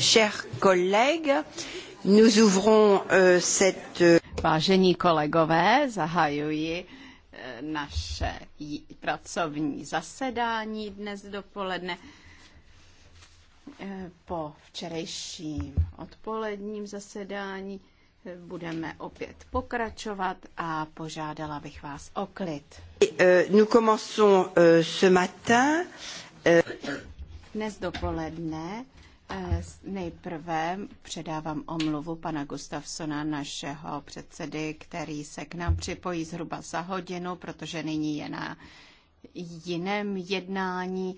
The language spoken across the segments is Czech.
chers collègues, nous ouvrons euh, cette. Euh, Vážení kolegové, zahajuji eh, naše pracovní zasedání dnes dopoledne. Eh, po včerejším odpoledním zasedání eh, budeme opět pokračovat a požádala bych vás o klid. Euh, nous commençons ce matin. Dnes dopoledne Eh, nejprve předávám omluvu pana Gustavsona, našeho předsedy, který se k nám připojí zhruba za hodinu, protože nyní je na jiném jednání.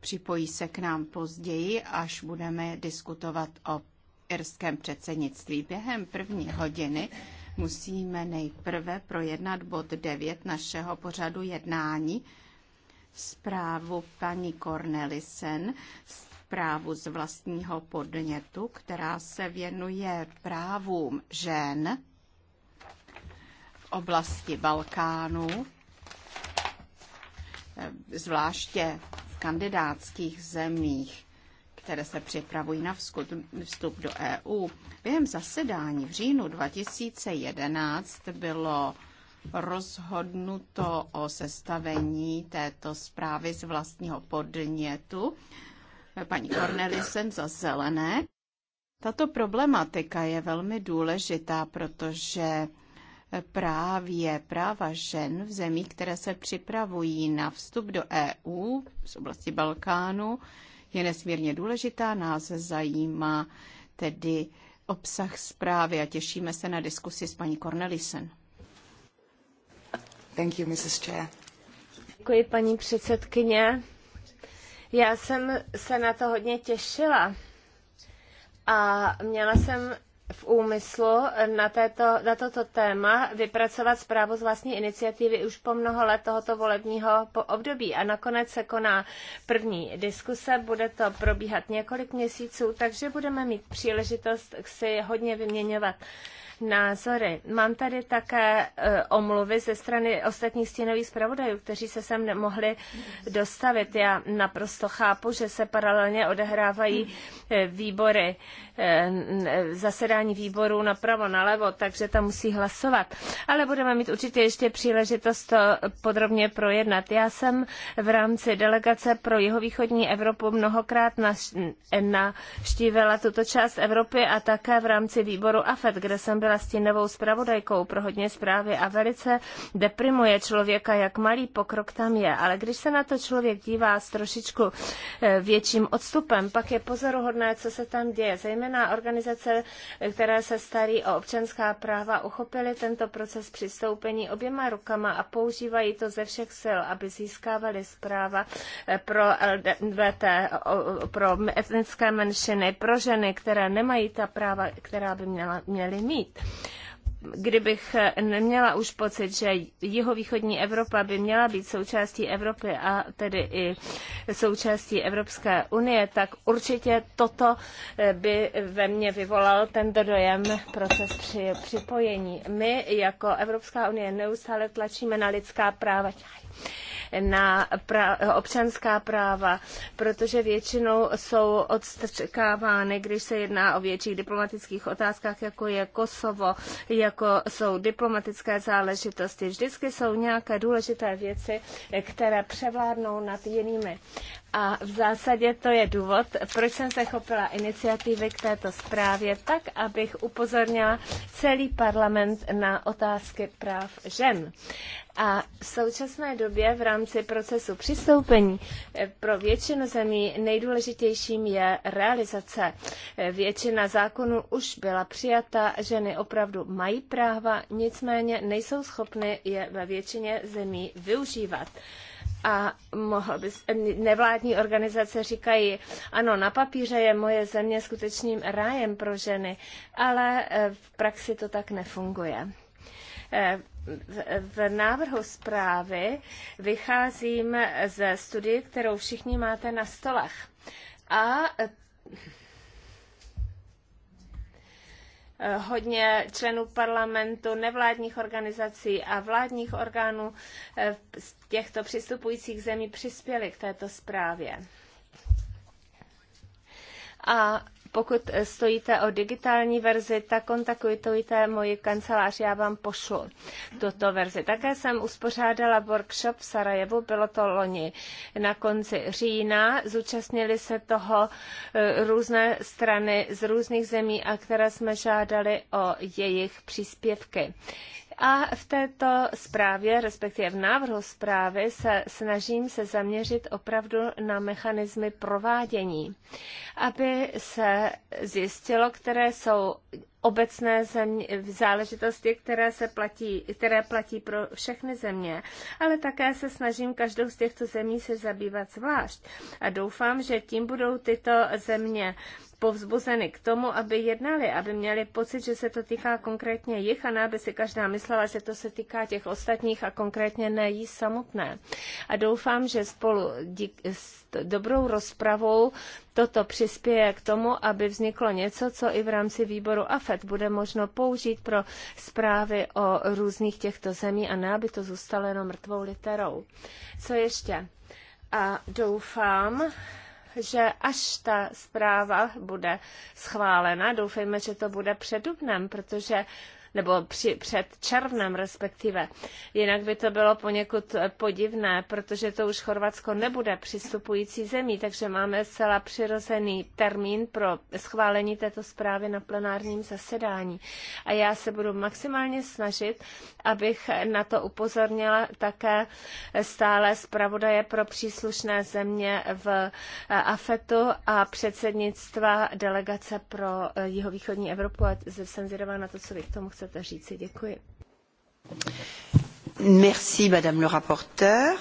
Připojí se k nám později, až budeme diskutovat o irském předsednictví. Během první hodiny musíme nejprve projednat bod 9 našeho pořadu jednání, zprávu paní Cornelisen z právu z vlastního podnětu, která se věnuje právům žen v oblasti Balkánu, eh, zvláště v kandidátských zemích které se připravují na vstup do EU. Během zasedání v říjnu 2011 bylo rozhodnuto o sestavení této zprávy z vlastního podnětu paní Cornelisen za zelené. Tato problematika je velmi důležitá, protože právě práva žen v zemích, které se připravují na vstup do EU z oblasti Balkánu, je nesmírně důležitá. Nás zajímá tedy obsah zprávy a těšíme se na diskusi s paní Cornelisen. Thank you, Mrs. Chair. Děkuji, paní předsedkyně. Já jsem se na to hodně těšila a měla jsem v úmyslu na, této, na toto téma vypracovat zprávu z vlastní iniciativy už po mnoho let tohoto volebního období. A nakonec se koná první diskuse, bude to probíhat několik měsíců, takže budeme mít příležitost si hodně vyměňovat názory. Mám tady také e, omluvy ze strany ostatních stínových zpravodajů, kteří se sem nemohli dostavit. Já naprosto chápu, že se paralelně odehrávají e, výbory, e, zasedání výborů napravo, nalevo, takže tam musí hlasovat. Ale budeme mít určitě ještě příležitost to podrobně projednat. Já jsem v rámci delegace pro jihovýchodní Evropu mnohokrát naštívila tuto část Evropy a také v rámci výboru AFET, kde jsem byla byla stínovou zpravodajkou pro hodně zprávy a velice deprimuje člověka, jak malý pokrok tam je. Ale když se na to člověk dívá s trošičku eh, větším odstupem, pak je pozoruhodné, co se tam děje. Zejména organizace, které se starí o občanská práva, uchopily tento proces přistoupení oběma rukama a používají to ze všech sil, aby získávali zpráva eh, pro LDVT, pro etnické menšiny, pro ženy, které nemají ta práva, která by měla, měly mít kdybych neměla už pocit, že jihovýchodní Evropa by měla být součástí Evropy a tedy i součástí Evropské unie, tak určitě toto eh, by ve mně vyvolal tento dojem proces při připojení. My jako Evropská unie neustále tlačíme na lidská práva na pra- občanská práva, protože většinou jsou odstrkávány, když se jedná o větších diplomatických otázkách, jako je Kosovo, jako jsou diplomatické záležitosti. Vždycky jsou nějaké důležité věci, které převládnou nad jinými. A v zásadě to je důvod, proč jsem se chopila iniciativy k této zprávě, tak abych upozornila celý parlament na otázky práv žen. A v současné době v rámci procesu přistoupení eh, pro většinu zemí nejdůležitějším je realizace. Eh, většina zákonů už byla přijata, ženy opravdu mají práva, nicméně nejsou schopny je ve většině zemí využívat a mohl by, nevládní organizace říkají, ano, na papíře je moje země skutečným rájem pro ženy, ale eh, v praxi to tak nefunguje eh, v návrhu zprávy vycházím ze studie, kterou všichni máte na stolech. A eh, hodně členů parlamentu, nevládních organizací a vládních orgánů eh, z těchto přistupujících zemí přispěli k této zprávě. A pokud eh, stojíte o digitální verzi, tak kontaktujte moji kancelář, já vám pošlu tuto verzi. Také jsem uspořádala workshop v Sarajevu, bylo to loni na konci října. Zúčastnili se toho eh, různé strany z různých zemí, a které jsme žádali o jejich příspěvky. A v této zprávě, respektive v návrhu zprávy, se snažím se zaměřit opravdu na mechanismy provádění, aby se zjistilo, které jsou obecné země, v záležitosti, které, se platí, které platí pro všechny země, ale také se snažím každou z těchto zemí se zabývat zvlášť. A doufám, že tím budou tyto země povzbuzeny k tomu, aby jednali, aby měli pocit, že se to týká konkrétně jich a ne, aby si každá myslela, že to se týká těch ostatních a konkrétně ne jí samotné. A doufám, že spolu dík, s dobrou rozpravou toto přispěje k tomu, aby vzniklo něco, co i v rámci výboru AFET bude možno použít pro zprávy o různých těchto zemí a ne, aby to zůstalo jenom mrtvou literou. Co ještě? A doufám, že až ta zpráva bude schválena, doufejme, že to bude před protože nebo při, před červnem respektive. Jinak by to bylo poněkud eh, podivné, protože to už Chorvatsko nebude přistupující zemí, takže máme zcela přirozený termín pro schválení této zprávy na plenárním zasedání. A já se budu maximálně snažit, abych na to upozornila také stále zpravodaje pro příslušné země v eh, AFETu a předsednictva delegace pro eh, jihovýchodní Evropu a jsem zvědavá na to, co vy k tomu chcete říci. Děkuji. Merci, madame le rapporteur.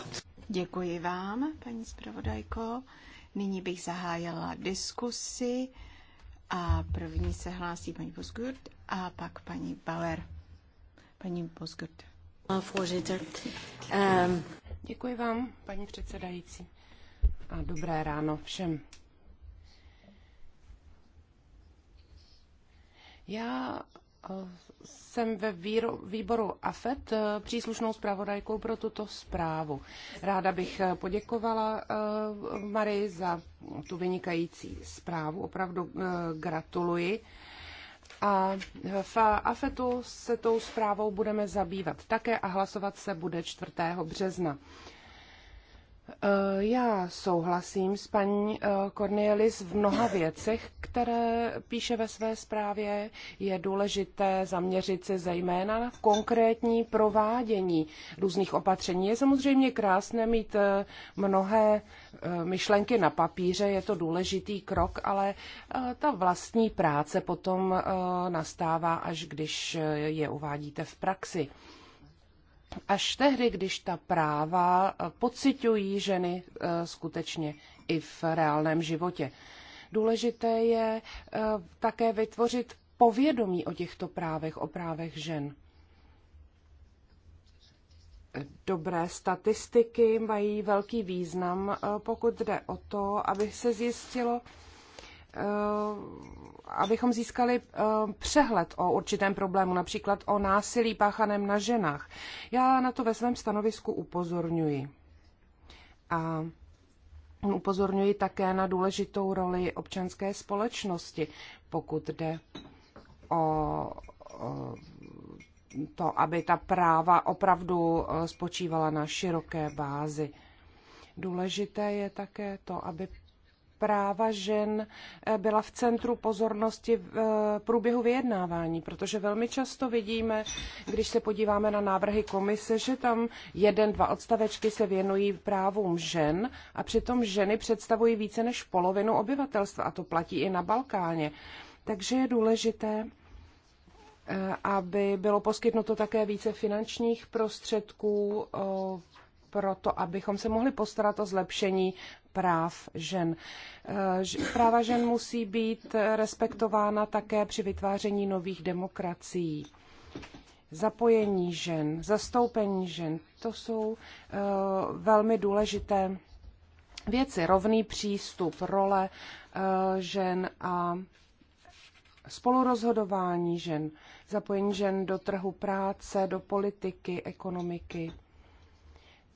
Děkuji vám, paní zpravodajko. Nyní bych zahájila diskusi a první se hlásí paní Bosgurt a pak paní Bauer. Paní Bosgurt. Ehm, Děkuji vám, paní předsedající. A dobré ráno všem. Já jsem ve výro, výboru AFET eh, příslušnou zpravodajkou pro tuto zprávu. Ráda bych eh, poděkovala eh, Marii za tu vynikající zprávu, opravdu gratuluji. A v AFETu se tou zprávou budeme zabývat také a hlasovat se bude 4. března. Eh, já souhlasím s paní eh, Cornelis v mnoha věcech, které píše ve své zprávě. Je důležité zaměřit se zejména na konkrétní provádění různých opatření. Je samozřejmě krásné mít eh, mnohé myšlenky na papíře, je to důležitý krok, ale ta vlastní práce potom nastává, až když je uvádíte v praxi až tehdy, když ta práva eh, pocitují ženy eh, skutečně i v reálném životě. Důležité je eh, také vytvořit povědomí o těchto právech, o právech žen. Dobré statistiky mají velký význam, pokud jde o to, aby se zjistilo, Eh, abychom získali eh, přehled o určitém problému, například o násilí páchaném na ženách. Já na to ve svém stanovisku upozorňuji. A upozorňuji také na důležitou roli občanské společnosti, pokud jde o eh, to, aby ta práva opravdu spočívala na široké bázi. Důležité je také to, aby práva žen eh, byla v centru pozornosti v eh, průběhu vyjednávání, protože velmi často vidíme, když se podíváme na návrhy komise, že tam jeden, dva odstavečky se věnují právům žen a přitom ženy představují více než polovinu obyvatelstva a to platí i na Balkáně. Takže je důležité, eh, aby bylo poskytnuto také více finančních prostředků pro to, abychom se mohli postarat o zlepšení práv žen. Eh, práva žen musí být respektována také při vytváření nových demokracií. Zapojení žen, zastoupení žen, to jsou eh, velmi důležité věci. Rovný přístup, role eh, žen a spolurozhodování žen, zapojení žen do trhu práce, do politiky, ekonomiky.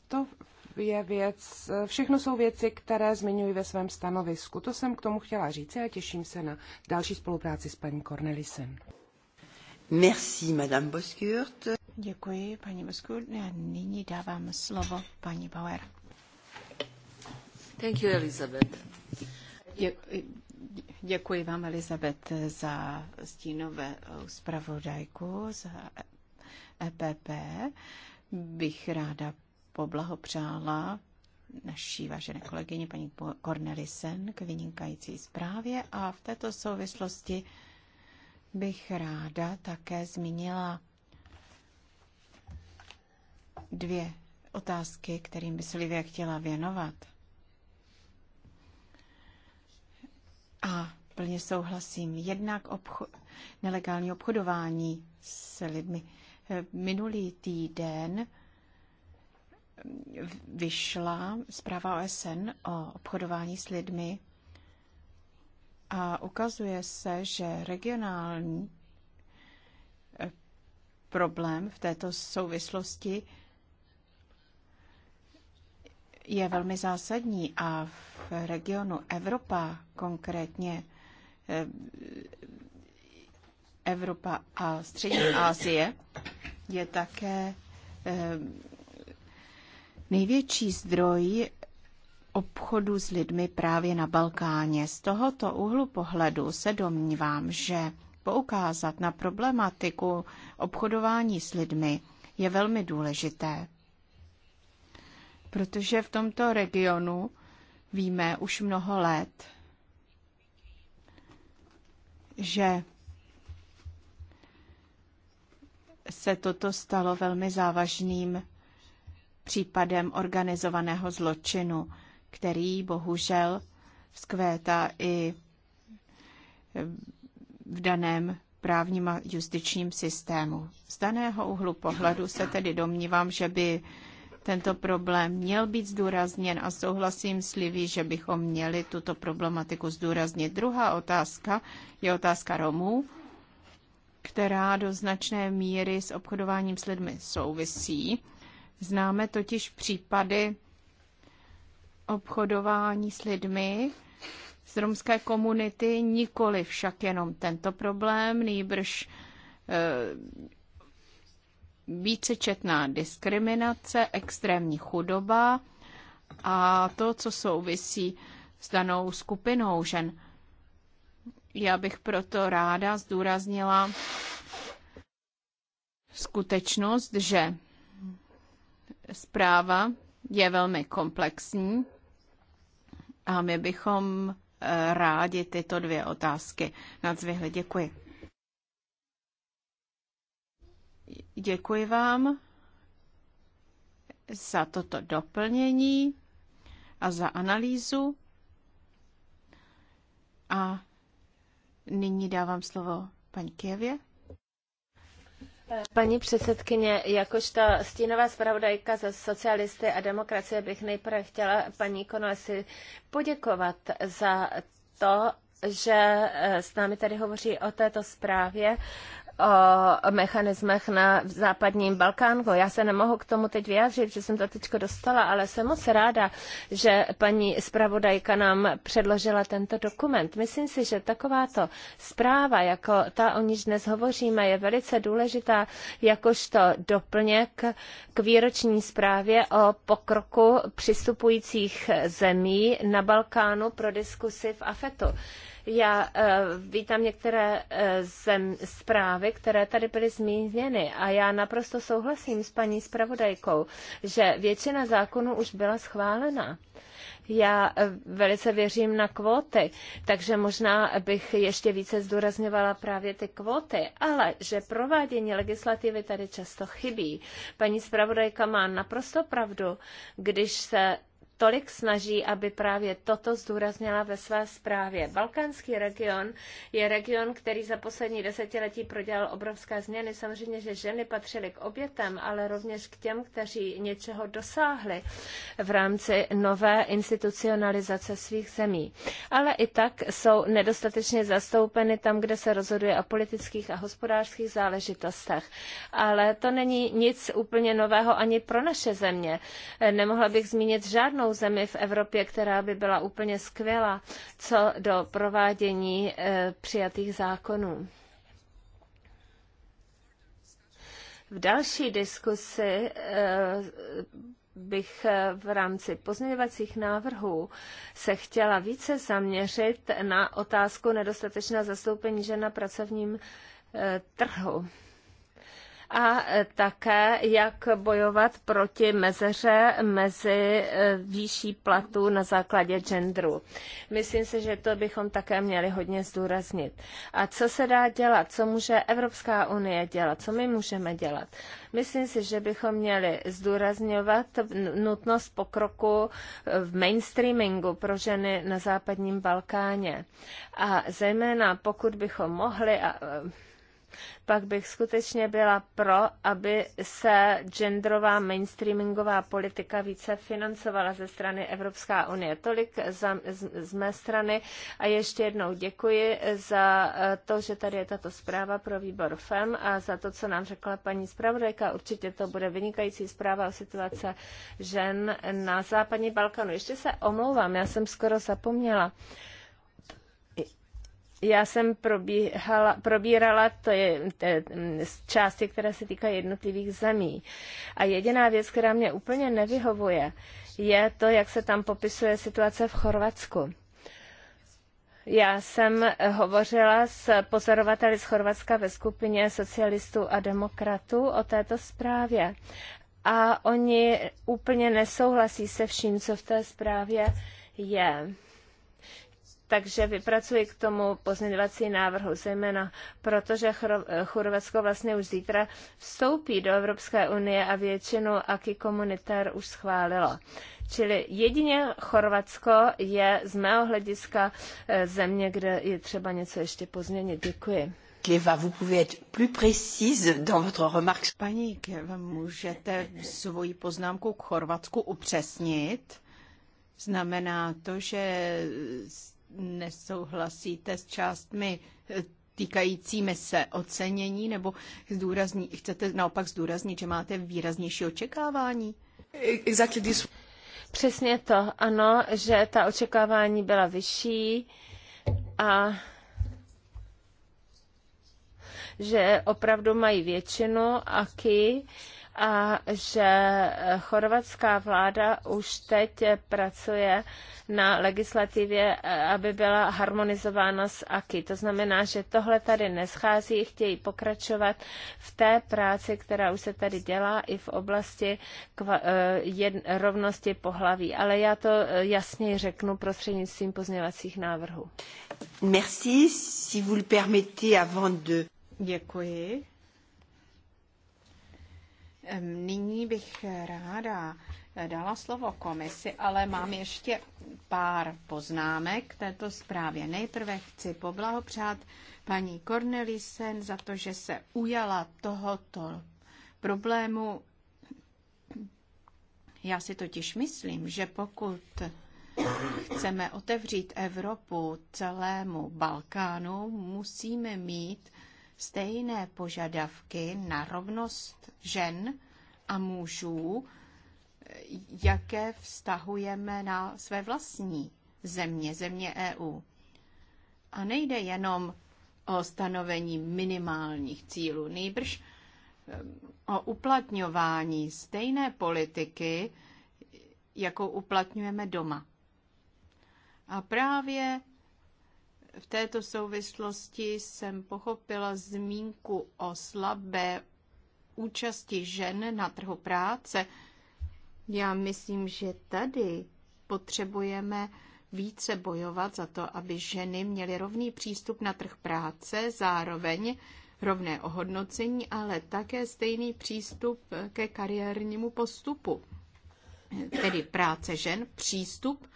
To je věc, všechno jsou věci, které zmiňuji ve svém stanovisku. To jsem k tomu chtěla říct a těším se na další spolupráci s paní Cornelisem. Merci, Madame Boskurt. Děkuji, paní Boskurt. Já nyní dávám slovo paní Bauer. Thank you, Elizabeth. Děkuji, děkuji vám, Elizabeth, za stínové zpravodajku, za EPP bych ráda poblahopřála naší vážené kolegyně paní Cornelisen k vynikající zprávě a v této souvislosti bych ráda také zmínila dvě otázky, kterým by Silvia chtěla věnovat. A plně souhlasím. Jednak obcho- nelegální obchodování s lidmi. Minulý týden vyšla zpráva OSN o obchodování s lidmi a ukazuje se, že regionální eh, problém v této souvislosti je velmi zásadní a v regionu Evropa konkrétně eh, Evropa a Střední Asie je také eh, největší zdroj obchodu s lidmi právě na Balkáně. Z tohoto úhlu pohledu se domnívám, že poukázat na problematiku obchodování s lidmi je velmi důležité. Protože v tomto regionu víme už mnoho let, že se toto stalo velmi závažným případem organizovaného zločinu, který bohužel vzkvétá i e, v daném právním a justičním systému. Z daného úhlu pohledu se tedy domnívám, že by tento problém měl být zdůrazněn a souhlasím s Livy, že bychom měli tuto problematiku zdůraznit. Druhá otázka je otázka Romů, která do značné míry s obchodováním s lidmi souvisí. Známe totiž případy obchodování s lidmi z romské komunity, nikoli však jenom tento problém, nýbrž eh, vícečetná diskriminace, extrémní chudoba a to, co souvisí s danou skupinou žen. Já bych proto ráda zdůraznila skutečnost, že Zpráva je velmi komplexní a my bychom eh, rádi tyto dvě otázky nadzvihli. Děkuji. Děkuji vám za toto doplnění a za analýzu. A nyní dávám slovo paní Kjevě. Paní předsedkyně, jakožto stínová zpravodajka za socialisty a demokracie bych nejprve chtěla paní Konolesi poděkovat za to, že eh, s námi tady hovoří o této zprávě o mechanismech na západním Balkánu. Já se nemohu k tomu teď vyjádřit, že jsem to teď dostala, ale jsem moc ráda, že paní zpravodajka nám předložila tento dokument. Myslím si, že takováto zpráva, jako ta, o níž dnes hovoříme, je velice důležitá jakožto doplněk k výroční zprávě o pokroku přistupujících zemí na Balkánu pro diskusi v AFETu. Já eh, vítám některé eh, zem, zprávy, které tady byly zmíněny a já naprosto souhlasím s paní zpravodajkou, že většina zákonů už byla schválena. Já eh, velice věřím na kvóty, takže možná bych ještě více zdůrazňovala právě ty kvóty, ale že provádění legislativy tady často chybí. Paní zpravodajka má naprosto pravdu, když se tolik snaží, aby právě toto zdůraznila ve své zprávě. Balkánský region je region, který za poslední desetiletí prodělal obrovské změny. Samozřejmě, že ženy patřily k obětem, ale rovněž k těm, kteří něčeho dosáhli v rámci nové institucionalizace svých zemí. Ale i tak jsou nedostatečně zastoupeny tam, kde se rozhoduje o politických a hospodářských záležitostech. Ale to není nic úplně nového ani pro naše země. Nemohla bych zmínit žádnou jedinou zemi v Evropě, která by byla úplně skvělá co do provádění eh, přijatých zákonů. V další diskusi eh, bych eh, v rámci pozměňovacích návrhů se chtěla více zaměřit na otázku nedostatečného zastoupení žen na pracovním trhu a také, jak bojovat proti mezeře mezi e, výší platů na základě genderu. Myslím si, že to bychom také měli hodně zdůraznit. A co se dá dělat? Co může Evropská unie dělat? Co my můžeme dělat? Myslím si, že bychom měli zdůrazňovat nutnost pokroku e, v mainstreamingu pro ženy na západním Balkáně. A zejména pokud bychom mohli a e, pak bych skutečně byla pro, aby se genderová mainstreamingová politika více financovala ze strany Evropská unie. Tolik za, z, z mé strany a ještě jednou děkuji za eh, to, že tady je tato zpráva pro výbor FEM a za to, co nám řekla paní zpravodajka. Určitě to bude vynikající zpráva o situace žen na západní Balkánu. Ještě se omlouvám, já jsem skoro zapomněla. Uh, já jsem probíhala, probírala to je, te, mm, části, které se týká jednotlivých zemí. A jediná věc, která mě úplně nevyhovuje, je to, jak se tam popisuje situace v Chorvatsku. Já jsem hovořila s pozorovateli z Chorvatska ve skupině socialistů a demokratů o této zprávě. A oni úplně nesouhlasí se vším, co v té zprávě je takže vypracuji k tomu pozměňovací návrhu, zejména protože Chorvatsko vlastně už zítra vstoupí do Evropské unie a většinu aký komunitár už schválilo. Čili jedině Chorvatsko je z mého hlediska eh, země, kde je třeba něco ještě pozměnit. Děkuji. Kleva, vous pouvez être plus précise dans votre remarque. Paní Kleva, můžete svoji poznámku k Chorvatsku upřesnit? Znamená to, že nesouhlasíte s částmi eh, týkajícími se ocenění, nebo zdůrazní, chcete naopak zdůraznit, že máte výraznější očekávání? Exactly this. Přesně to, ano, že ta očekávání byla vyšší a že opravdu mají většinu, aky a že chorvatská vláda už teď pracuje na legislativě, e, aby byla harmonizována s AKI. To znamená, že tohle tady neschází, chtějí pokračovat v té práci, která už se tady dělá i v oblasti e, rovnosti pohlaví. Ale já to e, jasně řeknu prostřednictvím pozměvacích návrhů. Merci, si vous le permettez avant de... Děkuji. Nyní bych ráda dala slovo komisi, ale mám ještě pár poznámek k této zprávě. Nejprve chci poblahopřát paní Cornelisen za to, že se ujala tohoto problému. Já si totiž myslím, že pokud chceme otevřít Evropu celému Balkánu, musíme mít stejné požadavky na rovnost žen a mužů, jaké vztahujeme na své vlastní země, země EU. A nejde jenom o stanovení minimálních cílů, nejbrž eh, o uplatňování stejné politiky, jakou uplatňujeme doma. A právě v této souvislosti jsem pochopila zmínku o slabé účasti žen na trhu práce. Já myslím, že tady potřebujeme více bojovat za to, aby ženy měly rovný přístup na trh práce, zároveň rovné ohodnocení, ale také stejný přístup ke kariérnímu postupu. Tedy práce žen, přístup,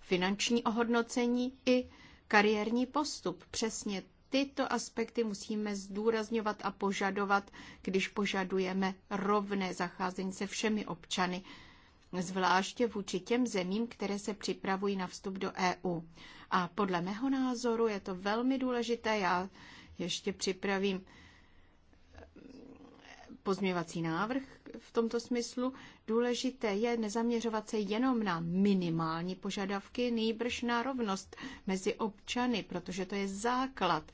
finanční ohodnocení i kariérní postup. Přesně tyto aspekty musíme zdůrazňovat a požadovat, když požadujeme rovné zacházení se všemi občany, zvláště vůči těm zemím, které se připravují na vstup do EU. A podle mého názoru je to velmi důležité. Já ještě připravím pozměvací návrh v tomto smyslu důležité je nezaměřovat se jenom na minimální požadavky, nejbrž na rovnost mezi občany, protože to je základ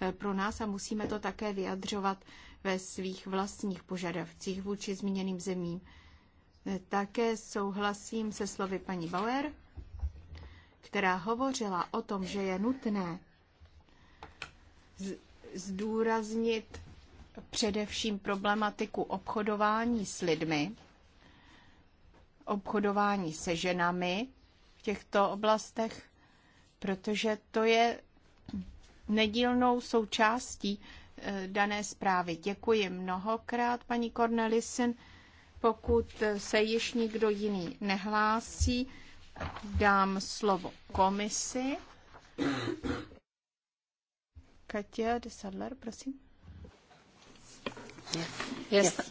eh, pro nás a musíme to také vyjadřovat ve svých vlastních požadavcích vůči zmíněným zemím. Eh, také souhlasím se slovy paní Bauer, která hovořila o tom, že je nutné zdůraznit především problematiku obchodování s lidmi, obchodování se ženami v těchto oblastech, protože to je nedílnou součástí eh, dané zprávy. Děkuji mnohokrát, paní Cornelissen. Pokud eh, se již nikdo jiný nehlásí, dám slovo komisi. Katia de Sadler, prosím. Yes. yes.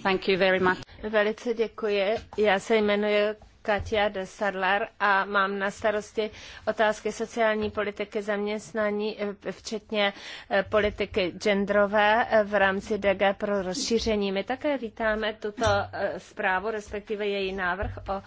Thank you very much. Velice děkuji. Já se jmenuji Katia de Sarlar a mám na starosti otázky sociální politiky zaměstnání, eh, včetně eh, politiky genderové eh, v rámci DG pro rozšíření. My také vítáme tuto zprávu, respektive její návrh o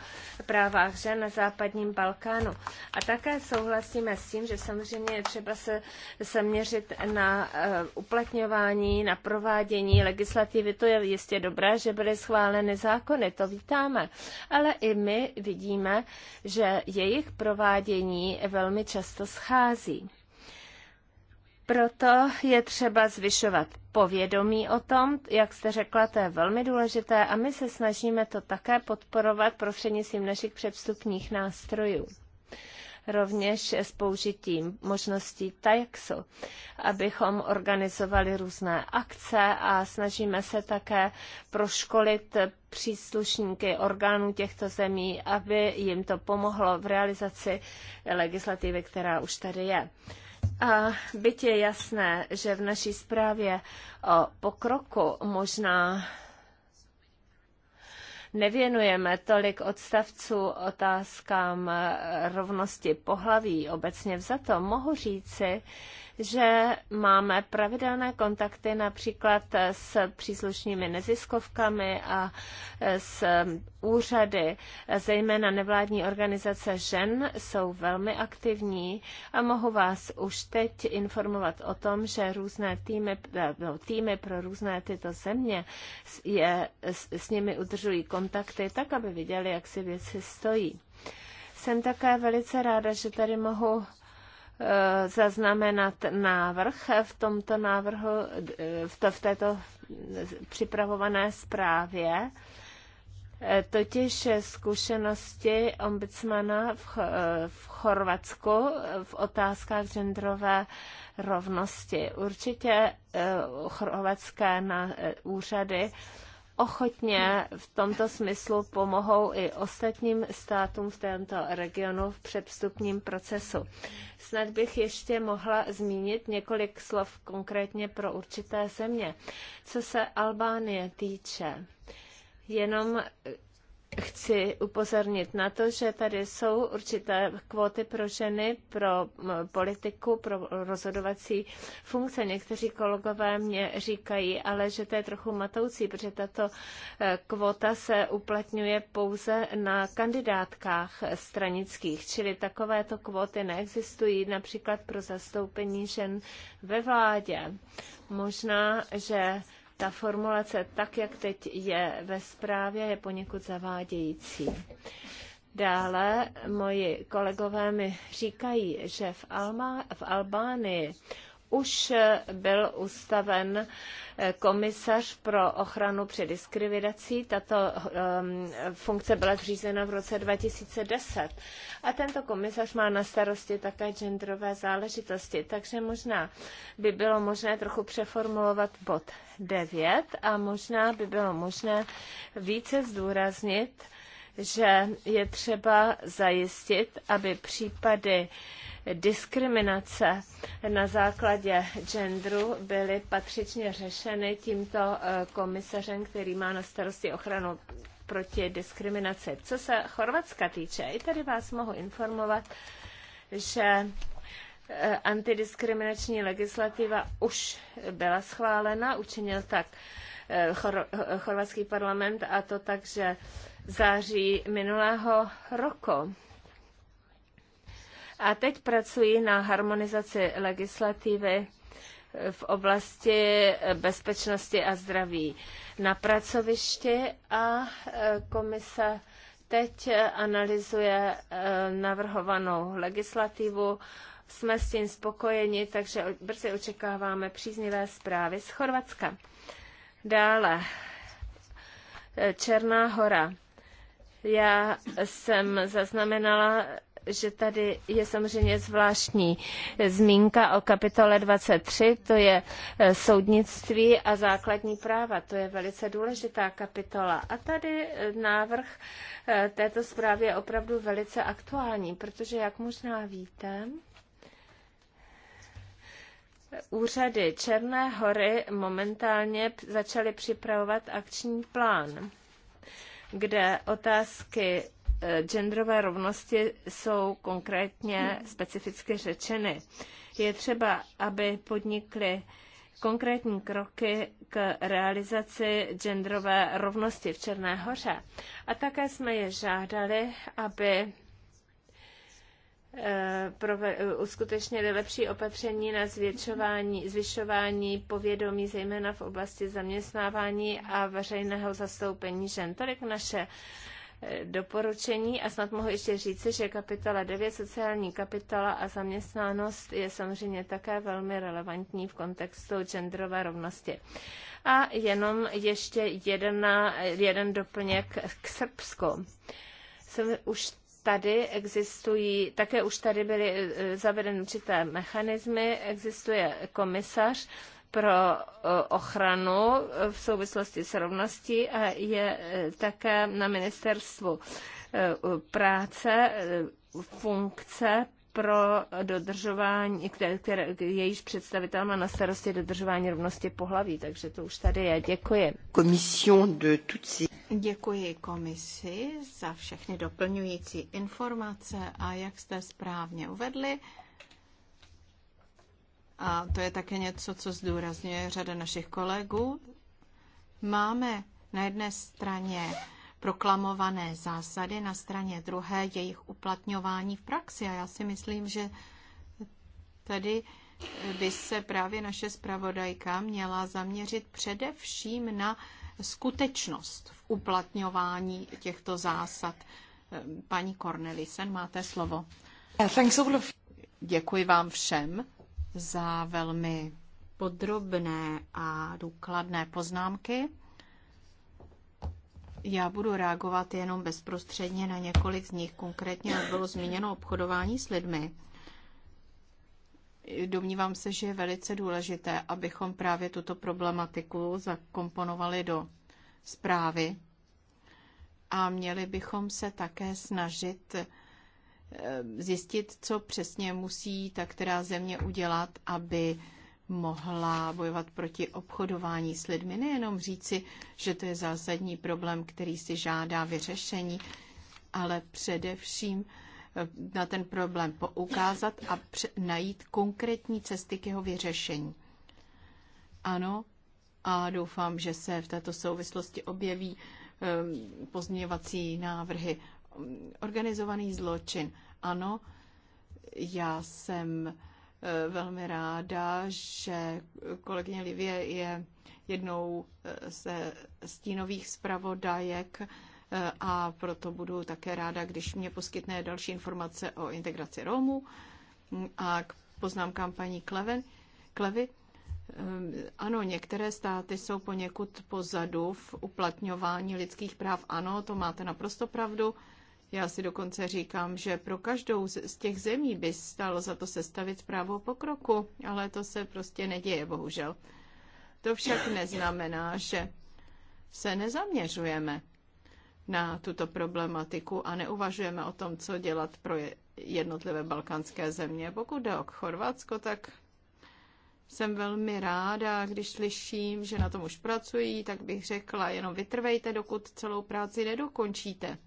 právách žen na západním Balkánu. A také souhlasíme s tím, že samozřejmě je třeba se zaměřit na uplatňování, na provádění legislativy. To je jistě dobré, že byly schváleny zákony, to vítáme. Ale i my vidíme, že jejich provádění velmi často schází. Proto je třeba zvyšovat povědomí o tom, jak jste řekla, to je velmi důležité a my se snažíme to také podporovat prostřednictvím našich předstupních nástrojů rovněž s použitím možností TAIXu, abychom organizovali různé akce a snažíme se také proškolit příslušníky orgánů těchto zemí, aby jim to pomohlo v realizaci legislativy, která už tady je. A byť je jasné, že v naší zprávě o pokroku možná nevěnujeme tolik odstavců otázkám rovnosti pohlaví obecně vzato, mohu říci, že máme pravidelné kontakty například s příslušnými neziskovkami a s úřady, zejména nevládní organizace žen, jsou velmi aktivní a mohu vás už teď informovat o tom, že různé týmy, no, týmy pro různé tyto země je, s, s nimi udržují kontakty, tak aby viděli, jak si věci stojí. Jsem také velice ráda, že tady mohu Eh, zaznamenat návrh v tomto návrhu, eh, v, to, v této připravované zprávě, eh, totiž zkušenosti ombudsmana v, v Chorvatsku v otázkách genderové rovnosti. Určitě chorvatské na, úřady ochotně v tomto smyslu pomohou i ostatním státům v tomto regionu v předvstupním procesu. Snad bych ještě mohla zmínit několik slov konkrétně pro určité země. Co se Albánie týče, jenom chci upozornit na to, že tady jsou určité kvóty pro ženy, pro politiku, pro rozhodovací funkce. Někteří kolegové mě říkají, ale že to je trochu matoucí, protože tato eh, kvóta se uplatňuje pouze na kandidátkách stranických, čili takovéto kvóty neexistují například pro zastoupení žen ve vládě. Možná, že ta formulace, tak jak teď je ve zprávě, je poněkud zavádějící. Dále moji kolegové mi říkají, že v, Alma, v Albánii už byl ustaven eh, komisař pro ochranu před diskriminací. Tato um, funkce byla zřízena v roce 2010. A tento komisař má na starosti také genderové záležitosti, takže možná by bylo možné trochu přeformulovat bod 9 a možná by bylo možné více zdůraznit, že je třeba zajistit, aby případy uh, diskriminace na základě genderu byly patřičně řešeny tímto eh, komisařem, který má na starosti ochranu proti diskriminaci. Co se Chorvatska týče, i tady vás mohu informovat, že eh, antidiskriminační legislativa už byla schválena, učinil tak eh, chor- chorvatský parlament a to tak, že září minulého roku. A teď pracuji na harmonizaci legislativy v oblasti bezpečnosti a zdraví na pracovišti a e, komise teď analyzuje e, navrhovanou legislativu. Jsme s tím spokojeni, takže brzy očekáváme příznivé zprávy z Chorvatska. Dále e, Černá hora. Já jsem zaznamenala že tady je samozřejmě zvláštní zmínka o kapitole 23, to je eh, soudnictví a základní práva. To je velice důležitá kapitola. A tady eh, návrh eh, této zprávy je opravdu velice aktuální, protože, jak možná víte, úřady Černé hory momentálně začaly připravovat akční plán kde otázky genderové rovnosti jsou konkrétně specificky řečeny. Je třeba, aby podnikly konkrétní kroky k realizaci genderové rovnosti v Černé hoře. A také jsme je žádali, aby eh, uskutečnili lepší opatření na zvětšování, zvyšování povědomí, zejména v oblasti zaměstnávání a veřejného zastoupení žen. Tolik naše doporučení a snad mohu ještě říci, že kapitola 9, sociální kapitola a zaměstnanost je samozřejmě také velmi relevantní v kontextu genderové rovnosti. A jenom ještě jedna, jeden doplněk k Srbsku. Jsem už tady existují, také už tady byly eh, zavedeny určité mechanismy, existuje komisař, pro eh, ochranu eh, v souvislosti s rovností a je eh, také na ministerstvu práce funkce pro dodržování, které, které, jejíž představitel má na starosti dodržování rovnosti pohlaví, takže to už tady je. Děkuji. Komision de tutsi. Děkuji komisi za všechny doplňující informace a jak jste správně uvedli, a to je také něco, co zdůrazňuje řada našich kolegů, máme na jedné straně proklamované zásady, na straně druhé jejich uplatňování v praxi. A já si myslím, že tady by se právě naše zpravodajka měla zaměřit především na skutečnost v uplatňování těchto zásad. Paní Cornelisen, máte slovo. Děkuji vám všem za velmi podrobné a důkladné poznámky. Já budu reagovat jenom bezprostředně na několik z nich. Konkrétně bylo zmíněno obchodování s lidmi. Domnívám se, že je velice důležité, abychom právě tuto problematiku zakomponovali do zprávy a měli bychom se také snažit Eh, zjistit, co přesně musí ta která země udělat, aby mohla bojovat proti obchodování s lidmi. Nejenom říci, že to je zásadní problém, který si žádá vyřešení, ale především eh, na ten problém poukázat a najít konkrétní cesty k jeho vyřešení. Ano, a doufám, že se v této souvislosti objeví eh, pozměňovací návrhy organizovaný zločin. Ano, já jsem eh, velmi ráda, že kolegyně Livie je jednou eh, ze stínových zpravodajek eh, a proto budu také ráda, když mě poskytne další informace o integraci Romů a k poznámkám paní Kleven, Klevy. Ano, některé státy jsou poněkud pozadu v uplatňování lidských práv. Ano, to máte naprosto pravdu já si dokonce říkám, že pro každou z těch zemí by stalo za to sestavit zprávu o pokroku, ale to se prostě neděje, bohužel. To však neznamená, že se nezaměřujeme na tuto problematiku a neuvažujeme o tom, co dělat pro jednotlivé balkánské země. Pokud jde o Chorvatsko, tak jsem velmi ráda, když slyším, že na tom už pracují, tak bych řekla, jenom vytrvejte, dokud celou práci nedokončíte.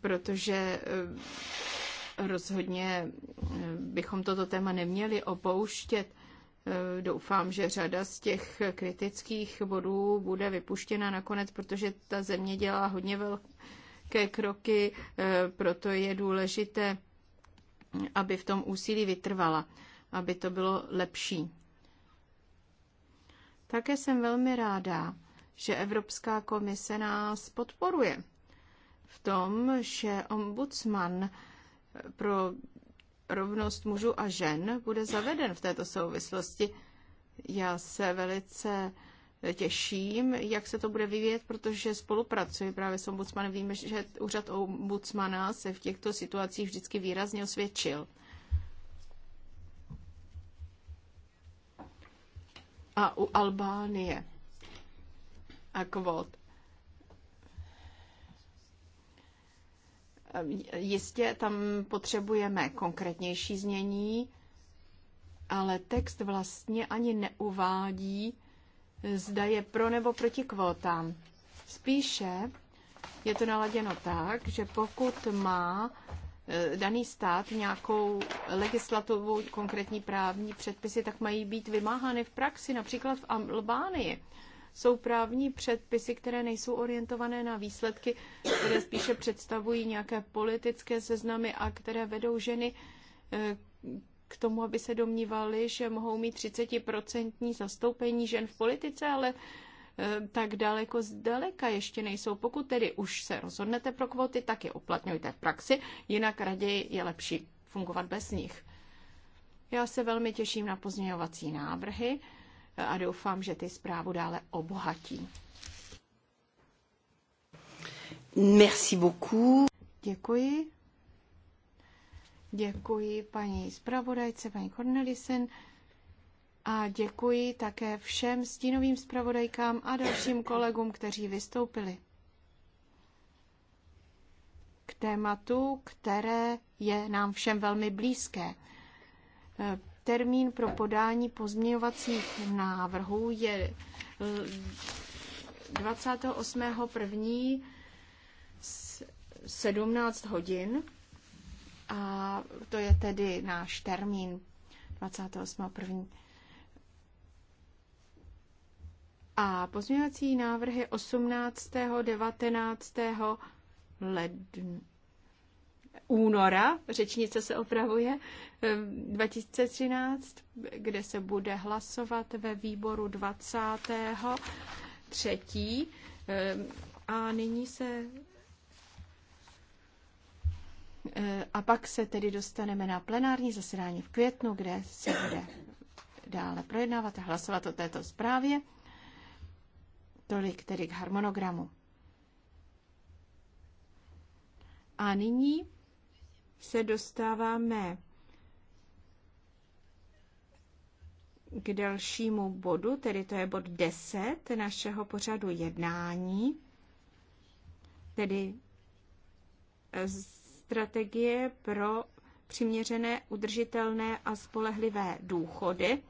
protože eh, rozhodně eh, bychom toto téma neměli opouštět. Eh, doufám, že řada z těch kritických bodů bude vypuštěna nakonec, protože ta země dělá hodně velké kroky, proto je důležité, aby v tom úsilí vytrvala, aby to bylo lepší. Také jsem velmi ráda, že Evropská komise nás podporuje v tom, že ombudsman pro rovnost mužů a žen bude zaveden v této souvislosti. Já se velice těším, jak se to bude vyvíjet, protože spolupracuji právě s ombudsmanem. Víme, že úřad ombudsmana se v těchto situacích vždycky výrazně osvědčil. A u Albánie a kvot. Jistě tam potřebujeme konkrétnější znění, ale text vlastně ani neuvádí, zda je pro nebo proti kvótám. Spíše je to naladěno tak, že pokud má e, daný stát nějakou legislativu, konkrétní právní předpisy, tak mají být vymáhány v praxi, například v Albánii jsou právní předpisy, které nejsou orientované na výsledky, které spíše představují nějaké politické seznamy a které vedou ženy eh, k tomu, aby se domnívali, že mohou mít 30% zastoupení žen v politice, ale eh, tak daleko zdaleka ještě nejsou. Pokud tedy už se rozhodnete pro kvóty, tak je uplatňujte v praxi, jinak raději je lepší fungovat bez nich. Já se velmi těším na pozměňovací návrhy a doufám, že ty zprávu dále obohatí. Merci beaucoup. Děkuji. Děkuji paní zpravodajce, paní Cornelisen. A děkuji také všem stínovým zpravodajkám a dalším kolegům, kteří vystoupili k tématu, které je nám všem velmi blízké. Termín pro podání pozměňovacích návrhů je 28.1. Eh, 17 hodin. A to je tedy náš termín 28.1. A pozměňovací návrhy 18. 19. ledna února, řečnice se opravuje, 2013, eh, kde se bude hlasovat ve výboru 23. Eh, a nyní se eh, a pak se tedy dostaneme na plenární zasedání v květnu, kde se bude dále projednávat a hlasovat o této zprávě. Tolik tedy k harmonogramu. A nyní se dostáváme k dalšímu bodu, tedy to je bod 10 našeho pořadu jednání, tedy strategie pro přiměřené, udržitelné a spolehlivé důchody.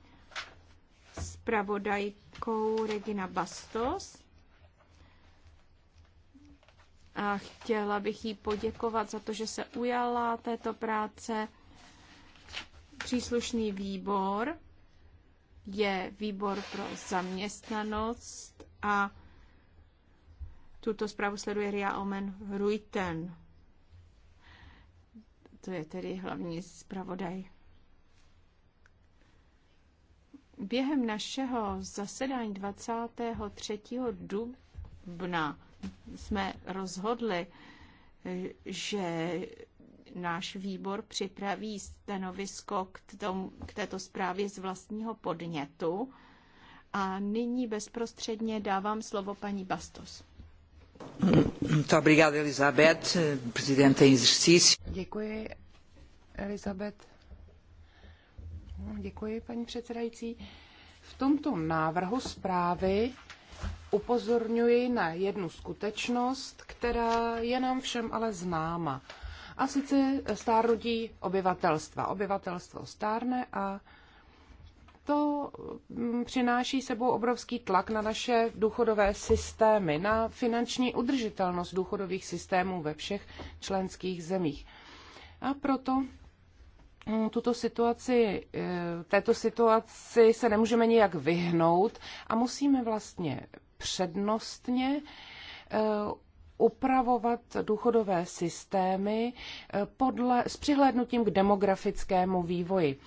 Spravodajkou Regina Bastos a chtěla bych jí poděkovat za to, že se ujala této práce. Příslušný výbor je výbor pro zaměstnanost a tuto zprávu sleduje Ria Omen Ruiten. To je tedy hlavní zpravodaj. Během našeho zasedání 23. dubna jsme rozhodli, že náš výbor připraví stanovisko k, tomu, k této zprávě z vlastního podnětu. A nyní bezprostředně dávám slovo paní Bastos. Děkuji, Elizabeth. Děkuji, paní předsedající. V tomto návrhu zprávy upozorňuji na jednu skutečnost, která je nám všem ale známa. A sice stárnutí obyvatelstva. Obyvatelstvo stárne a to mm, přináší sebou obrovský tlak na naše důchodové systémy, na finanční udržitelnost důchodových systémů ve všech členských zemích. A proto mm, tuto situaci, e, této situaci se nemůžeme nijak vyhnout a musíme vlastně přednostně eh, upravovat důchodové systémy eh, podle, s přihlédnutím k demografickému vývoji.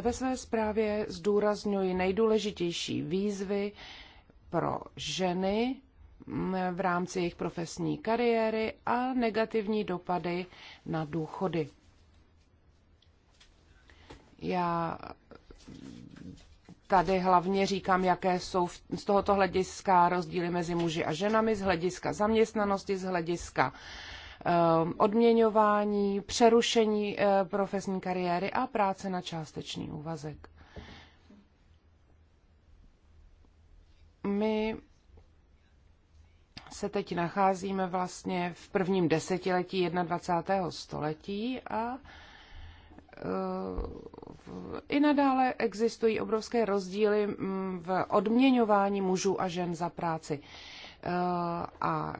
Ve své zprávě zdůrazňuji nejdůležitější výzvy pro ženy mm, v rámci jejich profesní kariéry a negativní dopady na důchody. Já tady hlavně říkám, jaké jsou z tohoto hlediska rozdíly mezi muži a ženami, z hlediska zaměstnanosti, z hlediska ehm, odměňování, přerušení eh, profesní kariéry a práce na částečný úvazek. My se teď nacházíme vlastně v prvním desetiletí 21. století a Eh, i nadále existují obrovské rozdíly mm, v odměňování mužů a žen za práci. Eh, a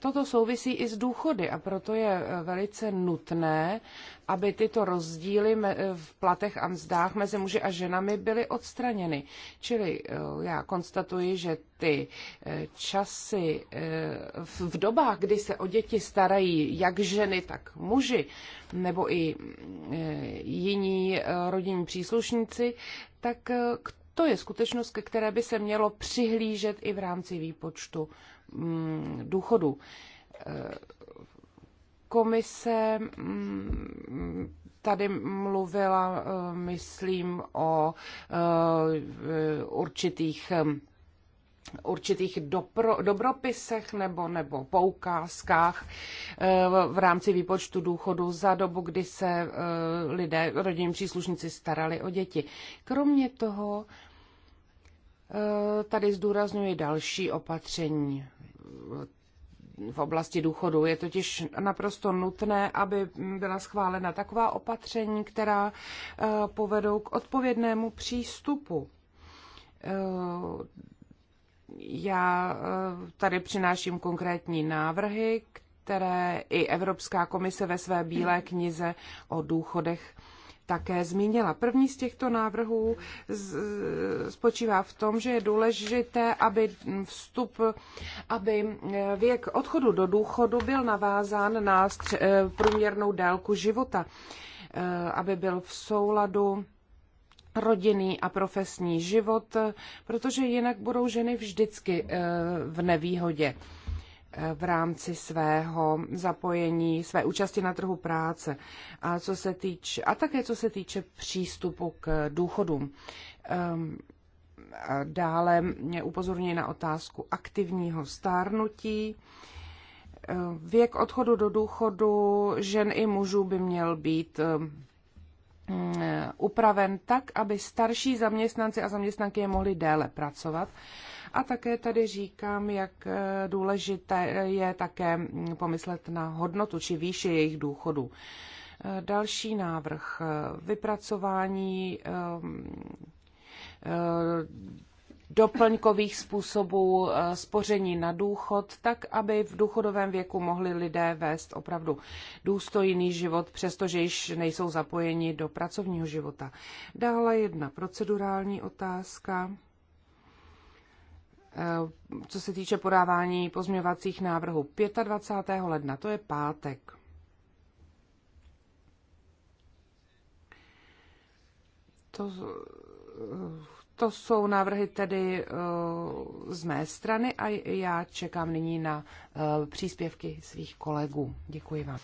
Toto souvisí i s důchody a proto je eh, velice nutné, aby tyto rozdíly eh, v platech a mzdách mezi muži a ženami byly odstraněny. Čili eh, já konstatuji, že ty časy v dobách, kdy se o děti starají jak ženy, tak muži, nebo i jiní rodinní příslušníci, tak to je skutečnost, ke které by se mělo přihlížet i v rámci výpočtu Mm, důchodů. Eh, komise mm, tady mluvila, eh, myslím, o eh, určitých určitých dopro, dobropisech nebo, nebo poukázkách v rámci výpočtu důchodu za dobu, kdy se lidé, rodinní příslušníci starali o děti. Kromě toho Eh, tady zdůrazňuji další opatření eh, v oblasti důchodu. Je totiž naprosto nutné, aby byla schválena taková opatření, která eh, povedou k odpovědnému přístupu. Já tady přináším konkrétní návrhy, které i Evropská komise ve své bílé knize o důchodech také zmínila. První z těchto návrhů spočívá v tom, že je důležité, aby vstup, aby věk odchodu do důchodu byl navázán na průměrnou délku života, eh, aby byl v souladu rodinný a profesní život, protože jinak budou ženy vždycky eh, v nevýhodě v rámci svého zapojení, své účasti na trhu práce a, co se týče, a také co se týče přístupu k důchodům. Ehm, dále mě upozorňuje na otázku aktivního stárnutí. Ehm, věk odchodu do důchodu žen i mužů by měl být ehm, upraven tak, aby starší zaměstnanci a zaměstnanky je mohli déle pracovat a také tady říkám, jak eh, důležité eh, je také mm, pomyslet na hodnotu či výši jejich důchodů. Eh, další návrh vypracování ehm, doplňkových způsobů spoření na důchod, tak aby v důchodovém věku mohli lidé vést opravdu důstojný život, přestože již nejsou zapojeni do pracovního života. Dále jedna procedurální otázka. Eh, co se týče podávání pozměňovacích návrhů 25. ledna, to je pátek. To, eh, to jsou návrhy tedy eh, z mé strany a já čekám nyní na příspěvky svých kolegů. Děkuji vám.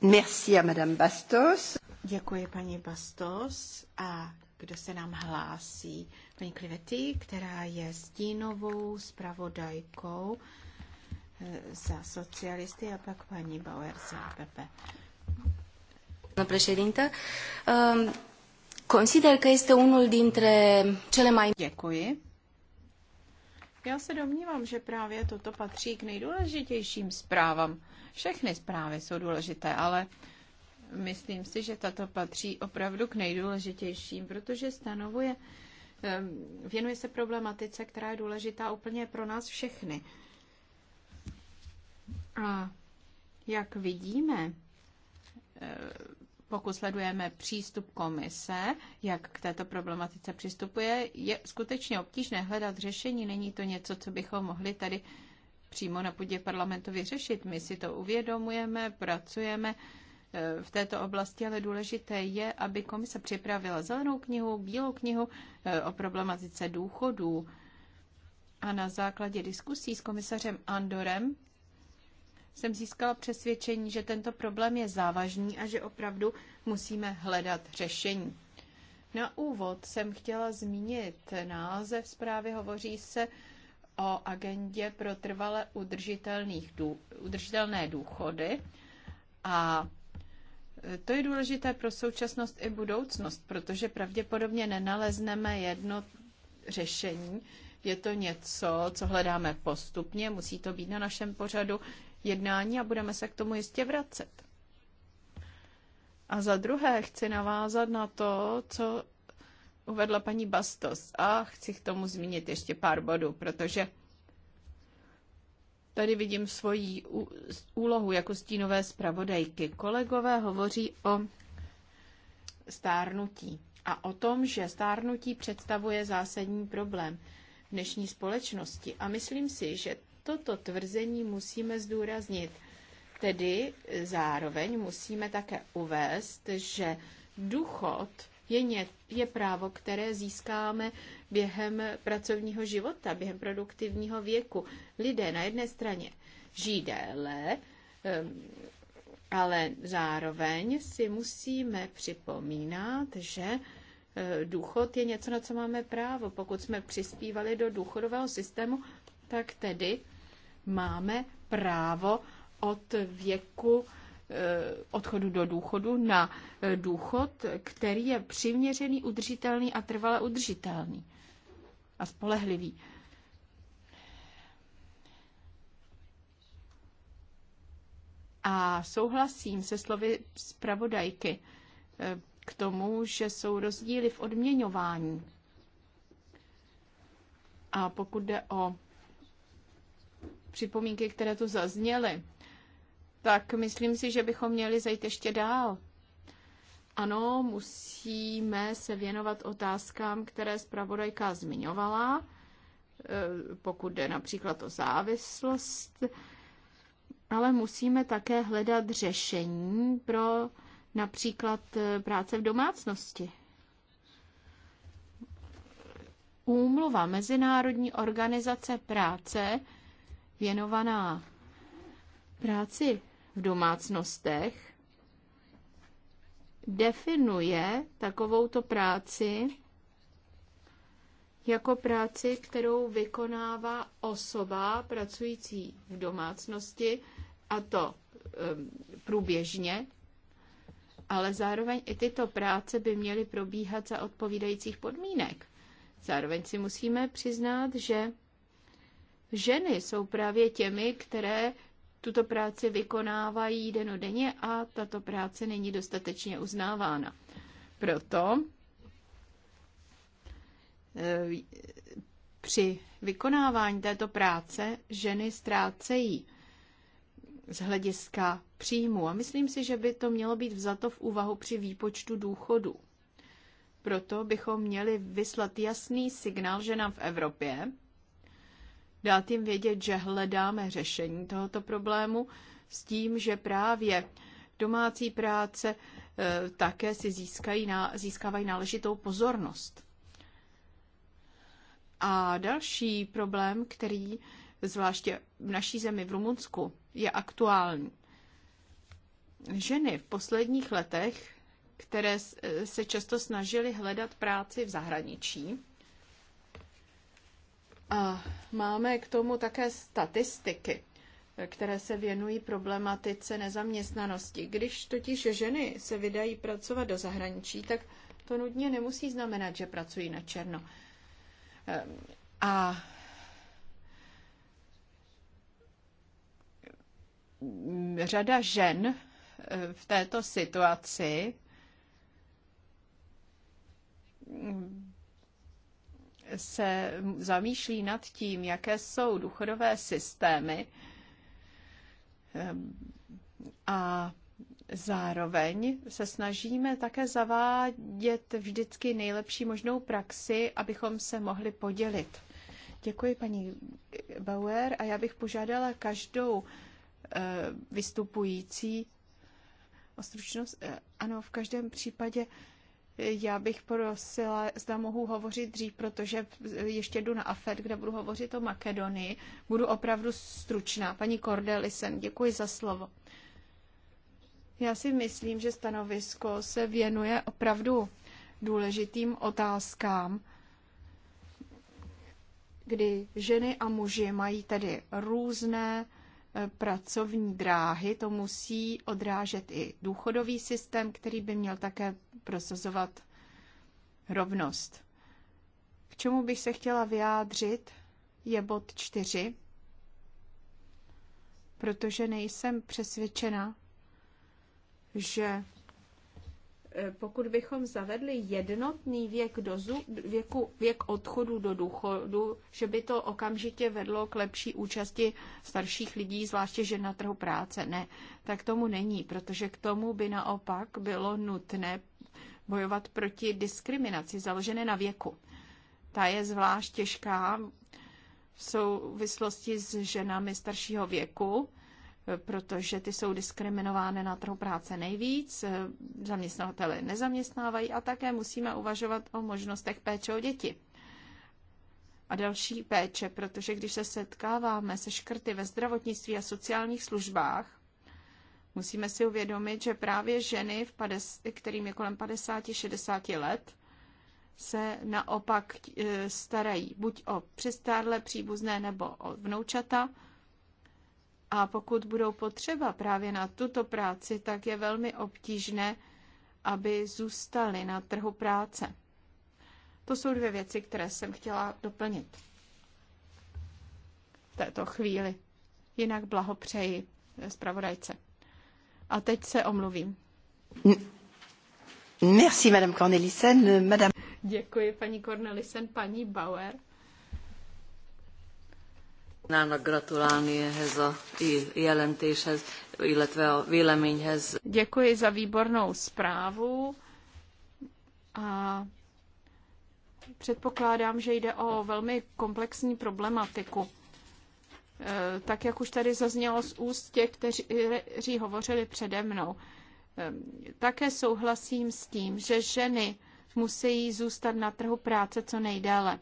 Merci a Madame Bastos. Děkuji paní Bastos. A kdo se nám hlásí? paní Klivety, která je stínovou zpravodajkou eh, za socialisty a pak paní Bauer za PP. um, ehm, consider că este unul dintre cele mai... Děkuji. Já se domnívám, že právě toto patří k nejdůležitějším zprávám. Všechny zprávy jsou důležité, ale myslím si, že tato patří opravdu k nejdůležitějším, protože stanovuje uh, Věnuje se problematice, která je důležitá úplně pro nás všechny. A jak vidíme, eh, pokud sledujeme přístup komise, jak k této problematice přistupuje, je skutečně obtížné hledat řešení. Není to něco, co bychom mohli tady přímo na půdě parlamentu vyřešit. My si to uvědomujeme, pracujeme Eh, v této oblasti, ale důležité je, aby komise připravila zelenou knihu, bílou knihu eh, o problematice důchodů. A na základě diskusí s komisařem Andorem jsem získala přesvědčení, že tento problém je závažný a že opravdu musíme hledat řešení. Na úvod jsem chtěla zmínit název zprávy. Hovoří se o agendě pro trvale udržitelných, udržitelné důchody a to je důležité pro současnost i budoucnost, protože pravděpodobně nenalezneme jedno řešení. Je to něco, co hledáme postupně, musí to být na našem pořadu jednání a budeme se k tomu jistě vracet. A za druhé chci navázat na to, co uvedla paní Bastos a chci k tomu zmínit ještě pár bodů, protože Tady vidím svoji úlohu jako stínové zpravodajky. Kolegové hovoří o stárnutí a o tom, že stárnutí představuje zásadní problém v dnešní společnosti. A myslím si, že toto tvrzení musíme zdůraznit. Tedy zároveň musíme také uvést, že důchod je, ně, je právo, které získáme během pracovního života, během produktivního věku. Lidé na jedné straně žijí déle, ehm, ale zároveň si musíme připomínat, že eh, důchod je něco, na co máme právo. Pokud jsme přispívali do důchodového systému, tak tedy máme právo od věku Eh, odchodu do důchodu na eh, důchod, který je přiměřený, udržitelný a trvale udržitelný a spolehlivý. A souhlasím se slovy zpravodajky eh, k tomu, že jsou rozdíly v odměňování. A pokud jde o připomínky, které tu zazněly, tak myslím si, že bychom měli zajít ještě dál. Ano, musíme se věnovat otázkám, které zpravodajka zmiňovala, e, pokud jde například o závislost, ale musíme také hledat řešení pro například e, práce v domácnosti. Úmluva Mezinárodní organizace práce věnovaná práci v domácnostech definuje takovouto práci jako práci, kterou vykonává osoba pracující v domácnosti, a to průběžně, ale zároveň i tyto práce by měly probíhat za odpovídajících podmínek. Zároveň si musíme přiznat, že ženy jsou právě těmi, které tuto práci vykonávají denodenně a tato práce není dostatečně uznávána. Proto eh, při vykonávání této práce ženy ztrácejí z hlediska příjmu a myslím si, že by to mělo být vzato v úvahu při výpočtu důchodu. Proto bychom měli vyslat jasný signál ženám v Evropě, dát jim vědět, že hledáme řešení tohoto problému s tím, že právě domácí práce eh, také si získají, získávají náležitou pozornost. A další problém, který zvláště v naší zemi v Rumunsku je aktuální. Ženy v posledních letech, které eh, se často snažily hledat práci v zahraničí, a máme k tomu také statistiky, které se věnují problematice nezaměstnanosti. Když totiž ženy se vydají pracovat do zahraničí, tak to nudně nemusí znamenat, že pracují na černo. Ehm, a řada žen ehm, v této situaci se zamýšlí nad tím, jaké jsou důchodové systémy eh, a Zároveň se snažíme také zavádět vždycky nejlepší možnou praxi, abychom se mohli podělit. Děkuji paní Bauer a já bych požádala každou eh, vystupující o stručnost. Eh, ano, v každém případě já bych prosila, zda mohu hovořit dřív, protože ještě jdu na AFED, kde budu hovořit o Makedonii. Budu opravdu stručná. Paní Kordelisen, děkuji za slovo. Já si myslím, že stanovisko se věnuje opravdu důležitým otázkám, kdy ženy a muži mají tedy různé E, pracovní dráhy, to musí odrážet i důchodový systém, který by měl také prosazovat rovnost. K čemu bych se chtěla vyjádřit, je bod čtyři, protože nejsem přesvědčena, že Eh, pokud bychom zavedli jednotný věk, dozu, věku, věk odchodu do důchodu, že by to okamžitě vedlo k lepší účasti starších lidí, zvláště že na trhu práce. Ne, tak tomu není, protože k tomu by naopak bylo nutné bojovat proti diskriminaci založené na věku. Ta je zvlášť těžká v souvislosti s ženami staršího věku, protože ty jsou diskriminovány na trhu práce nejvíc, zaměstnavatele nezaměstnávají a také musíme uvažovat o možnostech péče o děti a další péče, protože když se setkáváme se škrty ve zdravotnictví a sociálních službách, musíme si uvědomit, že právě ženy, v 50, kterým je kolem 50-60 let, se naopak eh, starají buď o přistárlé příbuzné nebo o vnoučata, a pokud budou potřeba právě na tuto práci, tak je velmi obtížné, aby zůstali na trhu práce. To jsou dvě věci, které jsem chtěla doplnit v této chvíli. Jinak blahopřeji eh, zpravodajce. A teď se omluvím. Merci, Madame Cornelissen. Madame... Děkuji, paní Cornelissen, paní Bauer. Nának gratulálni ehhez a jelentéshez, illetve a véleményhez. Děkuji za výbornou zprávu a předpokládám, že jde o velmi komplexní problematiku. E, tak, jak už tady zaznělo z úst těch, kteří, kteří hovořili přede mnou. E, také souhlasím s tím, že ženy musí zůstat na trhu práce co nejdéle.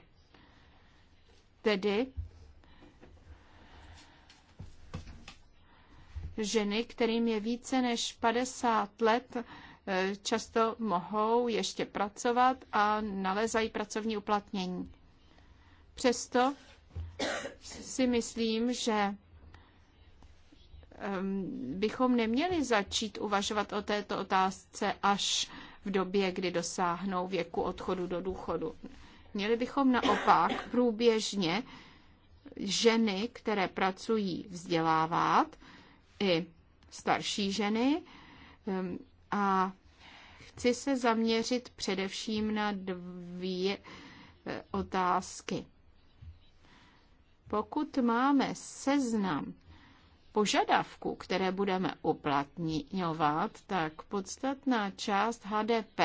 Tedy ženy, kterým je více než 50 let, eh, často mohou ještě pracovat a nalezají pracovní uplatnění. Přesto si myslím, že ehm, bychom neměli začít uvažovat o této otázce až v době, kdy dosáhnou věku odchodu do důchodu. Měli bychom naopak průběžně ženy, které pracují, vzdělávat, i starší ženy ehm, a chci se zaměřit především na dvě eh, otázky. Pokud máme seznam požadavků, které budeme uplatňovat, tak podstatná část HDP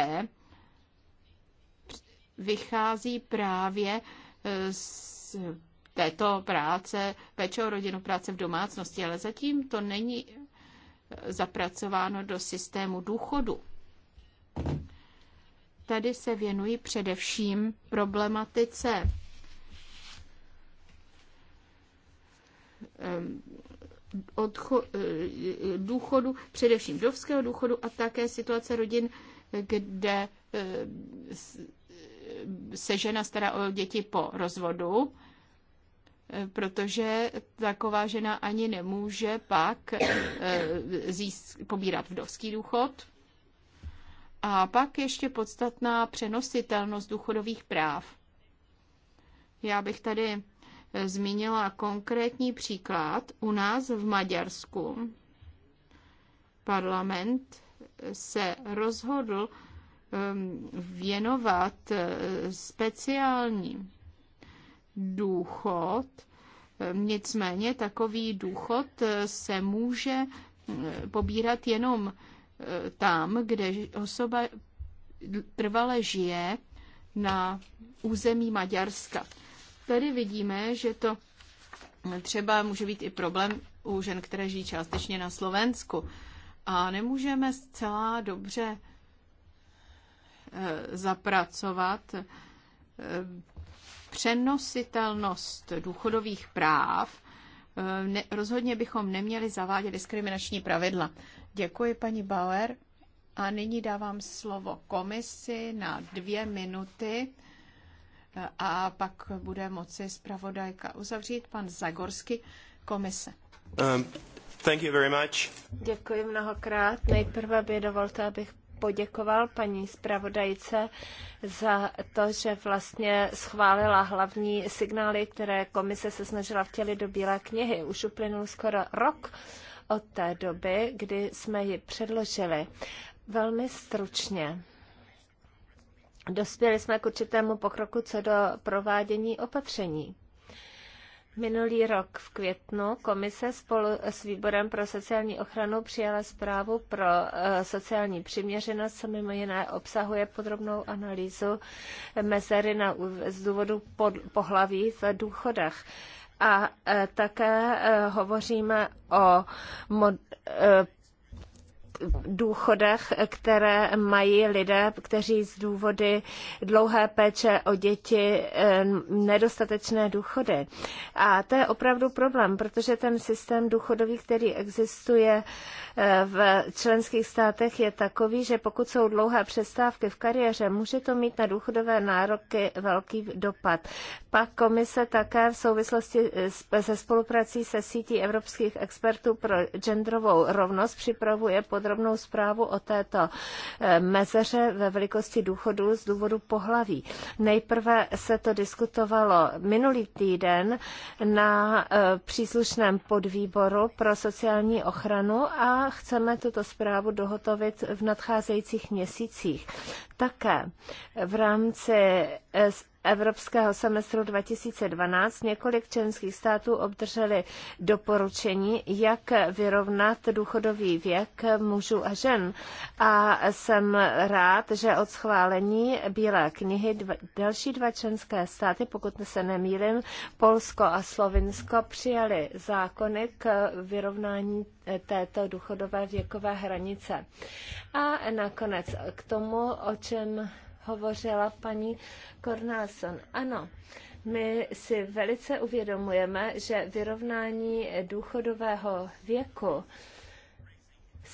vychází právě eh, z této práce, péče o rodinu, práce v domácnosti, ale zatím to není eh, zapracováno do systému důchodu. Tady se věnují především problematice ehm, eh, důchodu, především dovského důchodu a také situace rodin, kde eh, se žena stará o děti po rozvodu protože taková žena ani nemůže pak eh, získ- pobírat vdovský důchod. A pak ještě podstatná přenositelnost důchodových práv. Já bych tady eh, zmínila konkrétní příklad. U nás v Maďarsku parlament se rozhodl ehm, věnovat eh, speciální důchod. Nicméně takový důchod se může eh, pobírat jenom eh, tam, kde osoba trvale žije na území Maďarska. Tady vidíme, že to třeba může být i problém u žen, které žijí částečně na Slovensku. A nemůžeme zcela dobře eh, zapracovat přenositelnost důchodových práv, eh, ne, rozhodně bychom neměli zavádět diskriminační pravidla. Děkuji, paní Bauer. A nyní dávám slovo komisi na dvě minuty eh, a pak bude moci zpravodajka uzavřít pan Zagorský komise. Um, thank you very much. Děkuji mnohokrát. Nejprve by dovolte, abych poděkoval paní zpravodajce za to, že vlastně schválila hlavní signály, které komise se snažila vtělit do Bílé knihy. Už uplynul skoro rok od té doby, kdy jsme ji předložili. Velmi stručně. Dospěli jsme k určitému pokroku co do provádění opatření. Minulý rok v květnu komise spolu s Výborem pro sociální ochranu přijala zprávu pro eh, sociální přiměřenost, co mimo jiné obsahuje podrobnou analýzu mezery na, z důvodu pod, pohlaví v důchodech a eh, také eh, hovoříme o mod, důchodech, které mají lidé, kteří z důvody dlouhé péče o děti eh, nedostatečné důchody. A to je opravdu problém, protože ten systém důchodový, který existuje eh, v členských státech, je takový, že pokud jsou dlouhé přestávky v kariéře, může to mít na důchodové nároky velký dopad. Pak komise také v souvislosti eh, se spoluprací se sítí evropských expertů pro genderovou rovnost připravuje pod podrobnou zprávu o této eh, mezeře ve velikosti důchodu z důvodu pohlaví. Nejprve se to diskutovalo minulý týden na eh, příslušném podvýboru pro sociální ochranu a chceme tuto zprávu dohotovit v nadcházejících měsících. Také v rámci eh, evropského semestru 2012 několik členských států obdrželi doporučení, jak vyrovnat důchodový věk mužů a žen. A jsem rád, že od schválení Bílé knihy dva, další dva členské státy, pokud se nemýlim, Polsko a Slovinsko přijali zákony k vyrovnání této důchodové věkové hranice. A nakonec k tomu, o čem hovořila paní Kornáson. Ano, my si velice uvědomujeme, že vyrovnání důchodového věku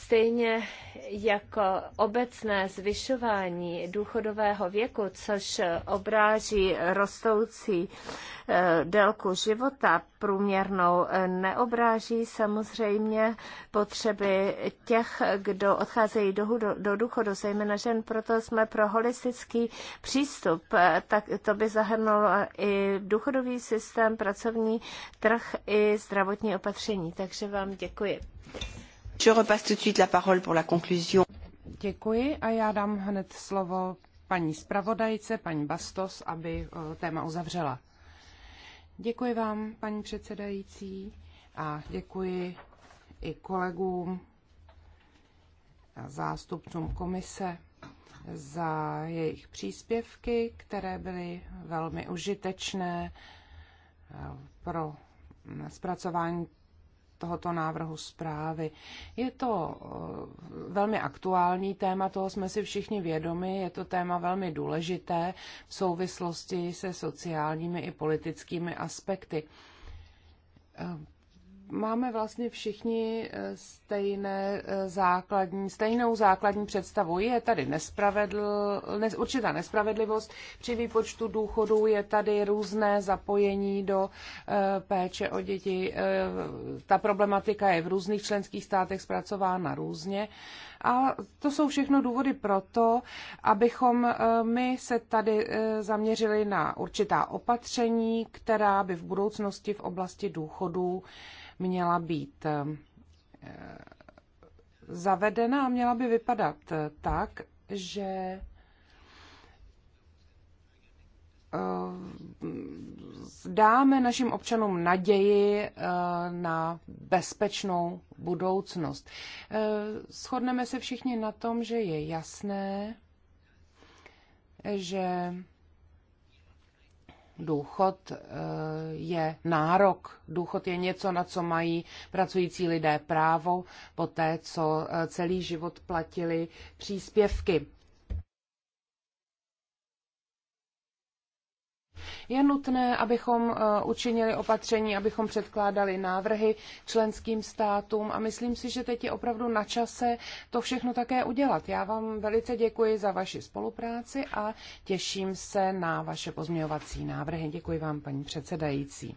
Stejně jako obecné zvyšování důchodového věku, což obráží rostoucí eh, délku života průměrnou, eh, neobráží samozřejmě potřeby těch, kdo odcházejí do, do důchodu, zejména žen. Proto jsme pro holistický přístup. Eh, tak to by zahrnulo i důchodový systém, pracovní trh i zdravotní opatření. Takže vám děkuji. Děkuji a já dám hned slovo paní zpravodajce, paní Bastos, aby eh, téma uzavřela. Děkuji vám, paní předsedající, a děkuji i kolegům a zástupcům komise za jejich příspěvky, které byly velmi užitečné eh, pro mm, zpracování tohoto návrhu zprávy. Je to eh, velmi aktuální téma, toho jsme si všichni vědomi, je to téma velmi důležité v souvislosti se sociálními i politickými aspekty. Eh, máme vlastně všichni eh, stejné eh, základní, stejnou základní představu. Je tady nespravedl, ne, určitá nespravedlivost při výpočtu důchodů, je tady různé zapojení do eh, péče o děti. Ta problematika je v různých členských státech zpracována různě. A to jsou všechno důvody pro to, abychom eh, my se tady eh, zaměřili na určitá opatření, která by v budoucnosti v oblasti důchodů měla být eh, zavedena a měla by vypadat tak, že Eh, dáme našim občanům naději eh, na bezpečnou budoucnost. Eh, shodneme se všichni na tom, že je jasné, že důchod je nárok. Důchod je něco, na co mají pracující lidé právo po té, co celý život platili příspěvky. Je nutné, abychom eh, učinili opatření, abychom předkládali návrhy členským státům a myslím si, že teď je opravdu na čase to všechno také udělat. Já vám velice děkuji za vaši spolupráci a těším se na vaše pozměňovací návrhy. Děkuji vám, paní předsedající.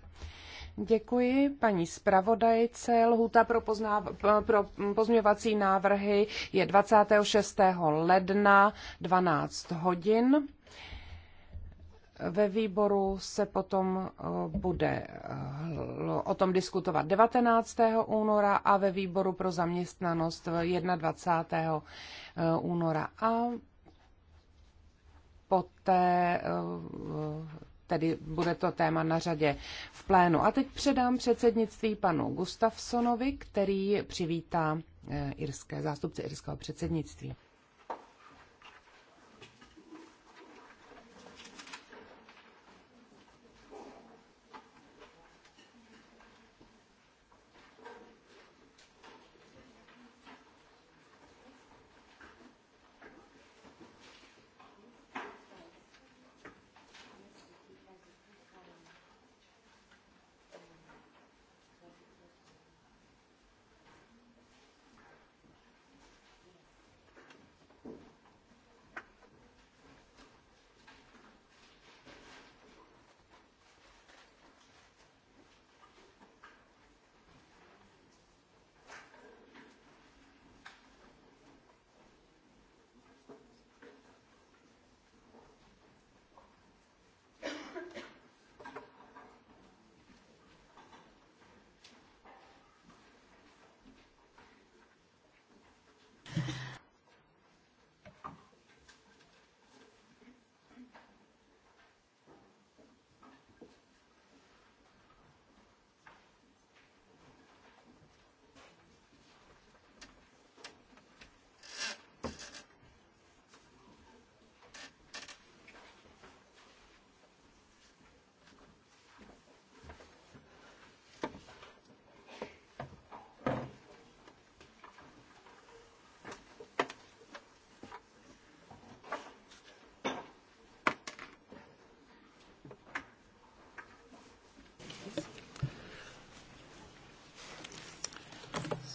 Děkuji paní zpravodajce. Lhuta pro, poznáv- pro pozměňovací návrhy je 26. ledna 12 hodin. Ve výboru se potom eh, bude eh, o tom diskutovat 19. února a ve výboru pro zaměstnanost 21. Eh, února. A poté tedy bude to téma na řadě v plénu. A teď předám předsednictví panu Gustafsonovi, který přivítá irské, zástupce irského předsednictví.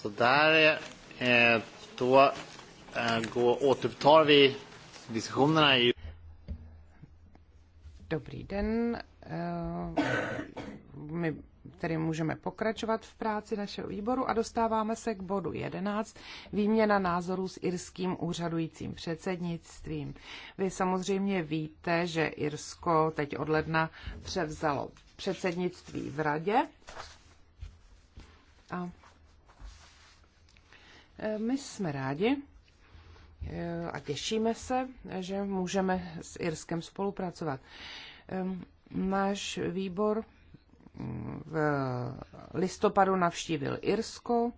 Så där, eh, då eh, går, återupptar vi diskussionerna i... Dobrý den. Eh, my tedy můžeme pokračovat v práci našeho výboru a dostáváme se k bodu 11. Výměna názorů s irským úřadujícím předsednictvím. Vy samozřejmě víte, že Irsko teď od ledna převzalo předsednictví v radě. A E, my jsme rádi e, a těšíme se, že můžeme s Irskem spolupracovat. E, náš výbor mm, v listopadu navštívil Irsko.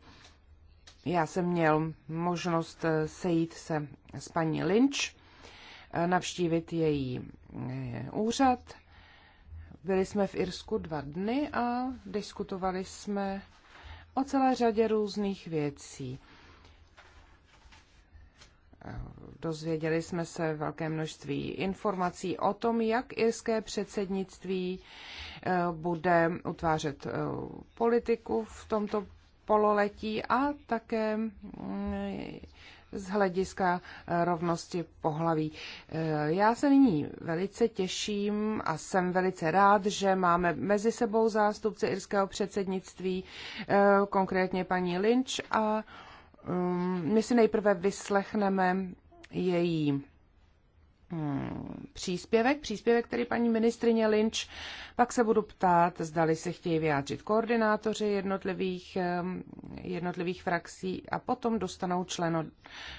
Já jsem měl možnost sejít se s paní Lynch, navštívit její úřad. Byli jsme v Irsku dva dny a diskutovali jsme o celé řadě různých věcí. Dozvěděli jsme se velké množství informací o tom, jak irské předsednictví eh, bude utvářet eh, politiku v tomto pololetí a také mm, z hlediska eh, rovnosti pohlaví. Já se nyní velice těším a jsem velice rád, že máme mezi sebou zástupce irského předsednictví, konkrétně paní Lynch a Um, my si nejprve vyslechneme její um, příspěvek, příspěvek, který paní ministrině Lynch, pak se budu ptát, zdali se chtějí vyjádřit koordinátoři jednotlivých, um, jednotlivých frakcí a potom dostanou členo,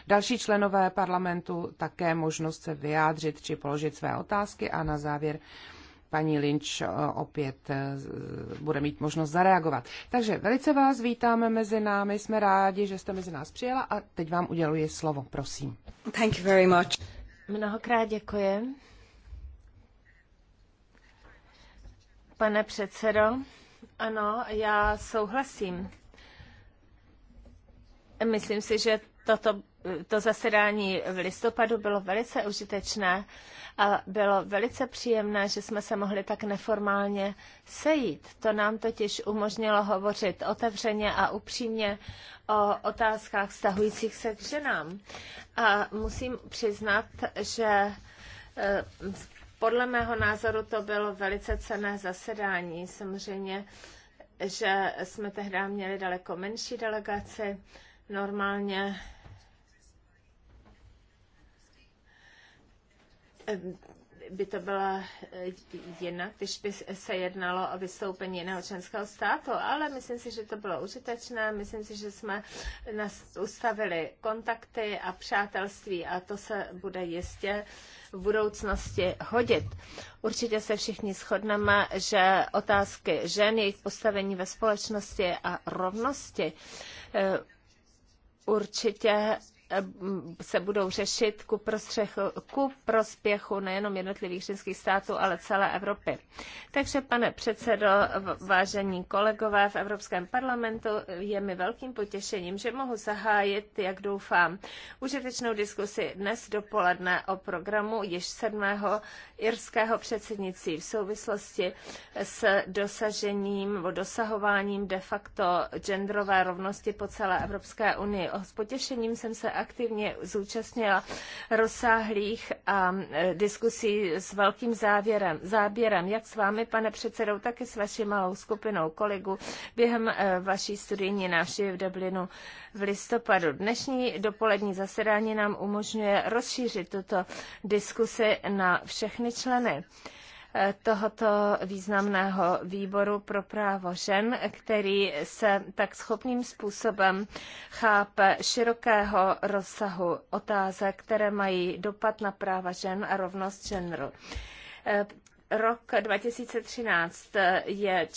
další členové parlamentu také možnost se vyjádřit či položit své otázky a na závěr paní Lynch eh, opět eh, bude mít možnost zareagovat. Takže velice vás vítáme mezi námi, jsme rádi, že jste mezi nás přijela a teď vám uděluji slovo, prosím. Thank you very much. Mnohokrát děkuji. Pane předsedo, ano, já souhlasím. Myslím si, že toto, to zasedání v listopadu bylo velice užitečné a bylo velice příjemné, že jsme se mohli tak neformálně sejít. To nám totiž umožnilo hovořit otevřeně a upřímně o otázkách vztahujících se k ženám. A musím přiznat, že eh, podle mého názoru to bylo velice cené zasedání. Samozřejmě, že jsme tehdy měli daleko menší delegaci. Normálně by to bylo jinak, když by se jednalo o vystoupení jiného členského státu, ale myslím si, že to bylo užitečné, myslím si, že jsme nás ustavili kontakty a přátelství a to se bude jistě v budoucnosti hodit. Určitě se všichni shodneme, že otázky žen, jejich postavení ve společnosti a rovnosti eh, určitě Eh, se budou řešit ku, ku prospěchu nejenom jednotlivých členských států, ale celé Evropy. Takže, pane předsedo, vážení kolegové v Evropském parlamentu, je mi velkým potěšením, že mohu zahájit, jak doufám, užitečnou diskusi dnes dopoledne o programu již sedmého irského předsednicí v souvislosti s dosažením, dosahováním de facto genderové rovnosti po celé Evropské unii. O s potěšením jsem se aktivně zúčastnila rozsáhlých a um, diskusí s velkým závěrem, záběrem, jak s vámi, pane předsedou, tak i s vaší malou skupinou kolegů během eh, vaší studijní návštěvy v Dublinu v listopadu. Dnešní dopolední zasedání nám umožňuje rozšířit tuto diskusi na všechny členy tohoto významného výboru pro právo žen, který se tak schopným způsobem chápe širokého rozsahu otázek, které mají dopad na práva žen a rovnost genderu. Rok 2013 je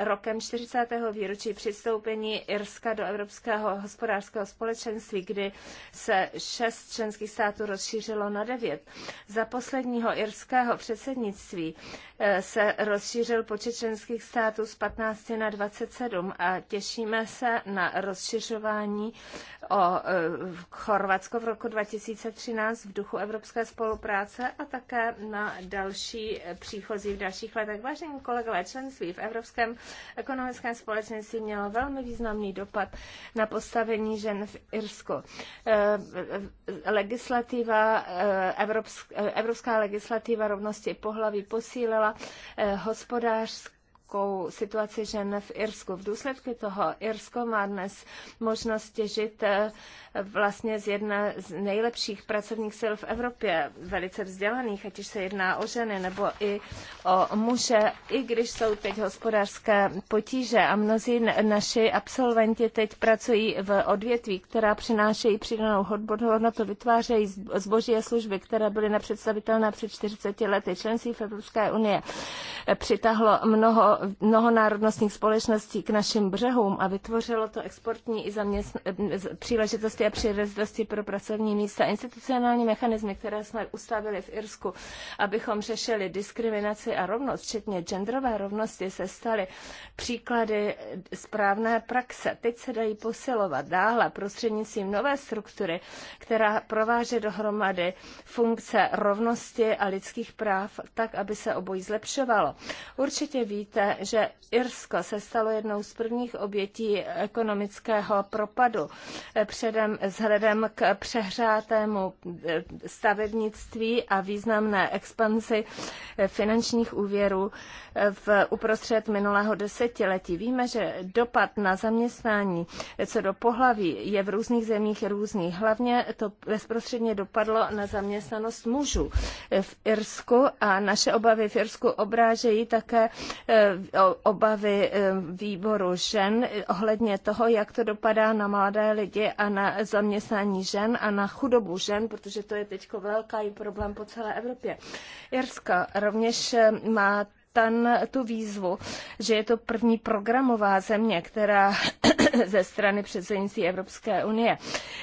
rokem 40. výročí přistoupení Irska do Evropského hospodářského společenství, kdy se šest členských států rozšířilo na devět. Za posledního irského předsednictví Eh, se rozšířil počet členských států z 15 na 27 a těšíme se na rozšiřování o eh, Chorvatsko v roku 2013 v duchu evropské spolupráce a také na další eh, příchozí v dalších letech. Vážení kolegové, členství v Evropském ekonomickém společenství mělo velmi významný dopad na postavení žen v Irsku. Legislativa, evropská legislativa rovnosti pohlaví posílila Eh, hospodářské takovou situaci žen v Irsku. V důsledku toho Irsko má dnes možnost těžit eh, vlastně z jedné z nejlepších pracovních sil v Evropě, velice vzdělaných, ať už se jedná o ženy nebo i o muže, i když jsou teď hospodářské potíže a mnozí naši absolventi teď pracují v odvětví, která přinášejí přidanou hodnotu, vytvářejí zboží a služby, které byly nepředstavitelné před 40 lety. Členství v Evropské unie eh, přitahlo mnoho mnoho mnohonárodnostních společností k našim břehům a vytvořilo to exportní i zaměstn... Eh, příležitosti a příležitosti pro pracovní místa. Institucionální mechanismy, které jsme ustavili v Irsku, abychom řešili diskriminaci a rovnost, včetně genderové rovnosti, se staly příklady správné praxe. Teď se dají posilovat dále prostřednictvím nové struktury, která prováže dohromady funkce rovnosti a lidských práv tak, aby se obojí zlepšovalo. Určitě víte, že Irsko se stalo jednou z prvních obětí ekonomického propadu eh, předem, vzhledem k přehřátému eh, stavebnictví a významné expanzi eh, finančních úvěrů v uprostřed minulého desetiletí. Víme, že dopad na zaměstnání co do pohlaví je v různých zemích různý. Hlavně to bezprostředně dopadlo na zaměstnanost mužů v Irsku a naše obavy v Irsku obrážejí také obavy e, výboru žen ohledně toho, jak to dopadá na mladé lidi a na zaměstnání žen a na chudobu žen, protože to je teď velký problém po celé Evropě. Irsko rovněž e, má ten, tu výzvu, že je to první programová země, která ze strany předsednictví Evropské unie.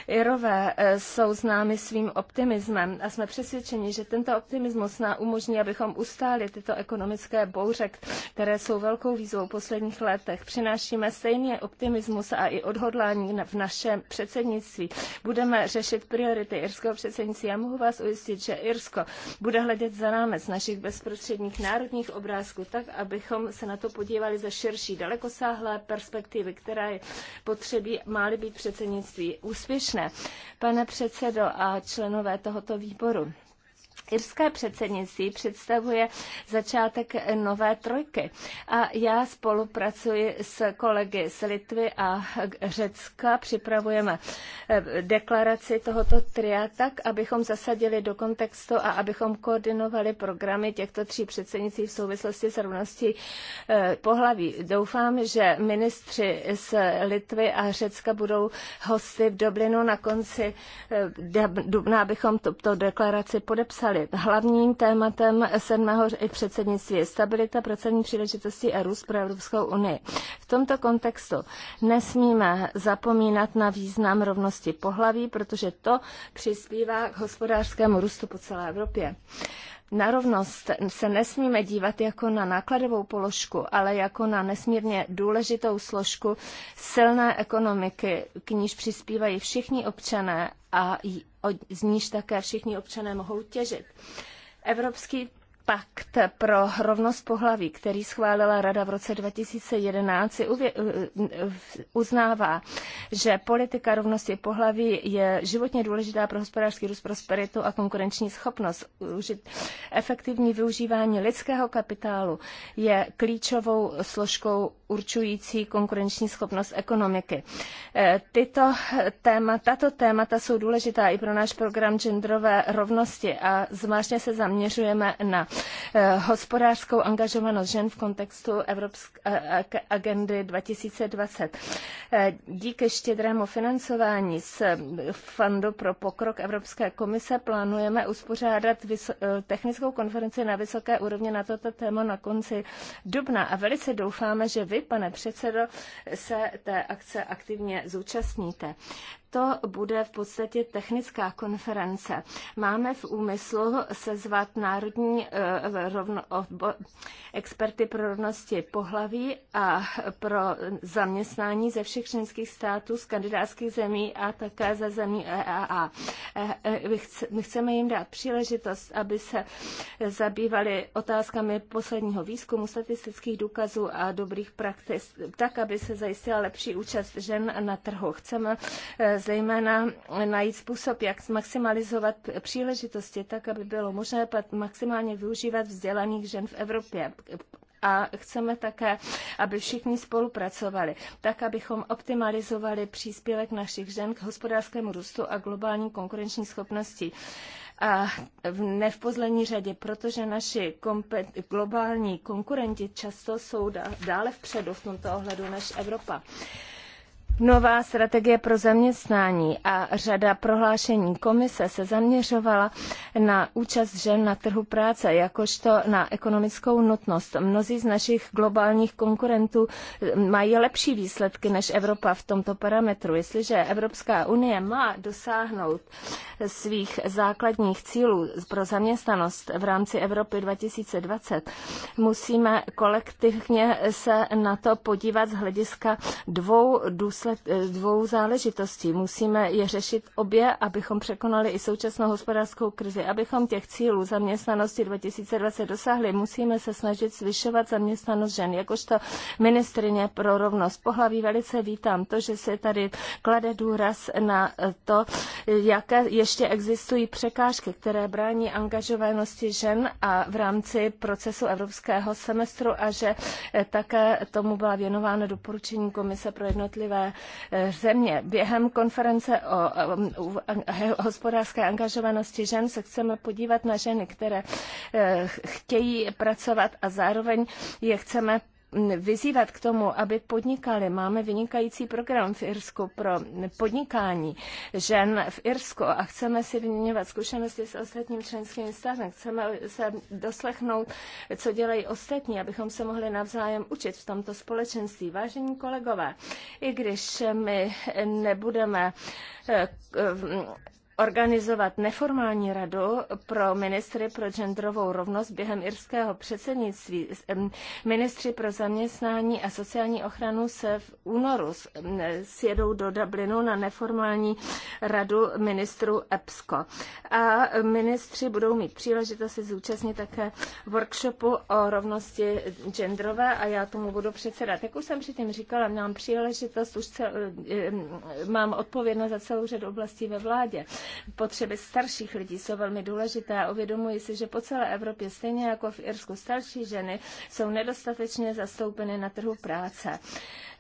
Irové eh, jsou známi svým optimismem a jsme přesvědčeni, že tento optimismus nám umožní, abychom ustáli tyto ekonomické bouře, které jsou velkou výzvou v posledních letech. Přinášíme stejný optimismus a i odhodlání v našem předsednictví. Budeme řešit priority irského předsednictví. Já mohu vás ujistit, že Irsko bude hledět za námec našich bezprostředních národních obrázků otázku tak, abychom se na to podívali ze širší, dalekosáhlé perspektivy, která je potřebí, máli být předsednictví úspěšné. Pane předsedo a členové tohoto výboru, Irské předsednictví představuje začátek nové trojky a já spolupracuji s kolegy z Litvy a Řecka. Připravujeme eh, deklaraci tohoto tria tak, abychom zasadili do kontextu a abychom koordinovali programy těchto tří předsednictví v souvislosti s rovností eh, pohlaví. Doufám, že ministři z Litvy a Řecka budou hosty v Dublinu na konci eh, dubna, abychom tuto deklaraci podepsali byly hlavním tématem sedmého předsednictví stabilita, pracovní příležitosti a růst pro Evropskou unii. V tomto kontextu nesmíme zapomínat na význam rovnosti pohlaví, protože to přispívá k hospodářskému růstu po celé Evropě. Na rovnost se nesmíme dívat jako na nákladovou položku, ale jako na nesmírně důležitou složku silné ekonomiky, k níž přispívají všichni občané a z níž také všichni občané mohou těžit. Evropský pakt pro rovnost pohlaví, který schválila Rada v roce 2011, uznává, že politika rovnosti pohlaví je životně důležitá pro hospodářský růst, prosperitu a konkurenční schopnost. Efektivní využívání lidského kapitálu je klíčovou složkou určující konkurenční schopnost ekonomiky. Eh, tyto téma, tato témata jsou důležitá i pro náš program genderové rovnosti a zvláštně se zaměřujeme na eh, hospodářskou angažovanost žen v kontextu Evropské eh, agendy 2020. Díky štědrému financování z Fondu pro pokrok Evropské komise plánujeme uspořádat technickou konferenci na vysoké úrovni na toto téma na konci dubna a velice doufáme, že vy, pane předsedo, se té akce aktivně zúčastníte to bude v podstatě technická konference. Máme v úmyslu sezvat národní eh, rovno, experty pro rovnosti pohlaví a pro zaměstnání ze všech členských států, z kandidátských zemí a také ze zemí EAA. Eh, eh, my chceme jim dát příležitost, aby se zabývali otázkami posledního výzkumu, statistických důkazů a dobrých praktik, tak, aby se zajistila lepší účast žen na trhu. Chceme zejména najít způsob, jak maximalizovat příležitosti tak, aby bylo možné maximálně využívat vzdělaných žen v Evropě a chceme také, aby všichni spolupracovali, tak abychom optimalizovali příspěvek našich žen k hospodářskému růstu a globální konkurenční schopnosti. A v, ne v poslední řadě, protože naši globální konkurenti často jsou dále vpředu v tomto ohledu než Evropa nová strategie pro zaměstnání a řada prohlášení komise se zaměřovala na účast žen na trhu práce, jakožto na ekonomickou nutnost. Mnozí z našich globálních konkurentů mají lepší výsledky než Evropa v tomto parametru. Jestliže Evropská unie má dosáhnout svých základních cílů pro zaměstnanost v rámci Evropy 2020, musíme kolektivně se na to podívat z hlediska dvou důsledků důsled, eh, dvou záležitostí. Musíme je řešit obě, abychom překonali i současnou hospodářskou krizi. Abychom těch cílů zaměstnanosti 2020 dosáhli, musíme se snažit zvyšovat zaměstnanost žen. Jakožto ministrině pro rovnost pohlaví velice vítám to, že se tady klade důraz na eh, to, jaké ještě existují překážky, které brání angažovanosti žen a v rámci procesu evropského semestru a že eh, také tomu byla věnována doporučení Komise pro jednotlivé země. Během konference o hospodářské angažovanosti žen se chceme podívat na ženy, které eh, chtějí pracovat a zároveň je chceme vyzývat k tomu, aby podnikali. Máme vynikající program v Irsku pro podnikání žen v Irsku a chceme si vyměňovat zkušenosti s ostatním členským státem. Chceme se doslechnout, co dělají ostatní, abychom se mohli navzájem učit v tomto společenství. Vážení kolegové, i když my nebudeme eh, organizovat neformální radu pro ministry pro genderovou rovnost během irského předsednictví. Ministři pro zaměstnání a sociální ochranu se v únoru sjedou do Dublinu na neformální radu ministru EPSCO. A ministři budou mít příležitost se zúčastnit také workshopu o rovnosti genderové a já tomu budu předsedat. Jak už jsem předtím říkala, mám příležitost, už cel, mám odpovědnost za celou řadu oblastí ve vládě. Potřeby starších lidí jsou velmi důležité a uvědomuji si, že po celé Evropě, stejně jako v Irsku, starší ženy jsou nedostatečně zastoupeny na trhu práce.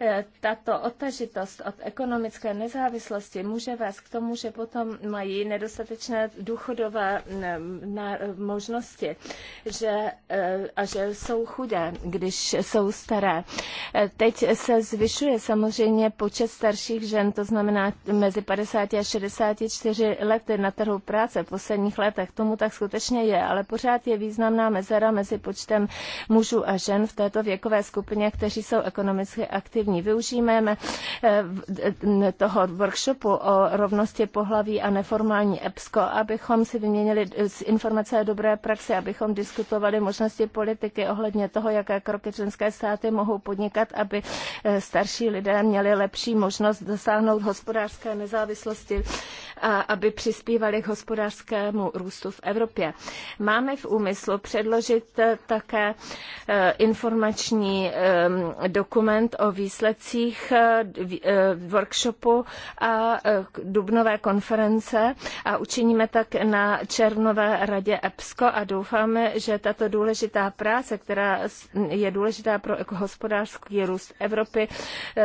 E, tato otažitost od ekonomické nezávislosti může vést k tomu, že potom mají nedostatečné důchodové možnosti že, e, a že jsou chudé, když jsou staré. E, teď se zvyšuje samozřejmě počet starších žen, to znamená mezi 50 a 64 lety na trhu práce v posledních letech. Tomu tak skutečně je, ale pořád je významná mezera mezi počtem mužů a žen v této věkové skupině, kteří jsou ekonomicky aktivní efektivní. Využijeme eh, eh, toho workshopu o rovnosti pohlaví a neformální EPSCO, abychom si vyměnili eh, informace o dobré praxe, abychom diskutovali možnosti politiky ohledně toho, jaké kroky členské státy mohou podnikat, aby starší lidé měli lepší možnost dosáhnout hospodářské nezávislosti a aby přispívali k hospodářskému růstu v Evropě. Máme v úmyslu předložit také informační ehm, dokument o výsledku výsledcích eh, eh, workshopu a eh, dubnové konference a učiníme tak na červnové radě EPSCO a doufáme, že tato důležitá práce, která je důležitá pro hospodářský růst Evropy,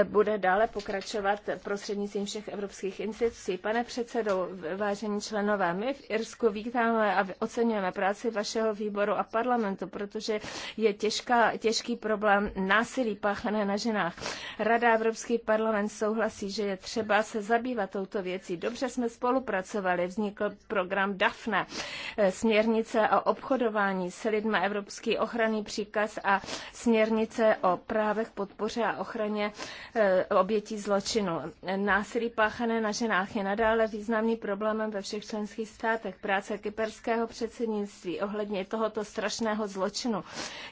bude dále pokračovat prostřednictvím všech evropských institucí. Pane předsedo, vážení členové, my v Irsku vítáme a oceňujeme práci vašeho výboru a parlamentu, protože je těžká, těžký problém násilí páchané na ženách. Rada Evropský parlament souhlasí, že je třeba se zabývat touto věcí. Dobře jsme spolupracovali, vznikl program DAFNE, e, směrnice o obchodování s lidmi, Evropský ochranný příkaz a směrnice o právech podpoře a ochraně e, obětí zločinu. Násilí páchané na ženách je nadále významný problémem ve všech členských státech. Práce kyperského předsednictví ohledně tohoto strašného zločinu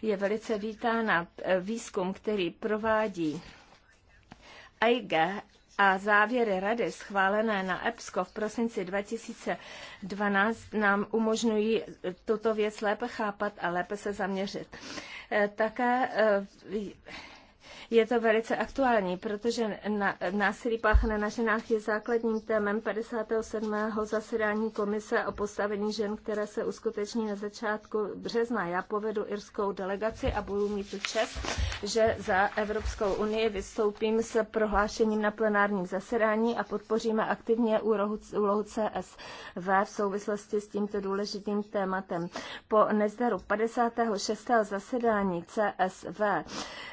je velice vítána. E, výzkum, který provádí EIG a závěry rady schválené na EPSCO v prosinci 2012 nám umožňují tuto věc lépe chápat a lépe se zaměřit. Eh, také eh, je to velice aktuální, protože na, násilí páchané na ženách je základním témem 57. zasedání komise o postavení žen, které se uskuteční na začátku března. Já povedu irskou delegaci a budu mít tu čest, že za Evropskou unii vystoupím s prohlášením na plenárním zasedání a podpoříme aktivně úlohu CSV v souvislosti s tímto důležitým tématem. Po nezdaru 56. zasedání CSV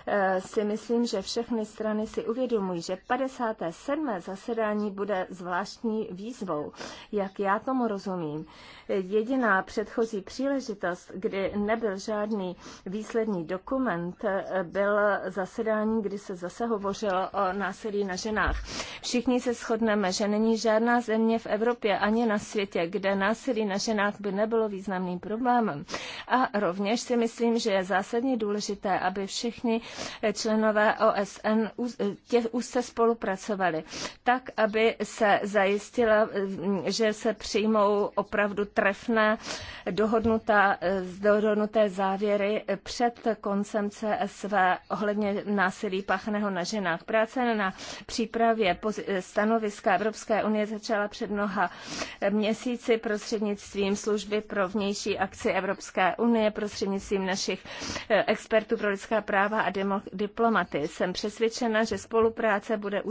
eh, si myslím, myslím, že všechny strany si uvědomují, že 57. zasedání bude zvláštní výzvou, jak já tomu rozumím. Jediná předchozí příležitost, kdy nebyl žádný výsledný dokument, byl zasedání, kdy se zase hovořilo o násilí na ženách. Všichni se shodneme, že není žádná země v Evropě ani na světě, kde násilí na ženách by nebylo významným problémem. A rovněž si myslím, že je zásadně důležité, aby všichni členové členové OSN tě, už se spolupracovali, tak, aby se zajistila, že se přijmou opravdu trefné dohodnutá, dohodnuté závěry před koncem CSV ohledně násilí páchaného na ženách. Práce na přípravě stanoviska Evropské unie začala před mnoha měsíci prostřednictvím služby pro vnější akci Evropské unie, prostřednictvím našich eh, expertů pro lidská práva a diplomacii státy. Jsem přesvědčena, že spolupráce bude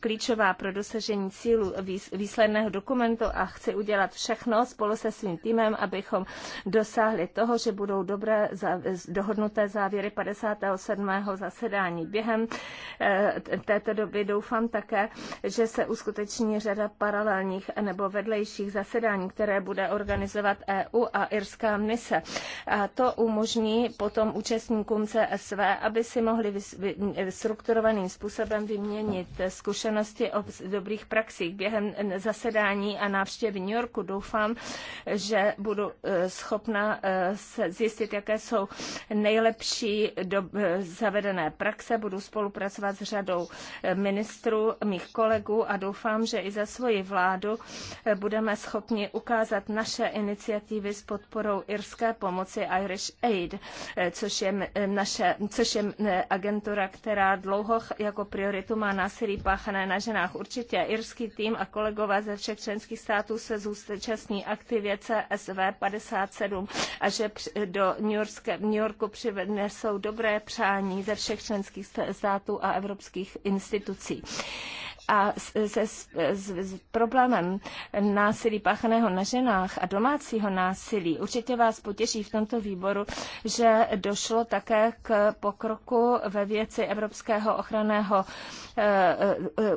klíčová pro dosažení cílu výsledného dokumentu a chci udělat všechno spolu se svým týmem, abychom dosáhli toho, že budou dobré dohodnuté závěry 57. zasedání. Během eh, této doby doufám také, že se uskuteční řada paralelních nebo vedlejších zasedání, které bude organizovat EU a irská mise. A to umožní potom účastníkům CSV, aby si mohli strukturovaným způsobem vyměnit zkušenosti o dobrých praxích během zasedání a návštěvy New Yorku. Doufám, že budu e, schopna e, zjistit, jaké jsou nejlepší do, e, zavedené praxe. Budu spolupracovat s řadou ministrů, mých kolegů a doufám, že i za svoji vládu budeme schopni ukázat naše iniciativy s podporou irské pomoci Irish Aid, což je, naše, což je agent agentura, která dlouho jako prioritu má násilí páchané na ženách. Určitě irský tým a kolegové ze všech členských států se zúčastní aktivě CSV 57 a že do New, Yorkské, New Yorku přivednesou dobré přání ze všech členských států a evropských institucí a se, s, s, s problémem násilí páchaného na ženách a domácího násilí. Určitě vás potěší v tomto výboru, že došlo také k pokroku ve věci Evropského ochranného eh, eh,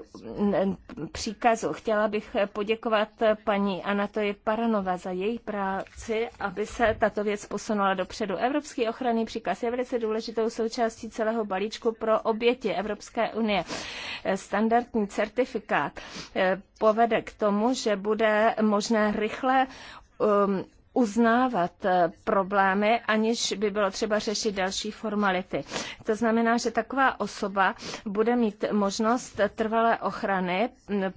eh, příkazu. Chtěla bych poděkovat paní Anatoji Paranova za její práci, aby se tato věc posunula dopředu. Evropský ochranný příkaz je velice důležitou součástí celého balíčku pro oběti Evropské unie. Standardní certifikát eh, povede k tomu, že bude možné rychle um, uznávat eh, problémy, aniž by bylo třeba řešit další formality. To znamená, že taková osoba bude mít možnost trvalé ochrany,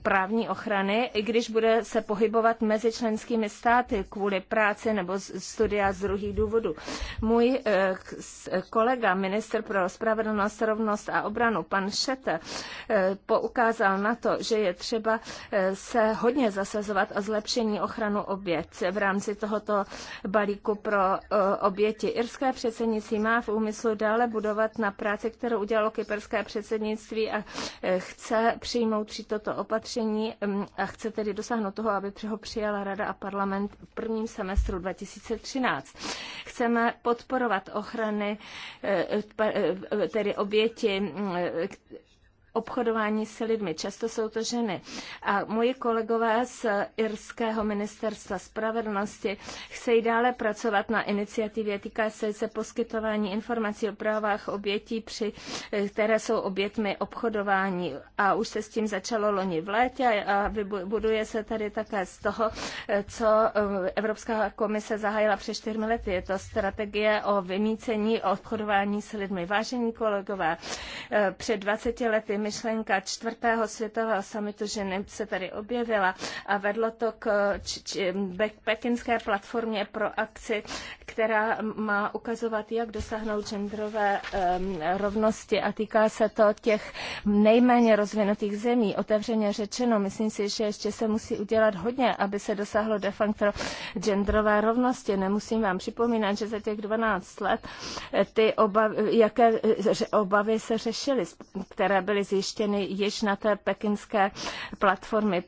právní ochrany, i když bude se pohybovat mezi členskými státy kvůli práci nebo studia z druhých důvodů. Můj eh, kolega, minister pro spravedlnost, rovnost a obranu, pan Šete, eh, poukázal na to, že je třeba se hodně zasazovat o zlepšení ochranu obět v rámci tohoto tohoto balíku pro e, oběti. Irské předsednictví má v úmyslu dále budovat na práci, kterou udělalo kyperské předsednictví a e, chce přijmout při toto opatření a chce tedy dosáhnout toho, aby ho přijala Rada a parlament v prvním semestru 2013. Chceme podporovat ochrany e, tedy oběti obchodování s lidmi. Často jsou to ženy. A moji kolegové z Irského ministerstva spravedlnosti chcejí dále pracovat na iniciativě týká se, se poskytování informací o právách obětí, při, které jsou obětmi obchodování. A už se s tím začalo loni v létě a buduje se tady také z toho, co eh, Evropská komise zahájila před čtyřmi lety. Je to strategie o vymícení obchodování s lidmi. Vážení kolegové, eh, před 20 lety myšlenka čtvrtého světového samitu ženy se tady objevila a vedlo to k č, pekinské platformě pro akci, která má ukazovat, jak dosáhnout genderové um, rovnosti a týká se to těch nejméně rozvinutých zemí. Otevřeně řečeno, myslím si, že ještě se musí udělat hodně, aby se dosáhlo de facto genderové rovnosti. Nemusím vám připomínat, že za těch 12 let eh, ty obavy, jaké obavy se řešily, které byly zjištěny již na té pekinské platformy.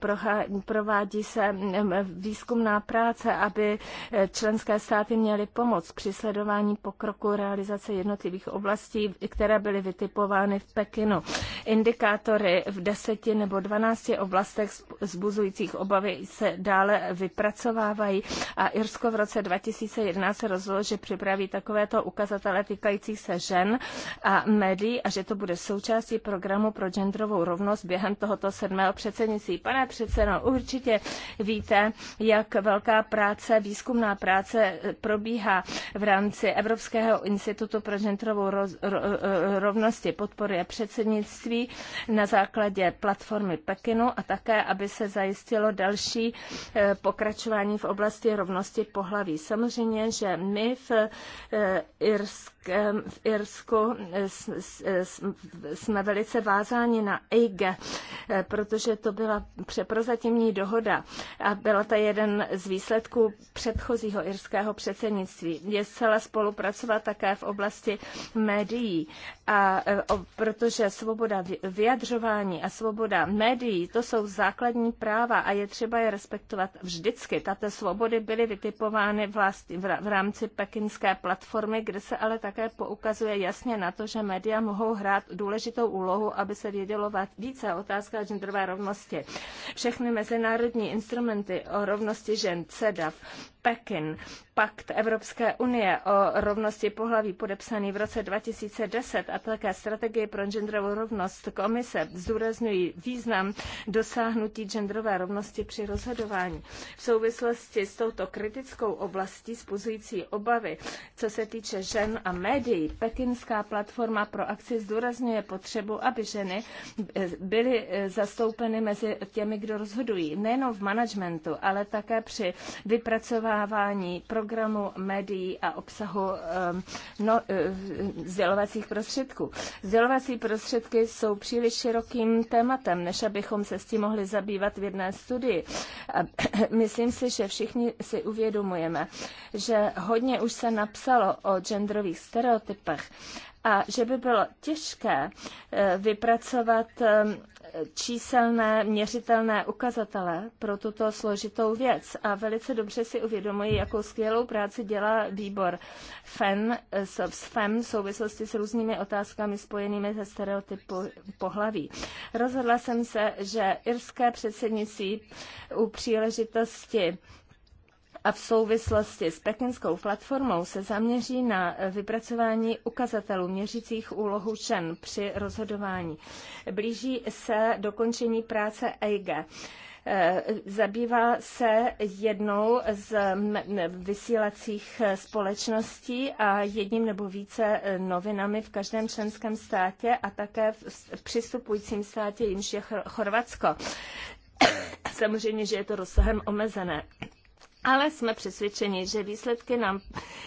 Provádí se mm, výzkumná práce, aby eh, členské státy měly pomoc při sledování pokroku realizace jednotlivých oblastí, které byly vytipovány v Pekinu. Indikátory v deseti nebo dvanácti oblastech zbuzujících obavy se dále vypracovávají a Irsko v roce 2011 se rozhodlo, že připraví takovéto ukazatele týkající se žen a médií a že to bude součástí programu pro genderovou rovnost během tohoto sedmého předsednictví. Pane předsedo, určitě víte, jak velká práce, výzkumná práce probíhá v rámci Evropského institutu pro genderovou rovnosti. Podporuje předsednictví na základě platformy Pekinu a také, aby se zajistilo další eh, pokračování v oblasti rovnosti pohlaví. Samozřejmě, že my v eh, Irsku eh, v Irsku jsme velice vázaní vázáni na EIG, eh, protože to byla prozatímní dohoda a byla to jeden z výsledků předchozího irského předsednictví. Je zcela spolupracovat také v oblasti médií, a, eh, protože svoboda vyjadřování a svoboda médií, to jsou základní práva a je třeba je respektovat vždycky. Tato svobody byly vytipovány v, v rámci pekinské platformy, kde se ale také poukazuje jasně na to, že média mohou hrát důležitou úlohu, aby aby se vědělo více o otázkách genderové rovnosti. Všechny mezinárodní instrumenty o rovnosti žen, CEDAV, Pekin, Pakt Evropské unie o rovnosti pohlaví podepsaný v roce 2010 a také strategie pro genderovou rovnost komise zdůrazňují význam dosáhnutí genderové rovnosti při rozhodování. V souvislosti s touto kritickou oblastí spuzující obavy, co se týče žen a médií, pekinská platforma pro akci zdůrazňuje potřebu, aby ženy ženy byly zastoupeny mezi těmi, kdo rozhodují. Nejenom v managementu, ale také při vypracovávání programu médií a obsahu ehm, no, vzdělovacích eh, prostředků. Vzdělovací prostředky jsou příliš širokým tématem, než abychom se s tím mohli zabývat v jedné studii. A ehm, myslím si, že všichni si uvědomujeme, že hodně už se napsalo o genderových stereotypech a že by bylo těžké eh, vypracovat eh, číselné, měřitelné ukazatele pro tuto složitou věc. A velice dobře si uvědomuji, jakou skvělou práci dělá výbor FEN, eh, s FEM v souvislosti s různými otázkami spojenými se stereotypy pohlaví. Rozhodla jsem se, že irské předsednictví u příležitosti a v souvislosti s pekinskou platformou se zaměří na vypracování ukazatelů měřících úlohu žen při rozhodování. Blíží se dokončení práce EIG. Eh, zabývá se jednou z vysílacích společností a jedním nebo více eh, novinami v každém členském státě a také v přistupujícím státě, jimž je Chorvatsko. Samozřejmě, že je to rozsahem omezené ale jsme přesvědčeni, že výsledky nám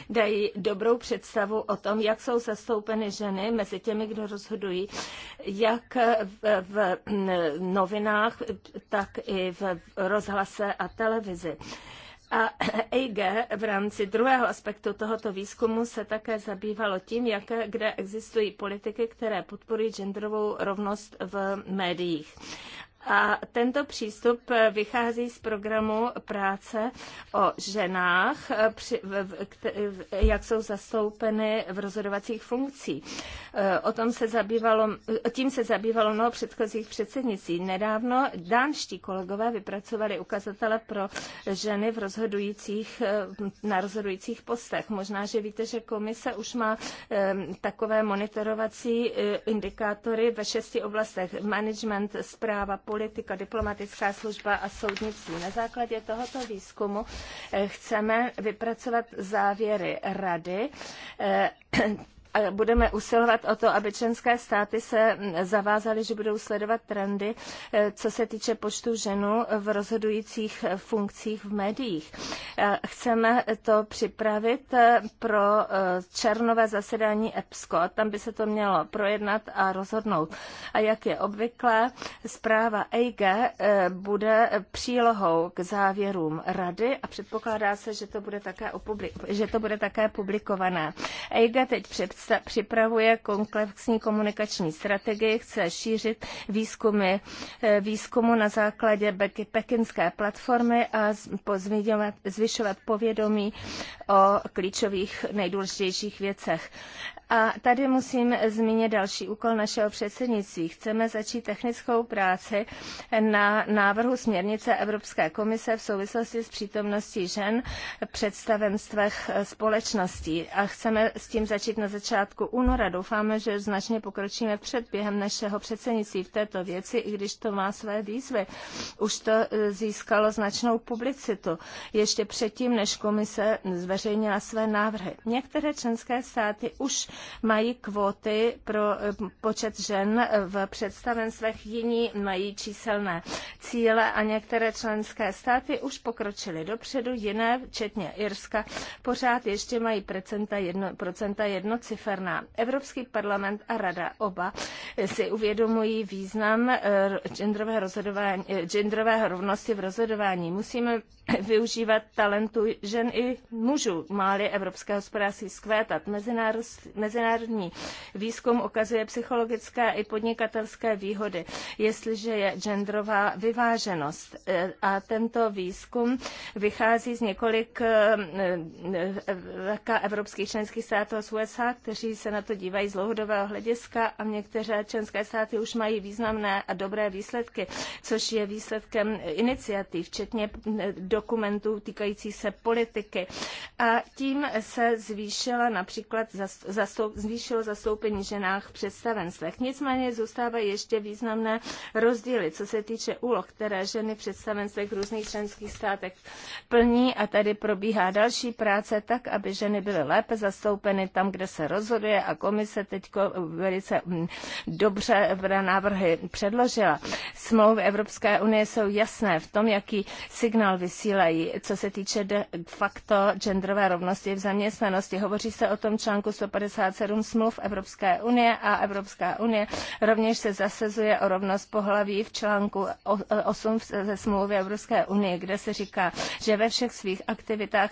dají dobrou představu o tom, jak jsou zastoupeny ženy mezi těmi, kdo rozhodují, jak v, v novinách, tak i v rozhlase a televizi. A EIG v rámci druhého aspektu tohoto výzkumu se také zabývalo tím, jak kde existují politiky, které podporují genderovou rovnost v médiích. A tento přístup vychází z programu práce o ženách, jak jsou zastoupeny v rozhodovacích funkcích. O tom se zabývalo, tím se zabývalo mnoho předchozích předsednicí. Nedávno dánští kolegové vypracovali ukazatele pro ženy v rozhodujících, na rozhodujících postech. Možná, že víte, že komise už má takové monitorovací eh, indikátory ve šesti oblastech. Management, zpráva, politika, politika, diplomatická služba a soudnictví. Na základě tohoto výzkumu eh, chceme vypracovat závěry rady eh, budeme usilovat o to, aby členské státy se mm, zavázaly, že budou sledovat trendy, eh, co se týče počtu ženů v rozhodujících eh, funkcích v médiích. Eh, chceme to připravit pro černové zasedání EPSCO. Tam by se to mělo projednat a rozhodnout. A jak je obvyklé, zpráva EIG bude přílohou k závěrům rady a předpokládá se, že to bude také, opublik- že to bude také publikované. EIG teď představí připravuje komplexní komunikační strategii, chce šířit výzkumy eh, výzkumu na základě pekinské platformy a zvyšovat povědomí o klíčových nejdůležitějších věcech. A tady musím zmínit další úkol našeho předsednictví. Chceme začít technickou práci na návrhu směrnice Evropské komise v souvislosti s přítomností žen v představenstvech společností. A chceme s tím začít na začátku února. Doufáme, že značně pokročíme před během našeho předsednictví v této věci, i když to má své výzvy. Už to e, získalo značnou publicitu ještě předtím, než komise zveřejnila své návrhy. Některé členské státy už mají kvóty pro eh, počet žen v představenstvech, jiní mají číselné cíle a některé členské státy už pokročily dopředu, jiné, včetně Irska, pořád ještě mají procenta, jedno, procenta jednociferná. Evropský parlament a rada oba si uvědomují význam eh, genderové rozhodování, eh, genderové rovnosti v rozhodování. Musíme využívat talentu žen i mužů, máli evropské hospodářství skvétat. Mezinárodní mezinárodní výzkum ukazuje psychologické i podnikatelské výhody, jestliže je genderová vyváženost. E, a tento výzkum vychází z několik e, e, evropských členských států z USA, kteří se na to dívají z dlouhodobého hlediska a některé členské státy už mají významné a dobré výsledky, což je výsledkem iniciativ, včetně dokumentů týkajících se politiky. A tím se zvýšila například zast, zast zvýšilo zastoupení ženách v představenstvech. Nicméně zůstávají ještě významné rozdíly, co se týče úloh, které ženy v představenstvech v různých členských státech plní a tady probíhá další práce tak, aby ženy byly lépe zastoupeny tam, kde se rozhoduje a komise teď velice mm, dobře návrhy předložila. Smlouvy Evropské unie jsou jasné v tom, jaký signál vysílají, co se týče de facto genderové rovnosti v zaměstnanosti. Hovoří se o tom článku 150 57 smluv Evropské unie a Evropská unie rovněž se zasazuje o rovnost pohlaví v článku 8 ze smlouvy Evropské unie, kde se říká, že ve všech svých aktivitách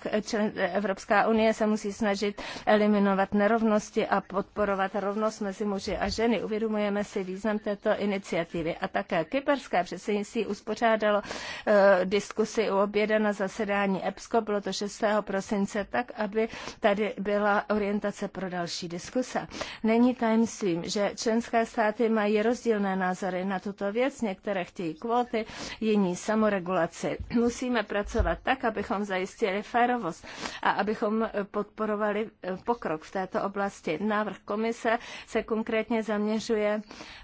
Evropská unie se musí snažit eliminovat nerovnosti a podporovat rovnost mezi muži a ženy. Uvědomujeme si význam této iniciativy. A také kyperské předsednictví uspořádalo eh, diskusi u oběda na zasedání EPSCO, bylo to 6. prosince, tak, aby tady byla orientace pro další další diskuse. Není tajemstvím, že členské státy mají rozdílné názory na tuto věc. Některé chtějí kvóty, jiní samoregulaci. Musíme pracovat tak, abychom zajistili férovost a abychom podporovali pokrok v této oblasti. Návrh komise se konkrétně zaměřuje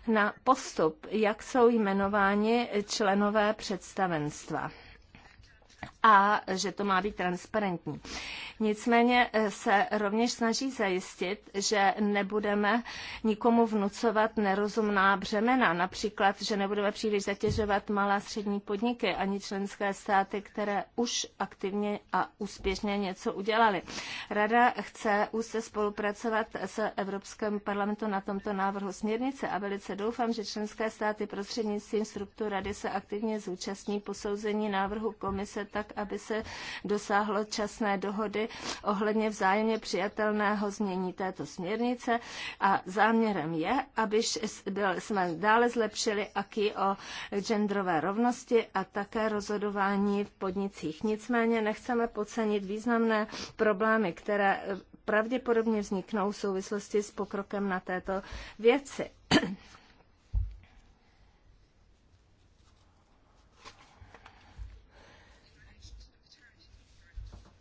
na postup, jak jsou jmenováni členové představenstva a že to má být transparentní. Nicméně eh, se rovněž snaží zajistit, že nebudeme nikomu vnucovat nerozumná břemena, například, že nebudeme příliš zatěžovat malá střední podniky ani členské státy, které už aktivně a úspěšně něco udělali. Rada chce už se spolupracovat s Evropským parlamentem na tomto návrhu směrnice a velice doufám, že členské státy prostřednictvím struktur rady se aktivně zúčastní posouzení návrhu komise tak, aby se dosáhlo časné dohody ohledně vzájemně přijatelného změní této směrnice a záměrem je, aby jsme dále zlepšili aký o genderové rovnosti a také rozhodování v podnicích. Nicméně nechceme podcenit významné problémy, které eh, pravděpodobně vzniknou v souvislosti s pokrokem na této věci.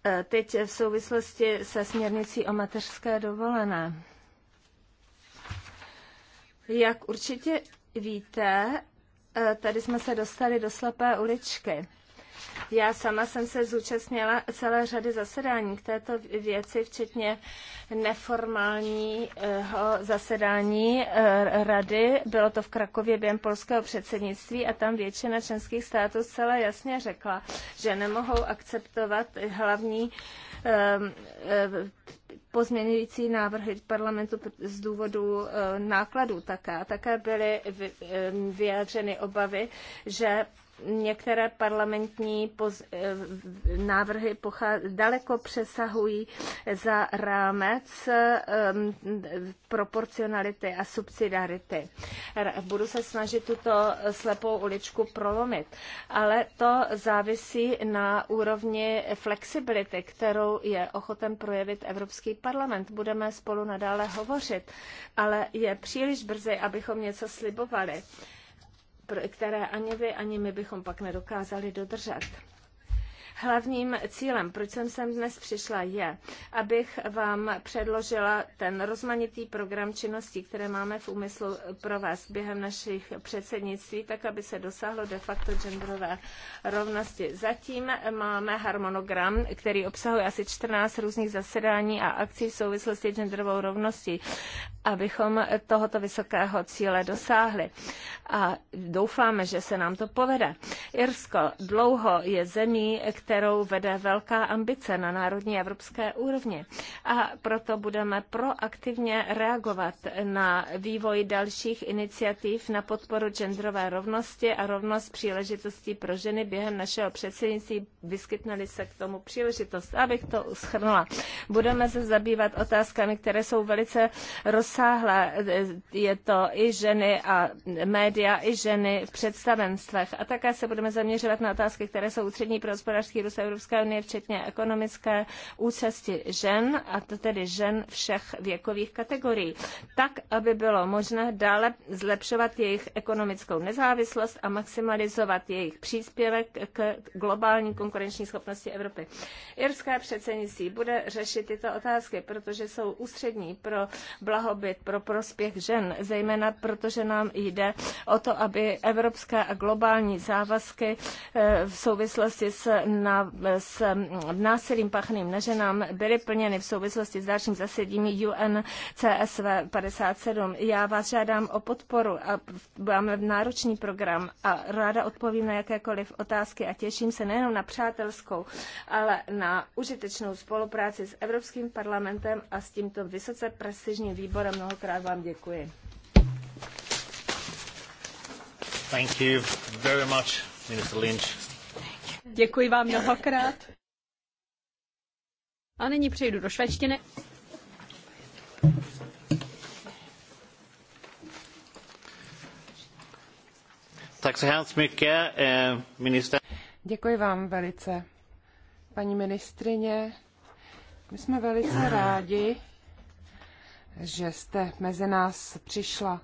Eh, teď v souvislosti se směrnicí o mateřské dovolené. Jak určitě víte, eh, tady jsme se dostali do slepé uličky. Já sama jsem se zúčastnila celé řady zasedání k této věci, včetně neformálního zasedání eh, rady. Bylo to v Krakově během polského předsednictví a tam většina členských států zcela jasně řekla, že nemohou akceptovat hlavní ehm, eh, pozměňující návrhy parlamentu z důvodu eh, nákladů také. Také byly vyjádřeny obavy, že některé parlamentní eh, návrhy daleko přesahují za rámec ehm, proporcionality a subsidiarity. Budu se snažit tuto slepou uličku prolomit, ale to závisí na úrovni flexibility, kterou je ochoten projevit Evropský parlament. Budeme spolu nadále hovořit, ale je příliš brzy, abychom něco slibovali které ani vy, ani my bychom pak nedokázali dodržet. Hlavním cílem, proč jsem sem dnes přišla, je, abych vám předložila ten rozmanitý program činností, které máme v úmyslu provést během našich předsednictví, tak aby se dosáhlo de facto genderové rovnosti. Zatím máme harmonogram, který obsahuje asi 14 různých zasedání a akcí v souvislosti s genderovou rovností, abychom tohoto vysokého cíle dosáhli. A doufáme, že se nám to povede. Irsko dlouho je zemí, která kterou vede velká ambice na národní evropské úrovni. A proto budeme proaktivně reagovat na vývoj dalších iniciativ na podporu genderové rovnosti a rovnost příležitostí pro ženy během našeho předsednictví. Vyskytneli se k tomu příležitost. Abych to schrnula, budeme se zabývat otázkami, které jsou velice rozsáhlé. Je to i ženy a média, i ženy v představenstvech. A také se budeme zaměřovat na otázky, které jsou ústřední pro hospodářský hospodářský z Evropské unie, včetně ekonomické účasti žen, a to tedy žen všech věkových kategorií, tak, aby bylo možné dále zlepšovat jejich ekonomickou nezávislost a maximalizovat jejich příspěvek k globální konkurenční schopnosti Evropy. Irské předsednictví bude řešit tyto otázky, protože jsou ústřední pro blahobyt, pro prospěch žen, zejména protože nám jde o to, aby evropské a globální závazky eh, v souvislosti s s násilím páchaným na ženám byly plněny v souvislosti s dalším zasedím UNCSV 57. Já vás žádám o podporu a máme náročný program a ráda odpovím na jakékoliv otázky a těším se nejenom na přátelskou, ale na užitečnou spolupráci s Evropským parlamentem a s tímto vysoce prestižním výborem. Mnohokrát vám děkuji. Thank you very much, Minister Lynch. Děkuji vám mnohokrát. A nyní přejdu do švédštiny. Tak se hned mycket, eh, minister. Děkuji vám velice, paní ministrině. My jsme velice rádi, že jste mezi nás přišla.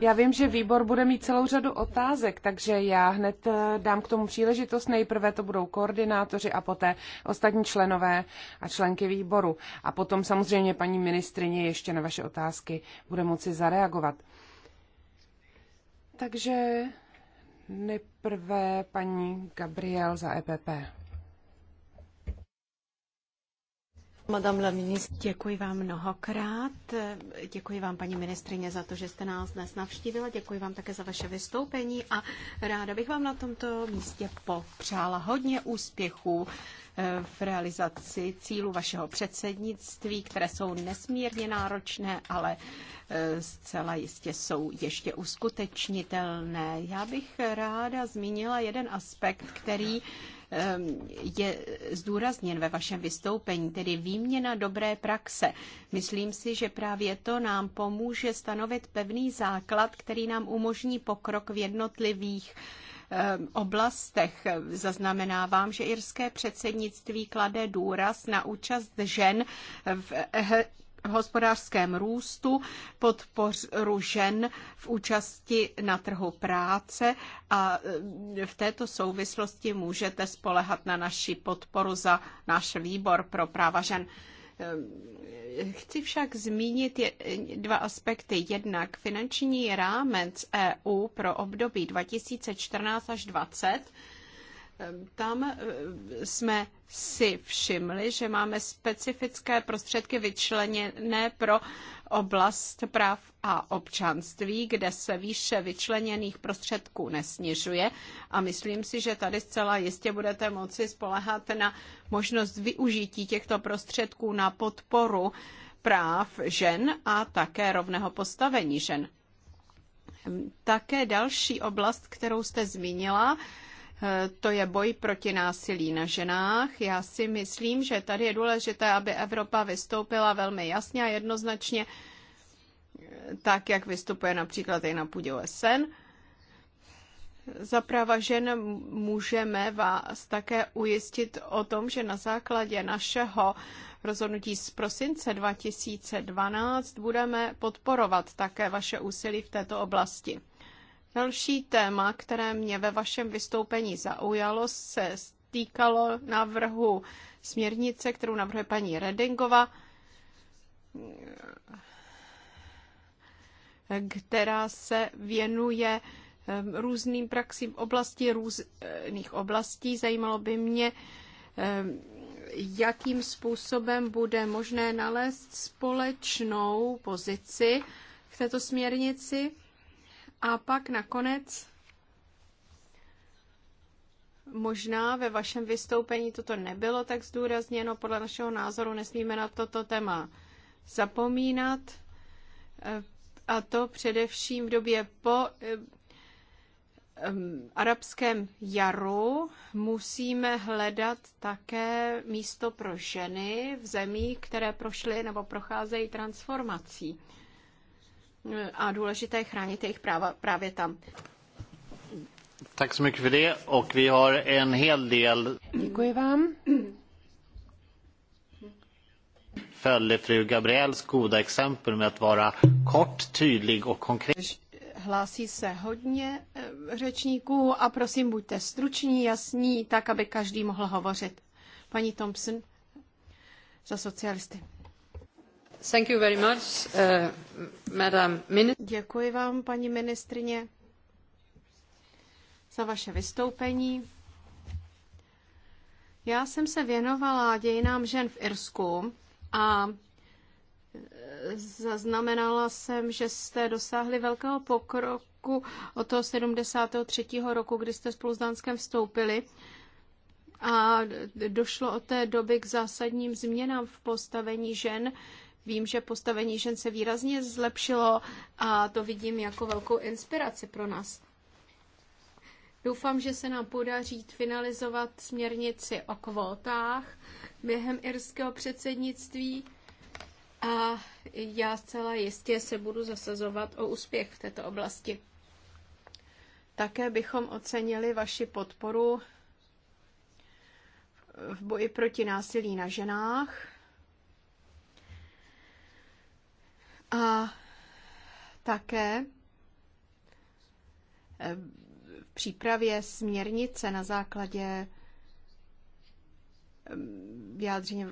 Já vím, že výbor bude mít celou řadu otázek, takže já hned eh, dám k tomu příležitost. Nejprve to budou koordinátoři a poté ostatní členové a členky výboru. A potom samozřejmě paní ministrině ještě na vaše otázky bude moci zareagovat. Takže nejprve paní Gabriel za EPP. Madame la Děkuji vám mnohokrát. Děkuji vám, paní ministrině, za to, že jste nás dnes navštívila. Děkuji vám také za vaše vystoupení a ráda bych vám na tomto místě popřála hodně úspěchů v realizaci cílu vašeho předsednictví, které jsou nesmírně náročné, ale e, zcela jistě jsou ještě uskutečnitelné. Já bych ráda zmínila jeden aspekt, který e, je zdůrazněn ve vašem vystoupení, tedy výměna dobré praxe. Myslím si, že právě to nám pomůže stanovit pevný základ, který nám umožní pokrok v jednotlivých Eh, oblastech. Zaznamenávám, že irské předsednictví klade důraz na účast žen v eh, hospodářském růstu, podporu žen v účasti na trhu práce a eh, v této souvislosti můžete spolehat na naši podporu za náš výbor pro práva žen. Ehm, chci však zmínit dva aspekty. Jednak finanční rámec EU pro období 2014 až 2020 tam eh, jsme si všimli, že máme specifické prostředky vyčleněné pro oblast práv a občanství, kde se výše vyčleněných prostředků nesnižuje a myslím si, že tady zcela jistě budete moci spolehat na možnost využití těchto prostředků na podporu práv žen a také rovného postavení žen. Také další oblast, kterou jste zmínila, Eh, to je boj proti násilí na ženách. Já si myslím, že tady je důležité, aby Evropa vystoupila velmi jasně a jednoznačně, eh, tak jak vystupuje například i na půdě OSN. Za práva žen můžeme vás také ujistit o tom, že na základě našeho rozhodnutí z prosince 2012 budeme podporovat také vaše úsilí v této oblasti. Další téma, které mě ve vašem vystoupení zaujalo, se týkalo návrhu směrnice, kterou navrhuje paní Redingova, která se věnuje ehm, různým praxím v oblasti různých oblastí. Zajímalo by mě, ehm, jakým způsobem bude možné nalézt společnou pozici v této směrnici a pak nakonec Možná ve vašem vystoupení toto nebylo tak zdůrazněno. Podle našeho názoru nesmíme na toto téma zapomínat. E, a to především v době po e, arabském jaru musíme hledat také místo pro ženy v zemích, které prošly nebo procházejí transformací a důležité je chránit jejich práva právě tam. Tak så mycket för det och vi har en hel del Děkuji vám. Följde fru Gabriels goda exempel med att vara kort, tydlig och konkret. Hlásí se hodně eh, řečníků a prosím buďte struční, jasní, tak aby každý mohl hovořit. Paní Thompson za socialisty. Uh, Děkuji vám, paní ministrině, za vaše vystoupení. Já jsem se věnovala dějinám žen v Irsku a e, zaznamenala jsem, že jste dosáhli velkého pokroku od toho 73. roku, kdy jste spolu s Dánskem vstoupili a došlo od té doby k zásadním změnám v postavení žen Vím, že postavení žen se výrazně zlepšilo a to vidím jako velkou inspiraci pro nás. Doufám, že se nám podaří finalizovat směrnici o kvótách během irského předsednictví a já zcela jistě se budu zasazovat o úspěch v této oblasti. Také bychom ocenili vaši podporu v boji proti násilí na ženách A také eh, v přípravě směrnice na základě eh, vyjádření,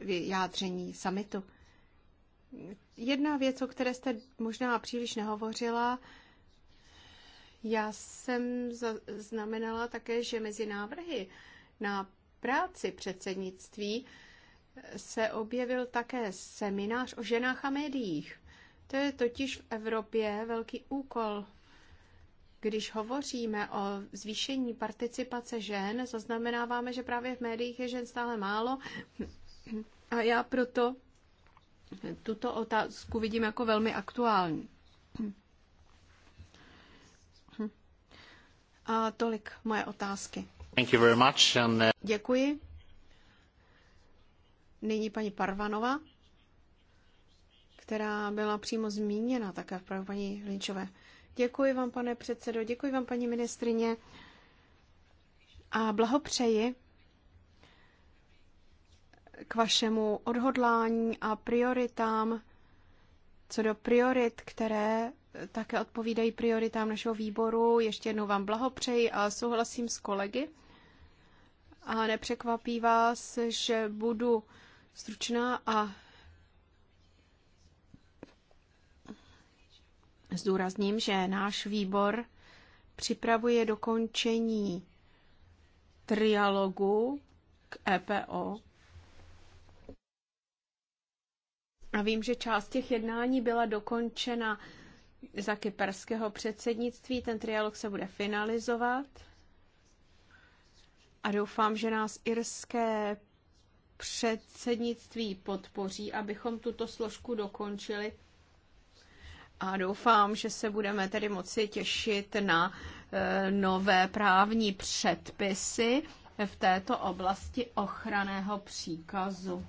vyjádření samitu. Jedna věc, o které jste možná příliš nehovořila, já jsem znamenala také, že mezi návrhy na práci předsednictví se objevil také seminář o ženách a médiích. To je totiž v Evropě velký úkol. Když hovoříme o zvýšení participace žen, zaznamenáváme, že právě v médiích je žen stále málo. A já proto tuto otázku vidím jako velmi aktuální. A tolik moje otázky. Thank you very much and, uh... Děkuji. Nyní paní Parvanova, která byla přímo zmíněna také v právě paní Linčové. Děkuji vám, pane předsedo, děkuji vám, paní ministrině a blahopřeji k vašemu odhodlání a prioritám, co do priorit, které také odpovídají prioritám našeho výboru. Ještě jednou vám blahopřeji a souhlasím s kolegy. A nepřekvapí vás, že budu stručná a zdůrazním, že náš výbor připravuje dokončení trialogu k EPO. A vím, že část těch jednání byla dokončena za kyperského předsednictví. Ten trialog se bude finalizovat. A doufám, že nás irské předsednictví podpoří, abychom tuto složku dokončili. A doufám, že se budeme tedy moci těšit na e, nové právní předpisy v této oblasti ochraného příkazu.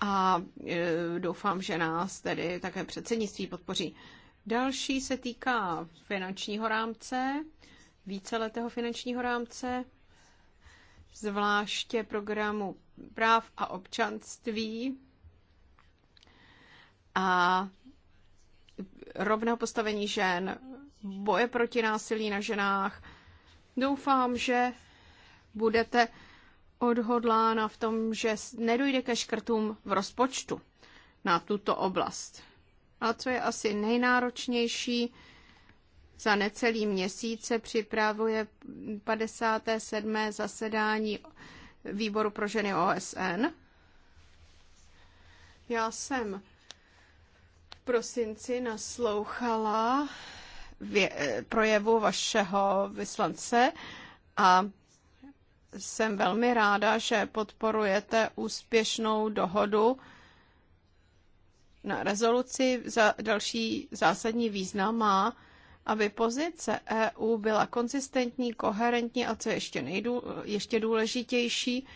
A e, doufám, že nás tedy také předsednictví podpoří. Další se týká finančního rámce, víceletého finančního rámce zvláště programu práv a občanství a rovného postavení žen, boje proti násilí na ženách. Doufám, že budete odhodlána v tom, že nedojde ke škrtům v rozpočtu na tuto oblast. A co je asi nejnáročnější, za necelý se připravuje 57. zasedání výboru pro ženy OSN. Já jsem v prosinci naslouchala vě- projevu vašeho vyslance a jsem velmi ráda, že podporujete úspěšnou dohodu na rezoluci. Za další zásadní význam má aby pozice EU byla konzistentní, koherentní a co ještě, nejdů, ještě důležitější,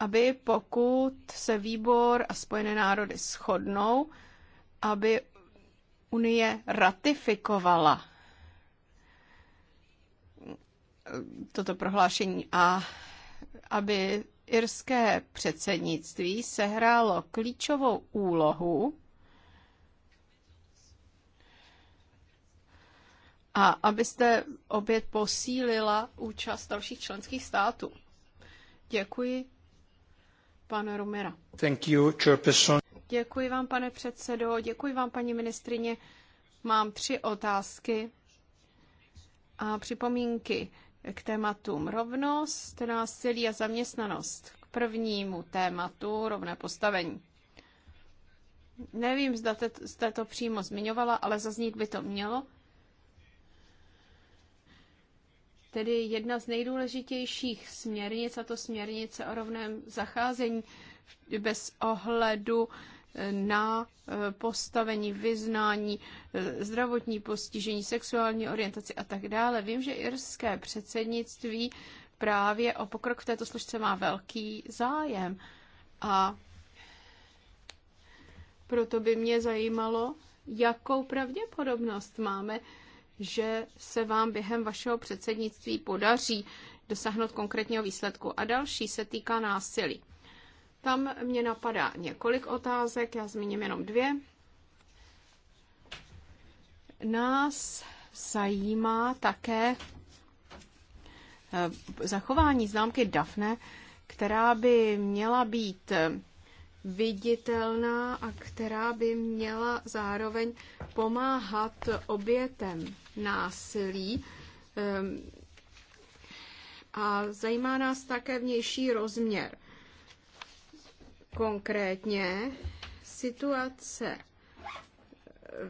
aby pokud se výbor a Spojené národy shodnou, aby Unie ratifikovala toto prohlášení a aby irské předsednictví sehrálo klíčovou úlohu a abyste opět posílila účast dalších členských států. Děkuji, pan Romera. Thank you, Chairperson. Děkuji vám, pane předsedo, děkuji vám, paní ministrině. Mám tři otázky a připomínky k tématům rovnost, násilí a zaměstnanost. K prvnímu tématu rovné postavení. Nevím, zda jste to přímo zmiňovala, ale zaznít by to mělo. tedy jedna z nejdůležitějších směrnic, a to směrnice o rovném zacházení bez ohledu eh, na eh, postavení, vyznání, eh, zdravotní postižení, sexuální orientaci a tak dále. Vím, že irské předsednictví právě o pokrok v této složce má velký zájem. A proto by mě zajímalo, jakou pravděpodobnost máme, že se vám během vašeho předsednictví podaří dosáhnout konkrétního výsledku. A další se týká násilí. Tam mě napadá několik otázek, já zmíním jenom dvě. Nás zajímá také eh, zachování známky Dafne, která by měla být eh, viditelná a která by měla zároveň pomáhat obětem násilí. Ehm, a zajímá nás také vnější rozměr. Konkrétně situace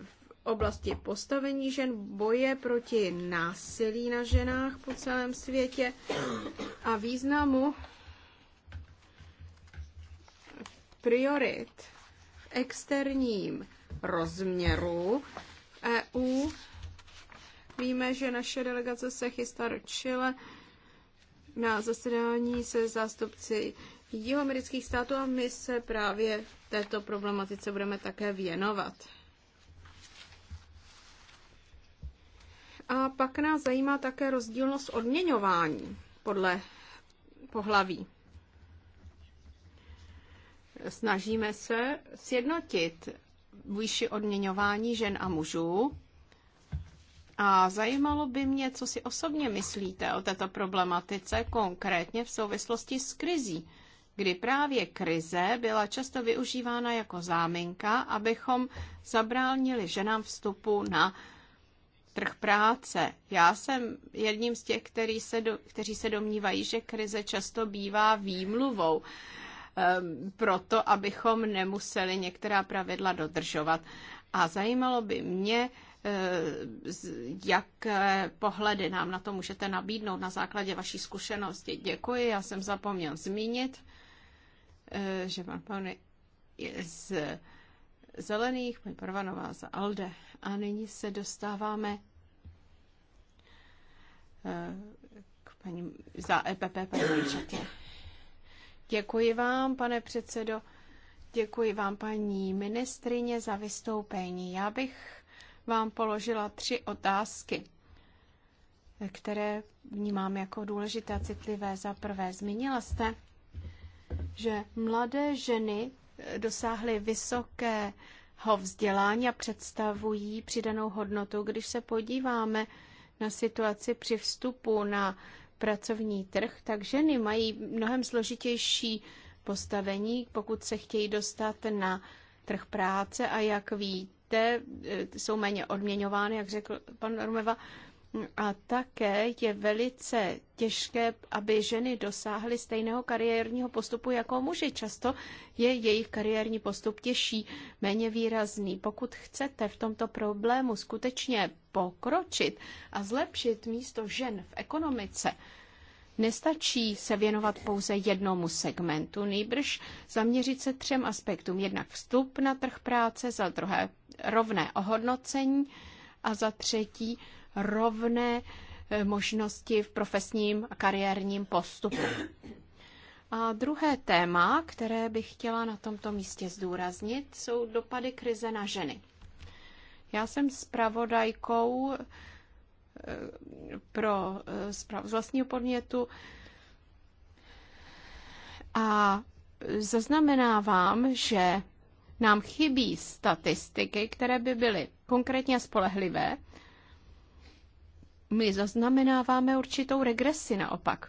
v oblasti postavení žen, boje proti násilí na ženách po celém světě a významu priorit v externím rozměru v e EU. Víme, že naše delegace se chystá do Chile na zasedání se zástupci jihoamerických států a my se právě této problematice budeme také věnovat. A pak nás zajímá také rozdílnost odměňování podle pohlaví. Snažíme se sjednotit výši odměňování žen a mužů. A zajímalo by mě, co si osobně myslíte o této problematice, konkrétně v souvislosti s krizí, kdy právě krize byla často využívána jako záminka, abychom zabránili ženám vstupu na trh práce. Já jsem jedním z těch, který se do, kteří se domnívají, že krize často bývá výmluvou Ehm, proto abychom nemuseli některá pravidla dodržovat. A zajímalo by mě, eh, jaké pohledy nám na to můžete nabídnout na základě vaší zkušenosti. Děkuji, já jsem zapomněl zmínit, eh, že pan pan je z Zelených, paní Parvanová za Alde. A nyní se dostáváme eh, k paní, za EPP paní Čatě. Děkuji vám, pane předsedo. Děkuji vám, paní ministrině, za vystoupení. Já bych vám položila tři otázky, které vnímám jako důležité a citlivé. Za prvé, zmínila jste, že mladé ženy dosáhly vysokého vzdělání a představují přidanou hodnotu. Když se podíváme na situaci při vstupu na pracovní trh, tak ženy mají mnohem složitější postavení, pokud se chtějí dostat na trh práce a jak víte, e, jsou méně odměňovány, jak řekl pan Rumeva, a také je velice těžké, aby ženy dosáhly stejného kariérního postupu jako muži. Často je jejich kariérní postup těžší, méně výrazný. Pokud chcete v tomto problému skutečně pokročit a zlepšit místo žen v ekonomice, Nestačí se věnovat pouze jednomu segmentu, nýbrž zaměřit se třem aspektům. Jednak vstup na trh práce, za druhé rovné ohodnocení a za třetí rovné eh, možnosti v profesním a kariérním postupu. A druhé téma, které bych chtěla na tomto místě zdůraznit, jsou dopady krize na ženy. Já jsem zpravodajkou eh, pro eh, zprávu z vlastního podnětu a zaznamenávám, že nám chybí statistiky, které by byly konkrétně spolehlivé my zaznamenáváme určitou regresi naopak.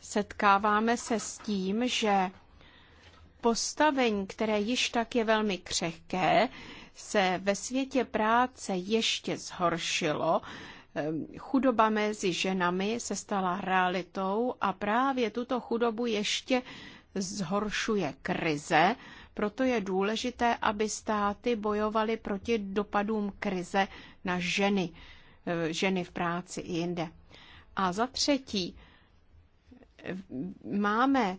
Setkáváme se s tím, že postavení, které již tak je velmi křehké, se ve světě práce ještě zhoršilo. Ehm, chudoba mezi ženami se stala realitou a právě tuto chudobu ještě zhoršuje krize, proto je důležité, aby státy bojovaly proti dopadům krize na ženy. Eh, ženy v práci i jinde. A za třetí, máme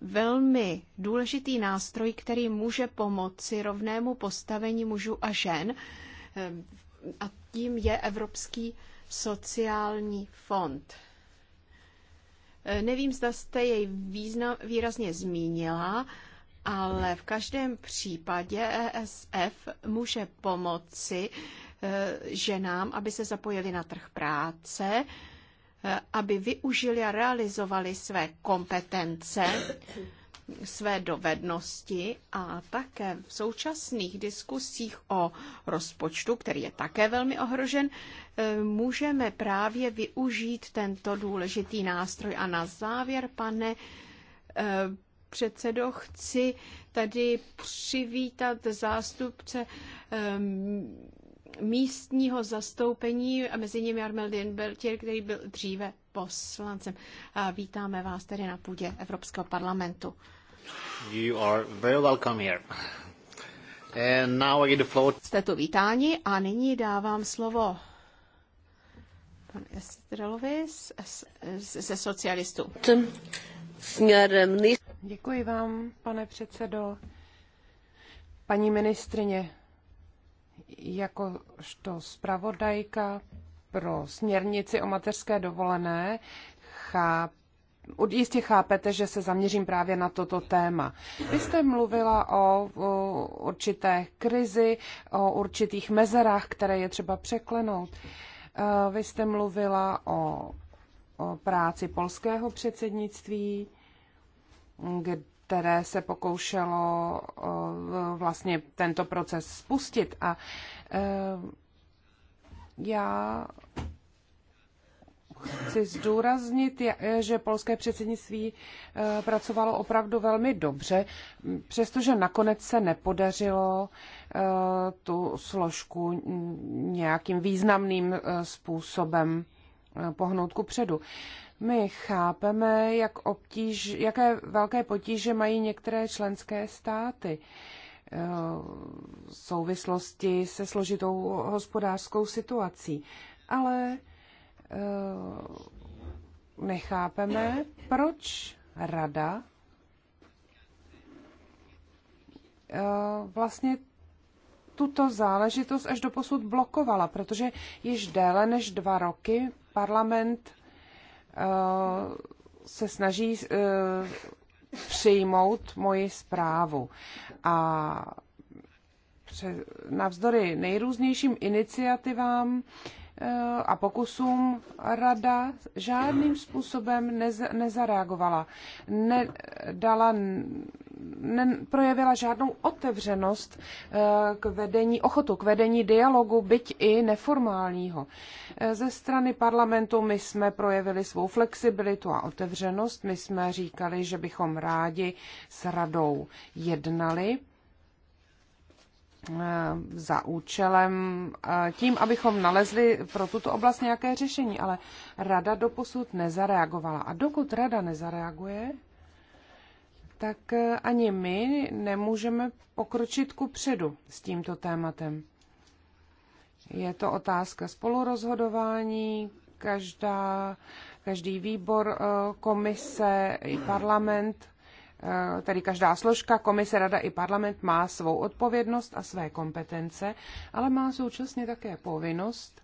velmi důležitý nástroj, který může pomoci rovnému postavení mužů a žen. Eh, a tím je Evropský sociální fond. Eh, nevím, zda jste jej význam, výrazně zmínila, ale v každém případě ESF může pomoci Eh, ženám, aby se zapojili na trh práce, eh, aby využili a realizovali své kompetence, své dovednosti a také v současných diskusích o rozpočtu, který je také velmi ohrožen, eh, můžeme právě využít tento důležitý nástroj. A na závěr, pane předsedo, chci tady přivítat zástupce ehm, místního zastoupení a mezi nimi Armel Dienbertier, který byl dříve poslancem. A vítáme vás tedy na půdě Evropského parlamentu. You are very welcome here. And now I get the floor. Jste tu vítáni a nyní dávám slovo pan Estrelovi ze socialistů. Děkuji vám, pane předsedo. Paní ministrině, jakožto zpravodajka pro směrnici o mateřské dovolené cháp, jistě chápete, že se zaměřím právě na toto téma. Vy jste mluvila o, o určité krizi, o určitých mezerách, které je třeba překlenout. E, vy jste mluvila o, o práci polského předsednictví, kde které se pokoušelo eh, vlastně tento proces spustit. A eh, já chci zdůraznit, že polské předsednictví eh, pracovalo opravdu velmi dobře, přestože nakonec se nepodařilo tu složku nějakým významným způsobem pohnout ku předu. My chápeme, jak obtíž, jaké velké potíže mají některé členské státy eh, v souvislosti se složitou hospodářskou situací. Ale eh, nechápeme, proč rada eh, vlastně tuto záležitost až do posud blokovala, protože již déle než dva roky parlament Eh, se snaží eh, přijmout moji zprávu. A navzdory nejrůznějším iniciativám eh, a pokusům rada žádným způsobem nez, nezareagovala. Nedala neprojevila žádnou otevřenost eh, k vedení, ochotu k vedení dialogu, byť i neformálního. Eh, ze strany parlamentu my jsme projevili svou flexibilitu a otevřenost. My jsme říkali, že bychom rádi s radou jednali eh, za účelem tím, abychom nalezli pro tuto oblast nějaké řešení, ale rada doposud nezareagovala. A dokud rada nezareaguje, tak eh, ani my nemůžeme pokročit ku předu s tímto tématem. Je to otázka spolurozhodování, každá, každý výbor, eh, komise i parlament, eh, tedy každá složka, komise, rada i parlament má svou odpovědnost a své kompetence, ale má současně také povinnost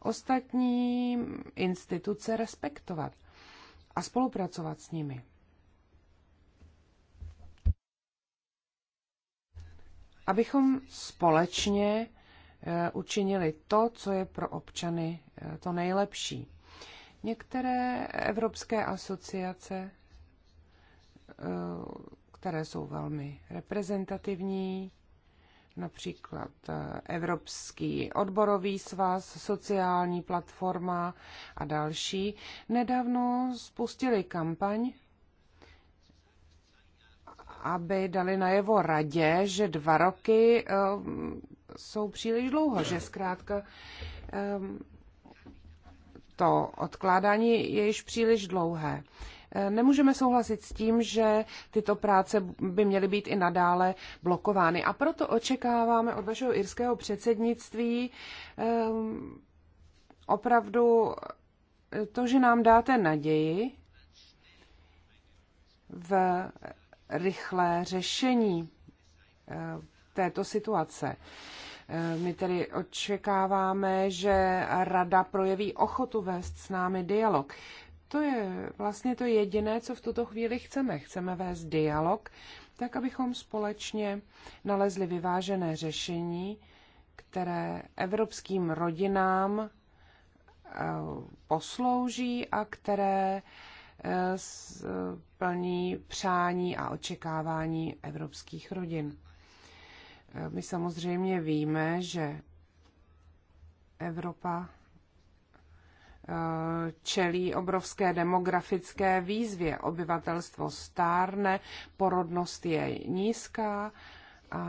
ostatní instituce respektovat a spolupracovat s nimi. abychom společně e, učinili to, co je pro občany e, to nejlepší. Některé evropské asociace, e, které jsou velmi reprezentativní, například Evropský odborový svaz, sociální platforma a další, nedávno spustili kampaň aby dali najevo radě, že dva roky eh, jsou příliš dlouho, že zkrátka eh, to odkládání je již příliš dlouhé. Eh, nemůžeme souhlasit s tím, že tyto práce by měly být i nadále blokovány. A proto očekáváme od vašeho irského předsednictví opravdu to, že nám dáte naději v rychlé řešení eh, této situace. Eh, my tedy očekáváme, že Rada projeví ochotu vést s námi dialog. To je vlastně to jediné, co v tuto chvíli chceme. Chceme vést dialog, tak abychom společně nalezli vyvážené řešení, které evropským rodinám eh, poslouží a které plní přání a očekávání evropských rodin. My samozřejmě víme, že Evropa eh, čelí obrovské demografické výzvě. Obyvatelstvo stárne, porodnost je nízká a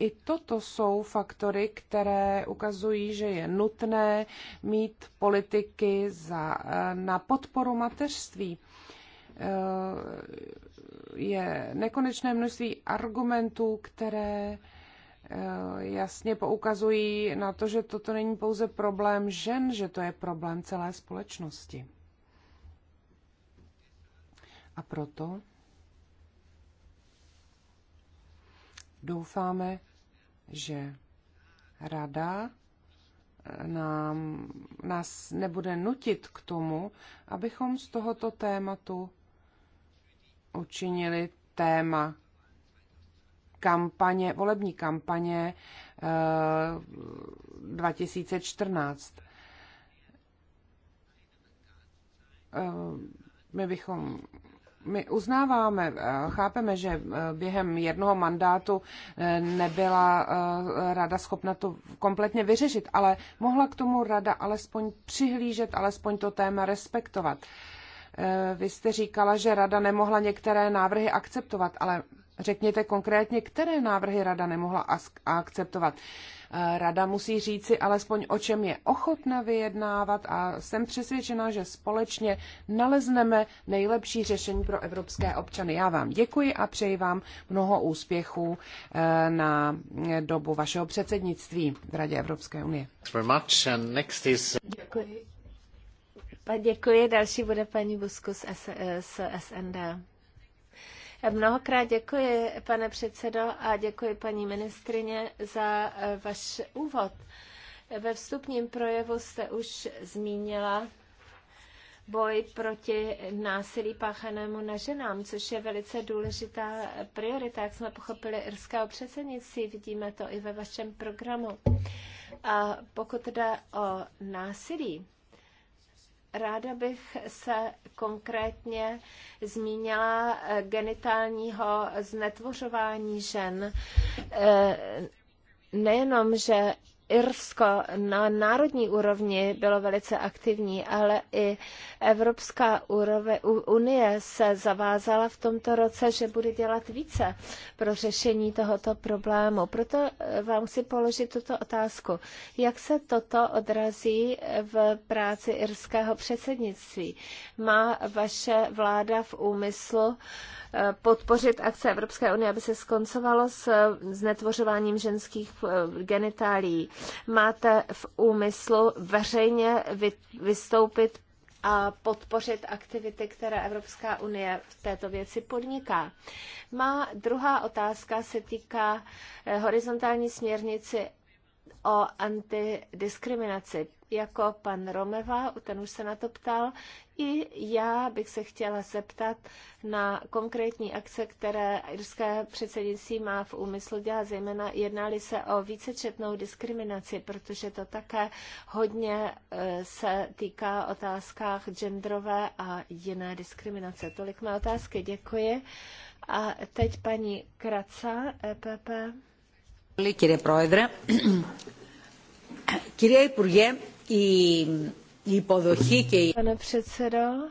i toto jsou faktory, které ukazují, že je nutné mít politiky za, eh, na podporu mateřství eh, je nekonečné množství argumentů, které eh, jasně poukazují na to, že toto není pouze problém žen, že to je problém celé společnosti. A proto doufáme, že rada eh, nám, nás nebude nutit k tomu, abychom z tohoto tématu učinili téma kampaně, volební kampaně 2014. Eh, eh, my bychom my uznáváme, eh, chápeme, že eh, během jednoho mandátu eh, nebyla rada schopna to kompletně vyřešit, ale mohla k tomu rada alespoň přihlížet, alespoň to téma respektovat. Vy jste říkala, že rada nemohla některé návrhy akceptovat, ale řekněte konkrétně, které návrhy rada nemohla akceptovat. Rada musí říci alespoň o čem je ochotna vyjednávat a jsem přesvědčena, že společně nalezneme nejlepší řešení pro evropské občany. Já vám děkuji a přeji vám mnoho úspěchů eh, na dobu vašeho předsednictví v Radě Evropské unie. Děkuji. Děkuji. Další bude paní Busku eh, z, S, z SND. Mnohokrát děkuji, pane předsedo, a děkuji paní ministrině za eh, váš úvod. Ve vstupním projevu jste už zmínila boj proti násilí páchanému na ženám, což je velice důležitá priorita, jak jsme pochopili irského předsednictví, vidíme to i ve vašem programu. A pokud jde o násilí, Ráda bych se konkrétně zmínila eh, genitálního znetvořování žen. Eh, nejenom, že Irsko na národní úrovni bylo velice aktivní, ale i Evropská úrove, unie se zavázala v tomto roce, že bude dělat více pro řešení tohoto problému. Proto eh, vám chci položit tuto otázku. Jak se toto odrazí v práci irského předsednictví? Má vaše vláda v úmyslu podpořit akce Evropské unie, aby se skoncovalo s znetvořováním ženských eh, genitálí. Máte v úmyslu veřejně vystoupit a podpořit aktivity, které Evropská unie v této věci podniká. Má druhá otázka se týká eh, horizontální směrnici o antidiskriminaci. Jako pan Romeva, ten už se na to ptal, i já bych se chtěla zeptat na konkrétní akce, které irské předsednictví má v úmyslu dělat, zejména jednali se o vícečetnou diskriminaci, protože to také hodně e, se týká otázkách genderové a jiné diskriminace. Tolik mé otázky, děkuji. A teď paní Kraca, EPP. Děkuji, Πρόεδρε, κυρία Υπουργέ, η Pane předsedo,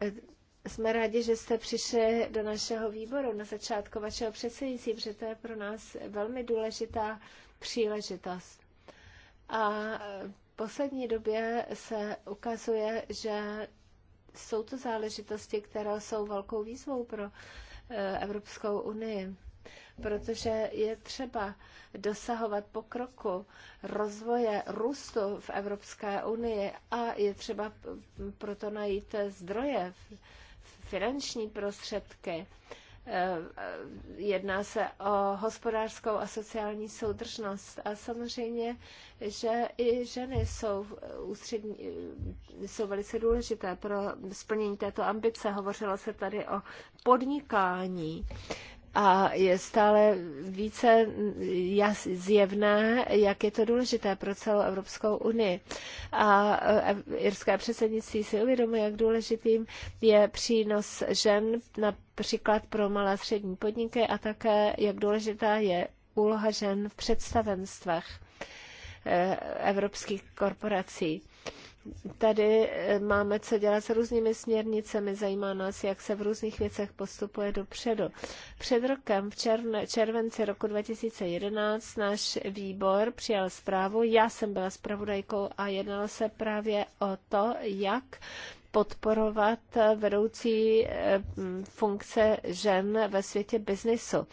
e, jsme rádi, že jste přišli do našeho výboru na začátku vašeho předsednictví, protože to je pro nás velmi důležitá příležitost. A v poslední době se ukazuje, že jsou to záležitosti, které jsou velkou výzvou pro e, Evropskou unii protože je třeba dosahovat pokroku, rozvoje, růstu v Evropské unii a je třeba proto najít zdroje, finanční prostředky. Eh, jedná se o hospodářskou a sociální soudržnost a samozřejmě, že i ženy jsou, ústřední, jsou velice důležité pro splnění této ambice. Hovořilo se tady o podnikání. A je stále více zjevné, jak je to důležité pro celou Evropskou unii. A e, irské předsednictví si uvědomuje, jak důležitým je přínos žen například pro malé a střední podniky a také, jak důležitá je úloha žen v představenstvech e, evropských korporací tady eh, máme co dělat s různými směrnicemi. Zajímá nás, jak se v různých věcech postupuje dopředu. Před rokem, v červne, červenci roku 2011, náš výbor přijal zprávu. Já jsem byla zpravodajkou a jednalo se právě o to, jak podporovat vedoucí eh, funkce žen ve světě biznisu.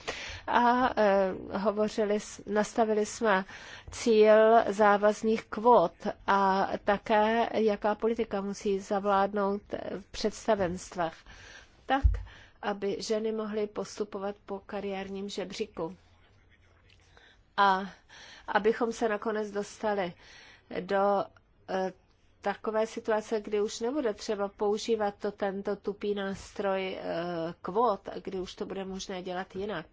A eh, hovořili, nastavili jsme cíl závazných kvot a také, jaká politika musí zavládnout v představenstvech, tak, aby ženy mohly postupovat po kariérním žebříku. A abychom se nakonec dostali do eh, takové situace, kdy už nebude třeba používat to, tento tupý nástroj eh, kvot, kdy už to bude možné dělat jinak.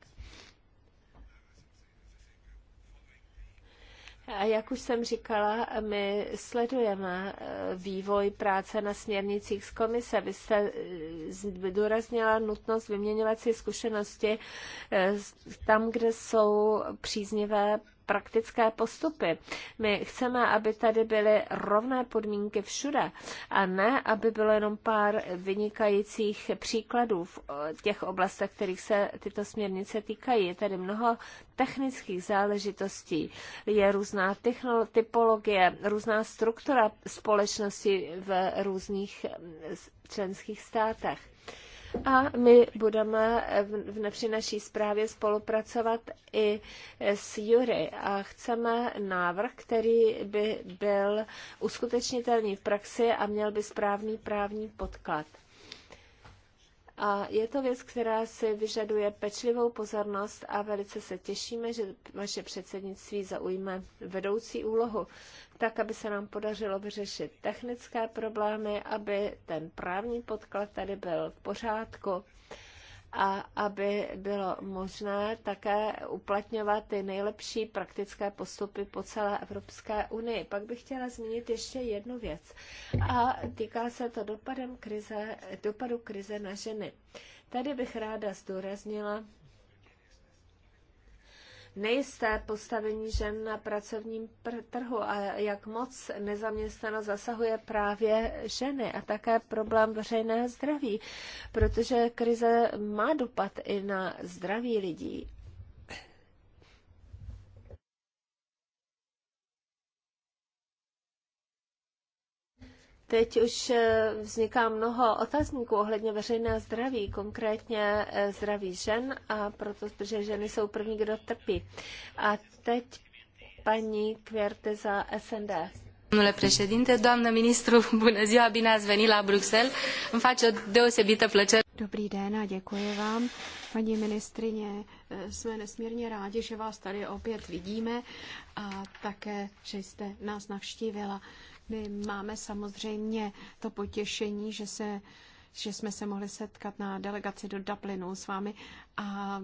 A jak už jsem říkala, my sledujeme eh, vývoj práce na směrnicích z komise. Vy jste eh, důraznila nutnost vyměňovat si zkušenosti tam, kde jsou příznivé praktické postupy. My chceme, aby tady byly rovné podmínky všude a ne, aby bylo jenom pár vynikajících příkladů v těch oblastech, kterých se tyto směrnice týkají. Je tady mnoho technických záležitostí, je různá typologie, různá struktura společnosti v různých mm, členských státech. A my budeme v, v, při naší zprávě spolupracovat i s Jury a chceme návrh, který by byl uskutečnitelný v praxi a měl by správný právní podklad. A je to věc, která si vyžaduje pečlivou pozornost a velice se těšíme, že vaše předsednictví zaujme vedoucí úlohu, tak aby se nám podařilo vyřešit technické problémy, aby ten právní podklad tady byl v pořádku a aby bylo možné také uplatňovat ty nejlepší praktické postupy po celé Evropské unii. Pak bych chtěla zmínit ještě jednu věc a týká se to dopadem krize, dopadu krize na ženy. Tady bych ráda zdůraznila nejisté postavení žen na pracovním trhu a jak moc nezaměstnano zasahuje právě ženy a také problém veřejného zdraví, protože krize má dopad i na zdraví lidí Teď už eh, vzniká mnoho otazníků ohledně veřejného zdraví, konkrétně eh, zdraví žen, a proto, protože ženy jsou první, kdo trpí. A teď paní Kvěrte za SND. Domnule președinte, doamnă ministru, bună ziua, bine ați venit la Bruxelles. Îmi face o deosebită plăcere. Dobrý den a děkuji vám, paní ministrině. Eh, jsme nesmírně rádi, že vás tady opět vidíme a také, že jste nás navštívila. My máme samozřejmě to potěšení, že se že jsme se mohli setkat na delegaci do Dublinu s vámi a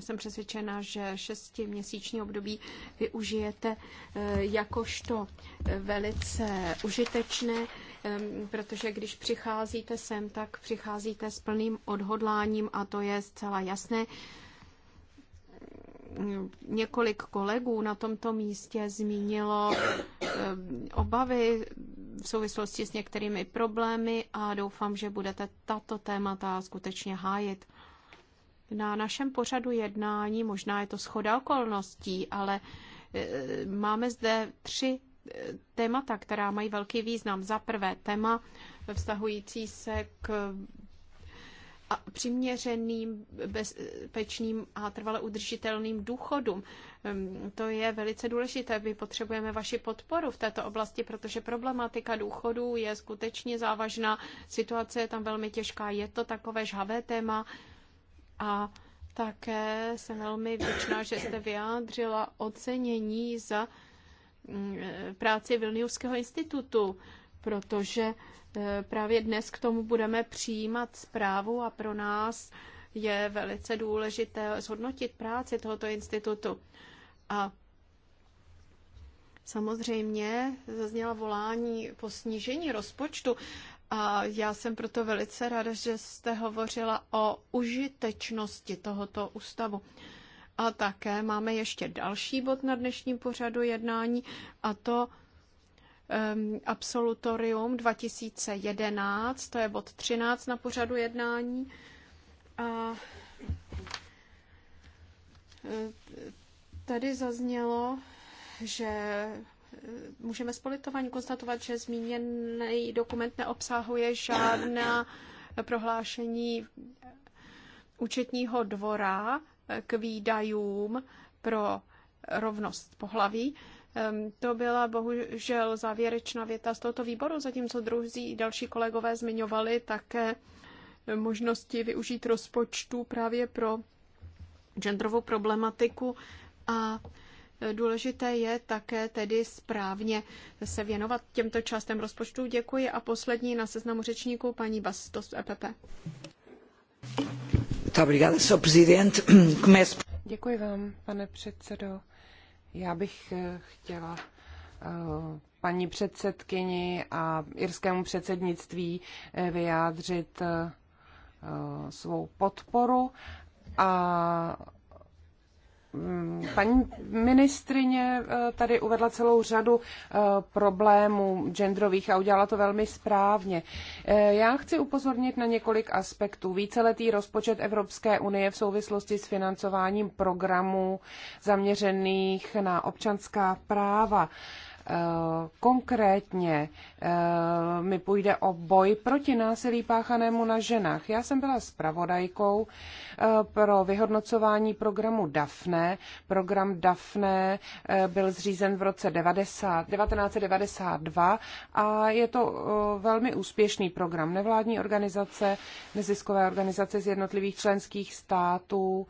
jsem přesvědčena, že šestiměsíční období využijete eh, jakožto velice užitečné, protože když přicházíte sem, tak přicházíte s plným odhodláním a to je zcela jasné. Několik kolegů na tomto místě zmínilo eh, obavy v souvislosti s některými problémy a doufám, že budete tato témata skutečně hájit. Na našem pořadu jednání, možná je to schoda okolností, ale eh, máme zde tři eh, témata, která mají velký význam. Za prvé téma vztahující se k a přiměřeným, bezpečným a trvale udržitelným důchodům. Ehm, to je velice důležité. My potřebujeme vaši podporu v této oblasti, protože problematika důchodů je skutečně závažná. Situace je tam velmi těžká. Je to takové žhavé téma a také jsem velmi vděčná, že jste vyjádřila ocenění za mm, práci Vilniuského institutu, protože Eh, právě dnes k tomu budeme přijímat zprávu a pro nás je velice důležité zhodnotit práci tohoto institutu. A samozřejmě zazněla volání po snížení rozpočtu a já jsem proto velice ráda, že jste hovořila o užitečnosti tohoto ústavu. A také máme ještě další bod na dnešním pořadu jednání a to absolutorium 2011, to je bod 13 na pořadu jednání. A e, tady zaznělo, že e, můžeme s politováním konstatovat, že zmíněný dokument neobsahuje žádná prohlášení účetního dvora k výdajům pro rovnost pohlaví. To byla bohužel závěrečná věta z tohoto výboru, zatímco druzí další kolegové zmiňovali také možnosti využít rozpočtu právě pro genderovou problematiku a e, Důležité je také tedy správně se věnovat těmto částem rozpočtu. Děkuji a poslední na seznamu řečníků paní Bastos EPP. Děkuji vám, pane předsedo. Já bych eh, chtěla eh, paní předsedkyni a irskému předsednictví eh, vyjádřit svou podporu a Paní ministrině eh, tady uvedla celou řadu eh, problémů genderových a udělala to velmi správně. Eh, já chci upozornit na několik aspektů. Víceletý rozpočet Evropské unie v souvislosti s financováním programů zaměřených na občanská práva. Eh, konkrétně eh, mi půjde o boj proti násilí páchanému na ženách. Já jsem byla zpravodajkou eh, pro vyhodnocování programu DAFNE. Program DAFNE byl zřízen v roce 90, 1992 a je to velmi úspěšný program nevládní organizace, neziskové organizace z jednotlivých členských států, států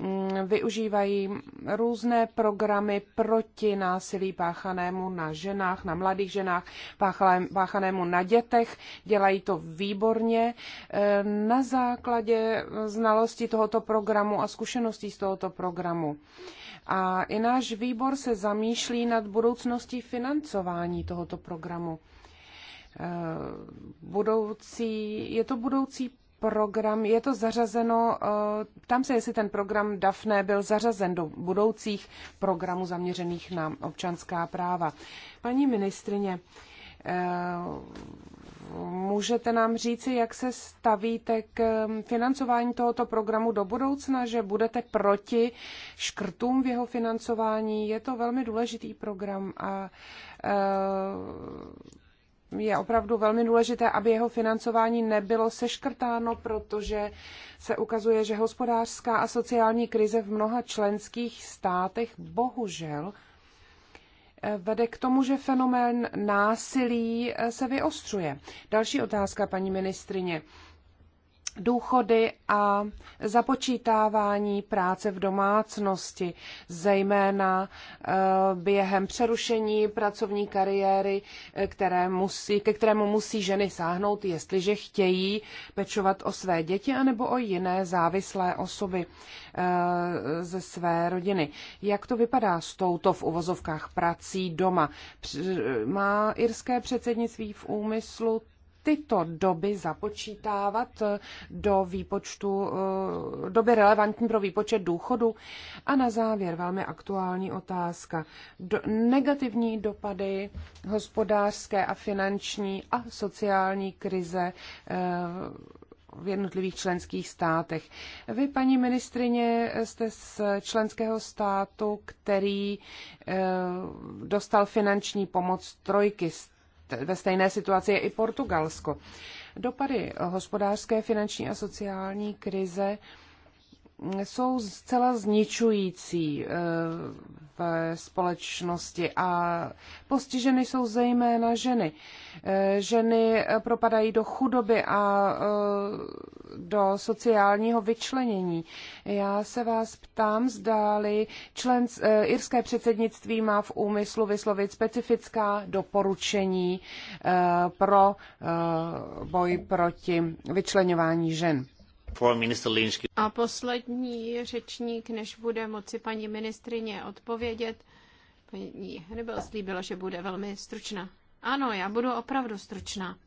Mm, využívají různé programy proti násilí páchanému na ženách, na mladých ženách, páchanému na dětech. Dělají to výborně. E, na základě znalosti tohoto programu a zkušeností z tohoto programu. A i náš výbor se zamýšlí nad budoucností financování tohoto programu e, budoucí, je to budoucí program, je to zařazeno, eh, tam se, jestli ten program DAFNE byl zařazen do budoucích programů zaměřených na občanská práva. Paní ministrině, eh, Můžete nám říci, jak se stavíte k eh, financování tohoto programu do budoucna, že budete proti škrtům v jeho financování? Je to velmi důležitý program a je opravdu velmi důležité, aby jeho financování nebylo seškrtáno, protože se ukazuje, že hospodářská a sociální krize v mnoha členských státech bohužel eh, vede k tomu, že fenomén násilí eh, se vyostřuje. Další otázka, paní ministrině důchody a započítávání práce v domácnosti, zejména eh, během přerušení pracovní kariéry, eh, které musí, ke kterému musí ženy sáhnout, jestliže chtějí pečovat o své děti anebo o jiné závislé osoby eh, ze své rodiny. Jak to vypadá s touto v uvozovkách prací doma? Má irské předsednictví v úmyslu tyto doby započítávat do výpočtu, eh, doby relevantní pro výpočet důchodu. A na závěr velmi aktuální otázka. Do, negativní dopady hospodářské a finanční a sociální krize eh, v jednotlivých členských státech. Vy, paní ministrině, jste z členského státu, který eh, dostal finanční pomoc trojky z ve stejné situaci je i Portugalsko. Dopady hospodářské, finanční a sociální krize jsou zcela zničující eh, ve společnosti a postiženy jsou zejména ženy. Eh, ženy eh, propadají do chudoby a do sociálního vyčlenění. Já se vás ptám, zdáli člen irské předsednictví má v úmyslu vyslovit specifická doporučení pro boj proti vyčlenování žen. A poslední řečník, než bude moci paní ministrině odpovědět, paní Hnebel slíbila, že bude velmi stručná. Ano, já budu opravdu stručná.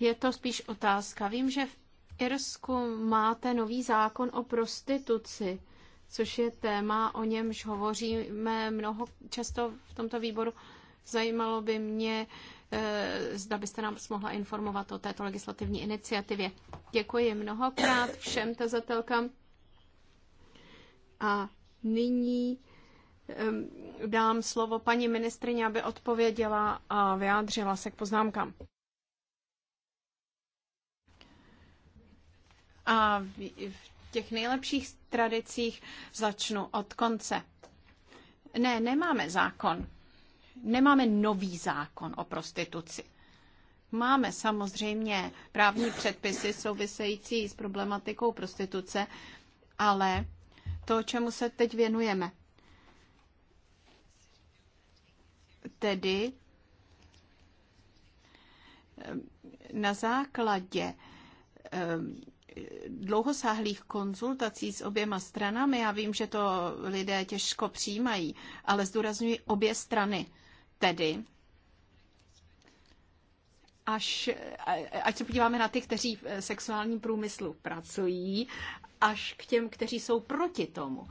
Je to spíš otázka. Vím, že v Irsku máte nový zákon o prostituci, což je téma, o němž hovoříme mnoho často v tomto výboru. Zajímalo by mě, Eh, zda byste nám mohla informovat o této legislativní iniciativě. Děkuji mnohokrát všem tazatelkám. A nyní dám slovo paní ministrině, aby odpověděla a vyjádřila se k poznámkám. A v těch nejlepších tradicích začnu od konce. Ne, nemáme zákon. Nemáme nový zákon o prostituci. Máme samozřejmě právní předpisy související s problematikou prostituce, ale to, čemu se teď věnujeme, tedy na základě eh, dlouhosáhlých konzultací s oběma stranami, já vím, že to lidé těžko přijímají, ale zdůrazňuji obě strany, tedy až, ať se podíváme na ty, kteří v sexuálním průmyslu pracují, až k těm, kteří jsou proti tomu.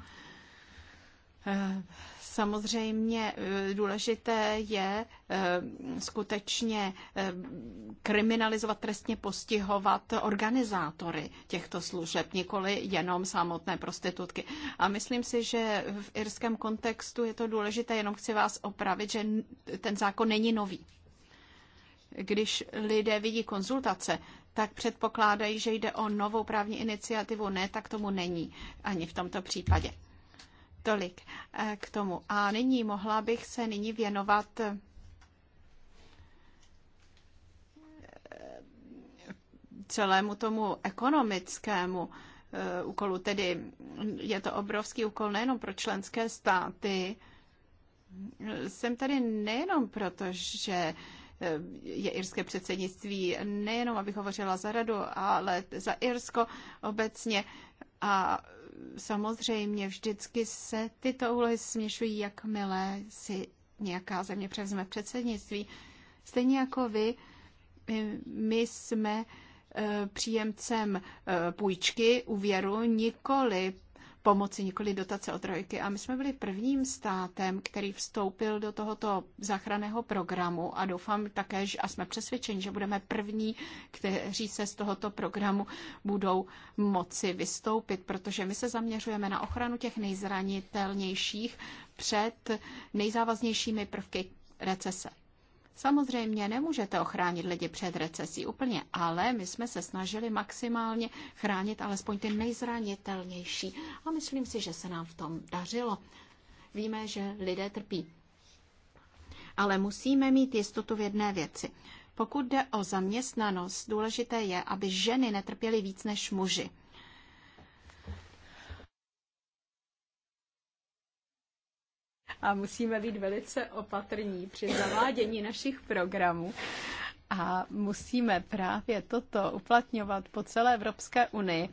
Samozřejmě eh, důležité je eh, skutečně eh, kriminalizovat, trestně postihovat organizátory těchto služeb, nikoli jenom samotné prostitutky. A myslím si, že v irském kontextu je to důležité, jenom chci vás opravit, že ten zákon není nový. Když lidé vidí konzultace, tak předpokládají, že jde o novou právní iniciativu. Ne, tak tomu není ani v tomto případě. Tolik eh, k tomu. A nyní mohla bych se nyní věnovat eh, celému tomu ekonomickému eh, úkolu. Tedy je to obrovský úkol nejenom pro členské státy. Jsem tady nejenom proto, že je irské předsednictví, nejenom abych hovořila za radu, ale za Irsko obecně. A samozřejmě vždycky se tyto úlohy směšují, jakmile si nějaká země převzme předsednictví. Stejně jako vy, eh, my jsme eh, příjemcem eh, půjčky, úvěru, nikoli pomoci, nikoli dotace od trojky. A my jsme byli prvním státem, který vstoupil do tohoto záchranného programu a doufám také, že, a jsme přesvědčeni, že budeme první, kteří se z tohoto programu budou moci vystoupit, protože my se zaměřujeme na ochranu těch nejzranitelnějších před nejzávaznějšími prvky recese. Samozřejmě nemůžete ochránit lidi před recesí úplně, ale my jsme se snažili maximálně chránit alespoň ty nejzranitelnější a myslím si, že se nám v tom dařilo. Víme, že lidé trpí. Ale musíme mít jistotu v jedné věci. Pokud jde o zaměstnanost, důležité je, aby ženy netrpěly víc než muži. a musíme být velice opatrní při zavádění našich programů. A musíme právě toto uplatňovat po celé Evropské unii.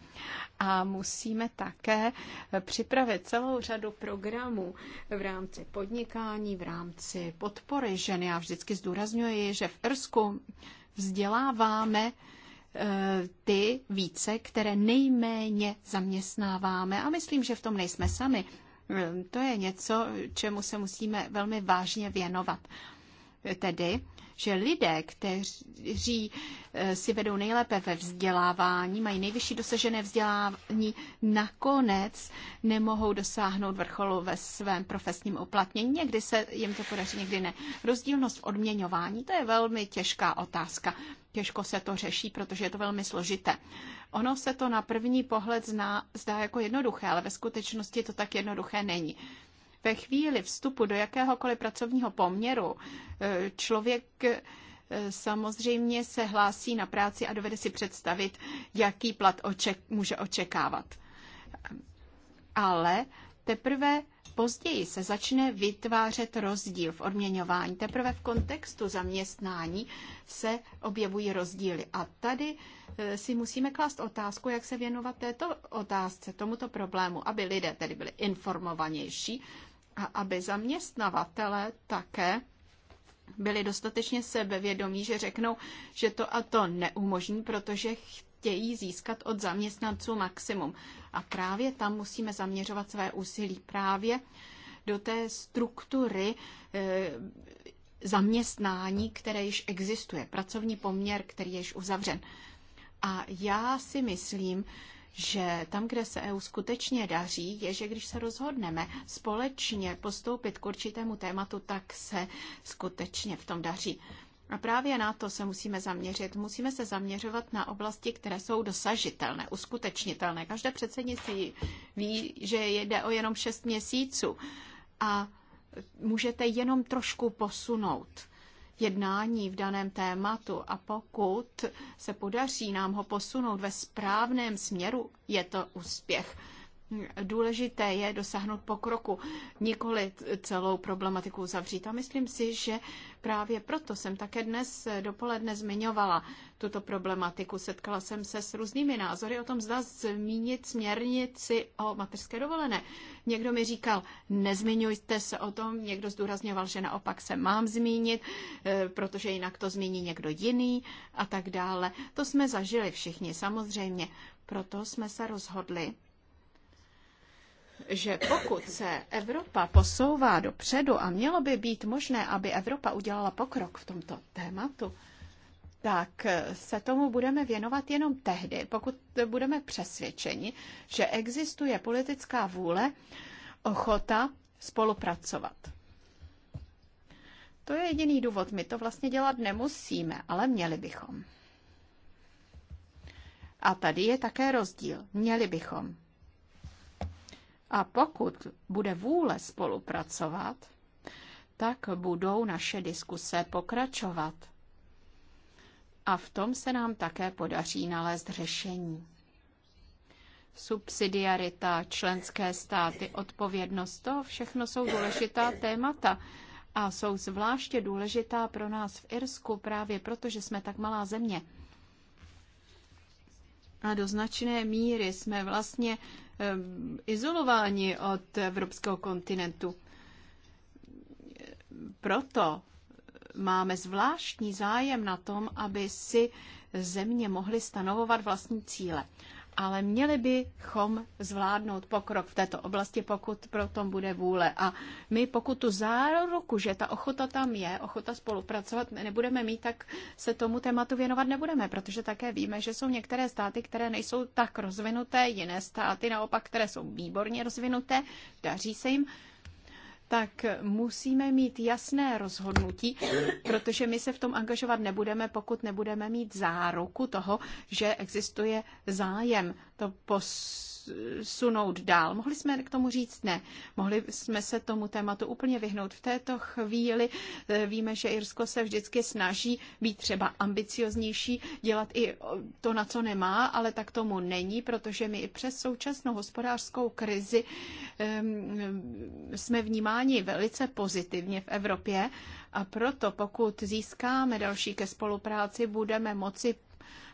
A musíme také připravit celou řadu programů v rámci podnikání, v rámci podpory žen. Já vždycky zdůrazňuji, že v Irsku vzděláváme eh, ty více, které nejméně zaměstnáváme. A myslím, že v tom nejsme sami. To je něco, čemu se musíme velmi vážně věnovat. Tedy že lidé, kteří eh, si vedou nejlépe ve vzdělávání, mají nejvyšší dosažené vzdělání, nakonec nemohou dosáhnout vrcholu ve svém profesním uplatnění. Někdy se jim to podaří, někdy ne. Rozdílnost v odměňování, to je velmi těžká otázka. Těžko se to řeší, protože je to velmi složité. Ono se to na první pohled zná, zdá jako jednoduché, ale ve skutečnosti to tak jednoduché není. Ve chvíli vstupu do jakéhokoliv pracovního poměru eh, člověk eh, samozřejmě se hlásí na práci a dovede si představit, jaký plat oček- může očekávat. Ale teprve Později se začne vytvářet rozdíl v odměňování. Teprve v kontextu zaměstnání se objevují rozdíly. A tady eh, si musíme klást otázku, jak se věnovat této otázce, tomuto problému, aby lidé tedy byli informovanější, a aby zaměstnavatele také byli dostatečně sebevědomí, že řeknou, že to a to neumožní, protože chtějí získat od zaměstnanců maximum. A právě tam musíme zaměřovat své úsilí, právě do té struktury eh, zaměstnání, které již existuje, pracovní poměr, který je již uzavřen. A já si myslím, že tam, kde se EU skutečně daří, je, že když se rozhodneme společně postoupit k určitému tématu, tak se skutečně v tom daří. A právě na to se musíme zaměřit. Musíme se zaměřovat na oblasti, které jsou dosažitelné, uskutečnitelné. Každé předsednictví ví, že jde o jenom šest měsíců a můžete jenom trošku posunout jednání v daném tématu a pokud se podaří nám ho posunout ve správném směru, je to úspěch důležité je dosáhnout pokroku, nikoli celou problematiku zavřít. A myslím si, že právě proto jsem také dnes dopoledne zmiňovala tuto problematiku. Setkala jsem se s různými názory o tom, zda zmínit směrnici o mateřské dovolené. Někdo mi říkal, nezmiňujte se o tom, někdo zdůrazňoval, že naopak se mám zmínit, e, protože jinak to zmíní někdo jiný a tak dále. To jsme zažili všichni, samozřejmě. Proto jsme se rozhodli, že pokud se Evropa posouvá dopředu a mělo by být možné, aby Evropa udělala pokrok v tomto tématu, tak se tomu budeme věnovat jenom tehdy, pokud budeme přesvědčeni, že existuje politická vůle, ochota spolupracovat. To je jediný důvod. My to vlastně dělat nemusíme, ale měli bychom. A tady je také rozdíl. Měli bychom. A pokud bude vůle spolupracovat, tak budou naše diskuse pokračovat. A v tom se nám také podaří nalézt řešení. Subsidiarita, členské státy, odpovědnost, to všechno jsou důležitá témata a jsou zvláště důležitá pro nás v Irsku právě proto, že jsme tak malá země. A do značné míry jsme vlastně izolováni od evropského kontinentu. Proto máme zvláštní zájem na tom, aby si země mohly stanovovat vlastní cíle ale měli bychom zvládnout pokrok v této oblasti, pokud pro tom bude vůle. A my pokud tu záruku, že ta ochota tam je, ochota spolupracovat nebudeme mít, tak se tomu tématu věnovat nebudeme, protože také víme, že jsou některé státy, které nejsou tak rozvinuté, jiné státy naopak, které jsou výborně rozvinuté, daří se jim tak musíme mít jasné rozhodnutí, protože my se v tom angažovat nebudeme, pokud nebudeme mít záruku toho, že existuje zájem to posunout dál. Mohli jsme k tomu říct ne. Mohli jsme se tomu tématu úplně vyhnout. V této chvíli eh, víme, že Irsko se vždycky snaží být třeba ambicioznější, dělat i to, na co nemá, ale tak tomu není, protože my i přes současnou hospodářskou krizi ehm, jsme vnímáni velice pozitivně v Evropě a proto, pokud získáme další ke spolupráci, budeme moci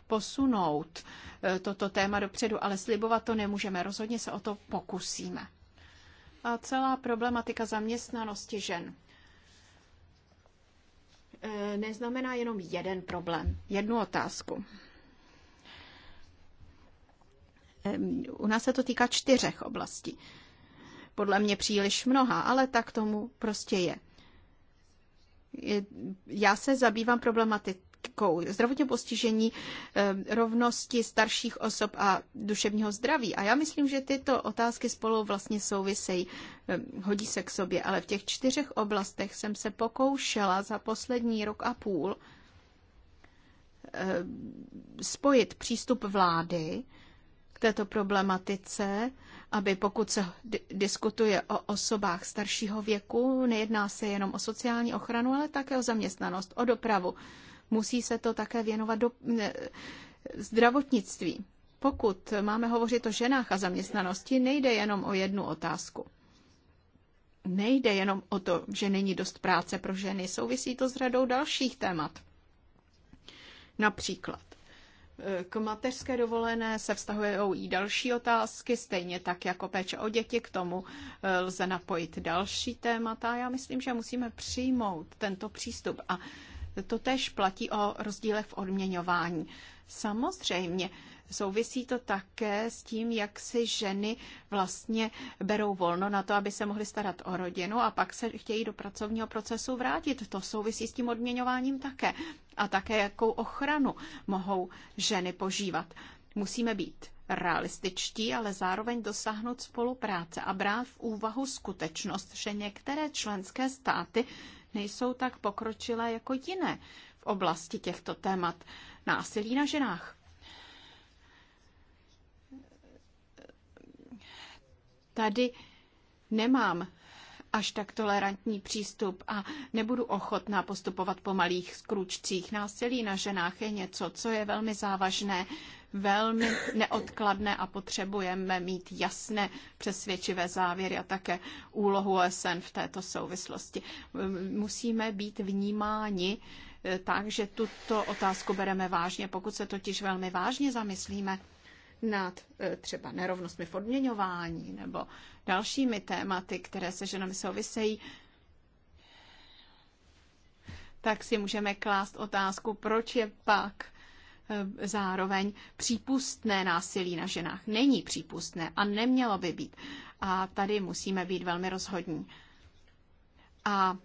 posunout eh, toto téma dopředu, ale slibovat to nemůžeme. Rozhodně se o to pokusíme. A celá problematika zaměstnanosti žen eh, neznamená jenom jeden problém, jednu otázku. U nás se to týká čtyřech oblastí. Podle mě příliš mnoha, ale tak tomu prostě je. Já se zabývám problematik problematikou zdravotně postižení, eh, rovnosti starších osob a duševního zdraví. A já myslím, že tyto otázky spolu vlastně souvisejí, eh, hodí se k sobě, ale v těch čtyřech oblastech jsem se pokoušela za poslední rok a půl eh, spojit přístup vlády k této problematice, aby pokud se diskutuje o osobách staršího věku, nejedná se jenom o sociální ochranu, ale také o zaměstnanost, o dopravu, musí se to také věnovat do zdravotnictví. Pokud máme hovořit o ženách a zaměstnanosti, nejde jenom o jednu otázku. Nejde jenom o to, že není dost práce pro ženy, souvisí to s radou dalších témat. Například eh, k mateřské dovolené se vztahuje i další otázky, stejně tak jako péče o děti, k tomu eh, lze napojit další témata. Já myslím, že musíme přijmout tento přístup a to tež platí o rozdílech v odměňování. Samozřejmě souvisí to také s tím, jak si ženy vlastně berou volno na to, aby se mohly starat o rodinu a pak se chtějí do pracovního procesu vrátit. To souvisí s tím odměňováním také. A také, jakou ochranu mohou ženy požívat. Musíme být realističtí, ale zároveň dosáhnout spolupráce a brát v úvahu skutečnost, že některé členské státy nejsou tak pokročilé jako jiné v oblasti těchto témat násilí na ženách. Tady nemám až tak tolerantní přístup a nebudu ochotná postupovat po malých skručcích. Násilí na ženách je něco, co je velmi závažné, velmi neodkladné a potřebujeme mít jasné přesvědčivé závěry a také úlohu OSN v této souvislosti. Musíme být vnímáni eh, takže tuto otázku bereme vážně. Pokud se totiž velmi vážně zamyslíme nad eh, třeba nerovnostmi v odměňování nebo dalšími tématy, které se ženami souvisejí, tak si můžeme klást otázku, proč je pak eh, zároveň přípustné násilí na ženách. Není přípustné a nemělo by být. A tady musíme být velmi rozhodní. A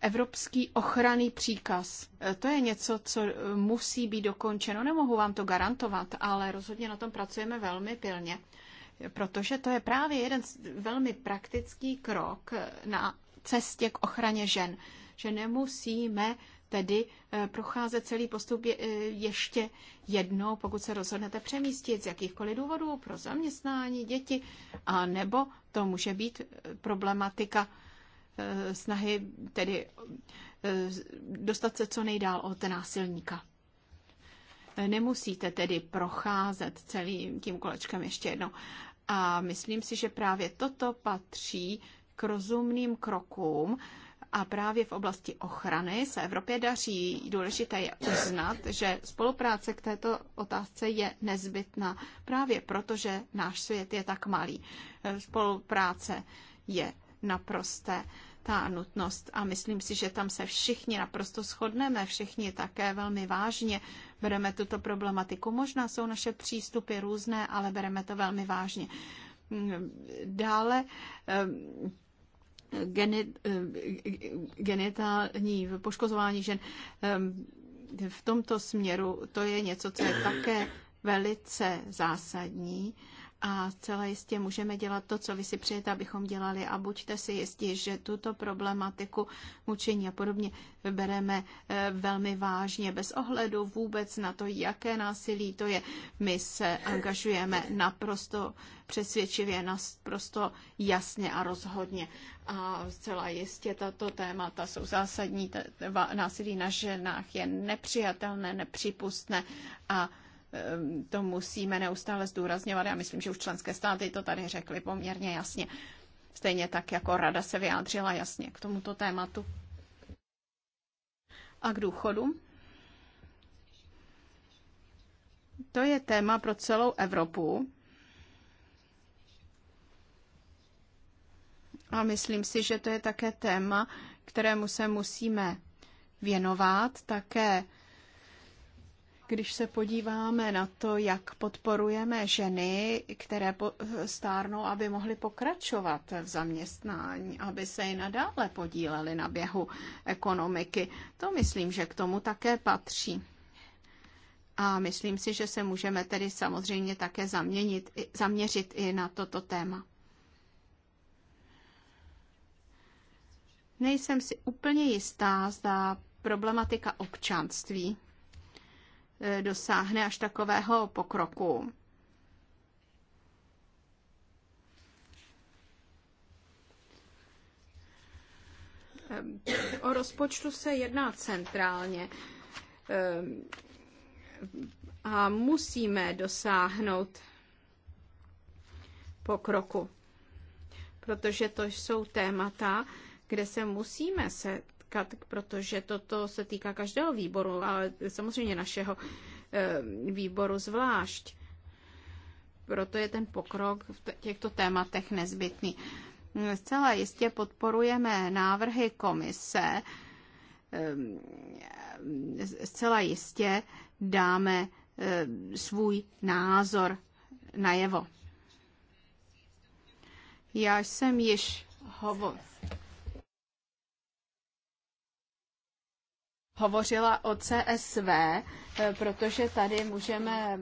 Evropský ochranný příkaz. Eh, to je něco, co eh, musí být dokončeno. Nemohu vám to garantovat, ale rozhodně na tom pracujeme velmi pilně protože to je právě jeden velmi praktický krok na cestě k ochraně žen. Že nemusíme tedy eh, procházet celý postup eh, ještě jednou, pokud se rozhodnete přemístit z jakýchkoliv důvodů pro zaměstnání, děti, a nebo to může být eh, problematika snahy tedy dostat se co nejdál od násilníka. Nemusíte tedy procházet celým tím kolečkem ještě jednou. A myslím si, že právě toto patří k rozumným krokům, a právě v oblasti ochrany se Evropě daří. Důležité je uznat, že spolupráce k této otázce je nezbytná právě proto, že náš svět je tak malý. Spolupráce je naprosté ta nutnost a myslím si, že tam se všichni naprosto shodneme, všichni také velmi vážně bereme tuto problematiku. Možná jsou naše přístupy různé, ale bereme to velmi vážně. Dále eh, eh, genitální poškozování žen eh, v tomto směru, to je něco, co je také velice zásadní a celé jistě můžeme dělat to, co vy si přejete, abychom dělali a buďte si jistí, že tuto problematiku mučení a podobně bereme eh, velmi vážně, bez ohledu vůbec na to, jaké násilí to je. My se angažujeme naprosto přesvědčivě, naprosto jasně a rozhodně. A zcela jistě tato témata jsou zásadní. Násilí na ženách je nepřijatelné, nepřípustné a Ehm, to musíme neustále zdůrazňovat. Já myslím, že už členské státy to tady řekly poměrně jasně. Stejně tak, jako rada se vyjádřila jasně k tomuto tématu. A k důchodu? To je téma pro celou Evropu. A myslím si, že to je také téma, kterému se musíme věnovat také když se podíváme na to, jak podporujeme ženy, které stárnou, aby mohly pokračovat v zaměstnání, aby se i nadále podílely na běhu ekonomiky, to myslím, že k tomu také patří. A myslím si, že se můžeme tedy samozřejmě také zaměnit, zaměřit i na toto téma. Nejsem si úplně jistá, zda problematika občanství dosáhne až takového pokroku. O rozpočtu se jedná centrálně ehm, a musíme dosáhnout pokroku, protože to jsou témata, kde se musíme se říkat, protože toto se týká každého výboru, ale samozřejmě našeho eh, výboru zvlášť. Proto je ten pokrok v těchto tématech nezbytný. Mm, zcela jistě podporujeme návrhy komise, eh, zcela jistě dáme eh, svůj názor najevo. Já jsem již hovořil hovořila o CSV, eh, protože tady můžeme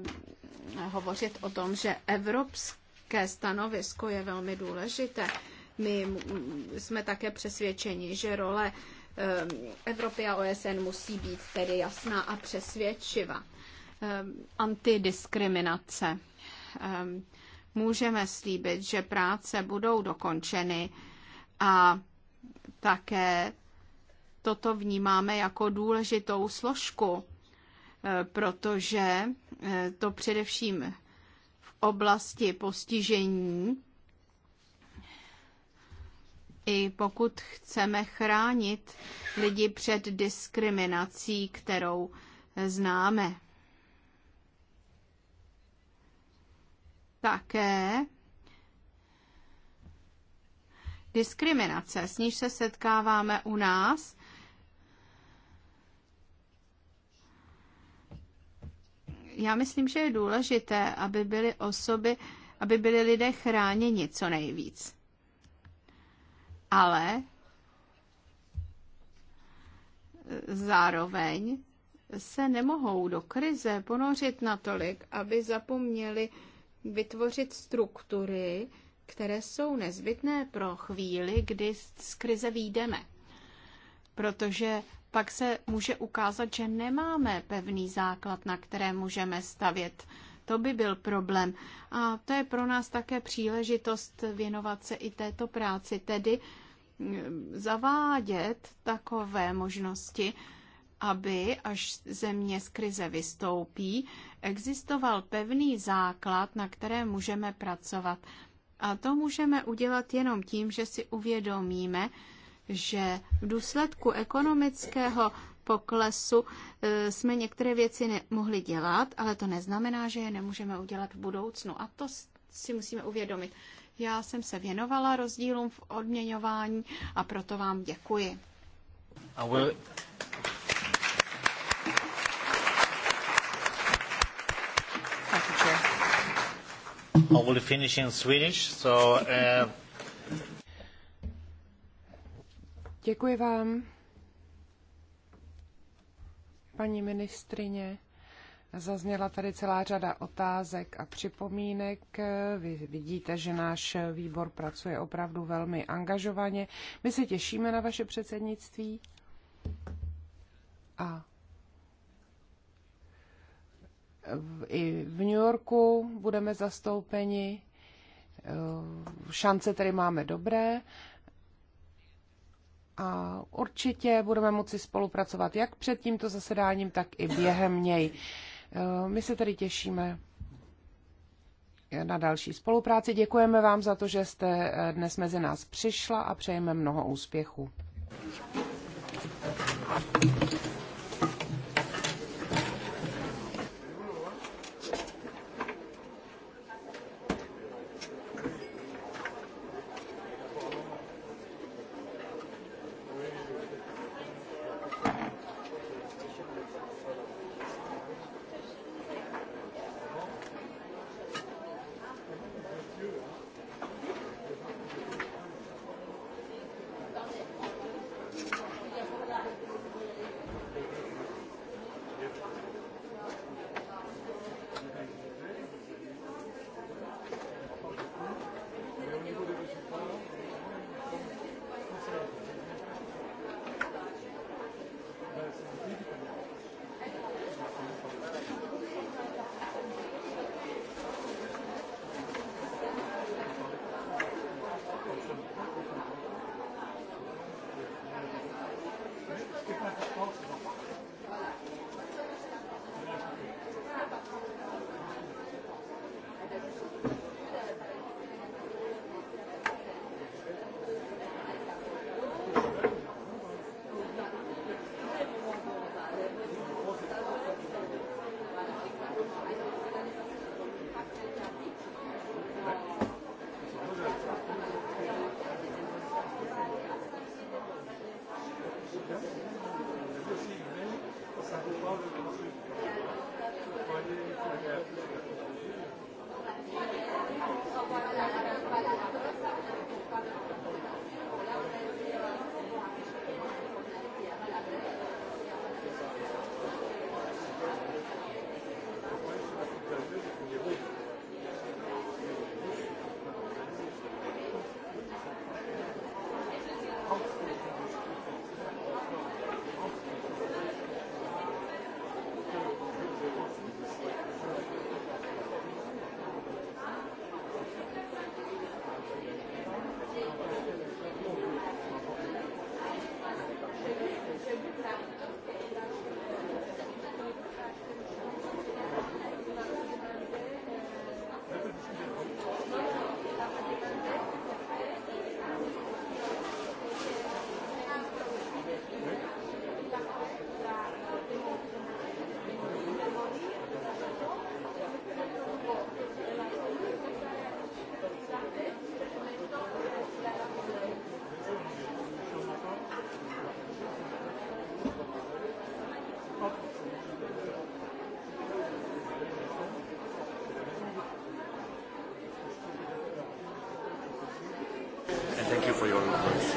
eh, hovořit o tom, že evropské stanovisko je velmi důležité. My jsme také přesvědčeni, že role eh, Evropy a OSN musí být tedy jasná a přesvědčivá. Antidiskriminace. Můžeme slíbit, že práce budou dokončeny a také toto vnímáme jako důležitou složku, eh, protože eh, to především v oblasti postižení, i pokud chceme chránit lidi před diskriminací, kterou eh, známe. Také diskriminace, s níž se setkáváme u nás, Já myslím, že je důležité, aby byly osoby, aby byly lidé chráněni co nejvíc. Ale zároveň se nemohou do krize ponořit natolik, aby zapomněli vytvořit struktury, které jsou nezbytné pro chvíli, kdy z krize výjdeme. Protože pak se může ukázat, že nemáme pevný základ, na které můžeme stavět. To by byl problém. A to je pro nás také příležitost věnovat se i této práci, tedy mm, zavádět takové možnosti, aby, až země z krize vystoupí, existoval pevný základ, na které můžeme pracovat. A to můžeme udělat jenom tím, že si uvědomíme, že v důsledku ekonomického poklesu e, jsme některé věci nemohli dělat, ale to neznamená, že je nemůžeme udělat v budoucnu. A to si musíme uvědomit. Já jsem se věnovala rozdílům v odměňování a proto vám děkuji. A will... I will finish in Swedish, so uh, Děkuji vám, paní ministrině. Zazněla tady celá řada otázek a připomínek. Vy vidíte, že náš výbor pracuje opravdu velmi angažovaně. My se těšíme na vaše předsednictví a i v New Yorku budeme zastoupeni. Šance tedy máme dobré a určitě budeme moci spolupracovat jak před tímto zasedáním, tak i během něj. Eh, my se tedy těšíme na další spolupráci. Děkujeme vám za to, že jste eh, dnes mezi nás přišla a přejeme mnoho úspěchů. Thank you for your advice.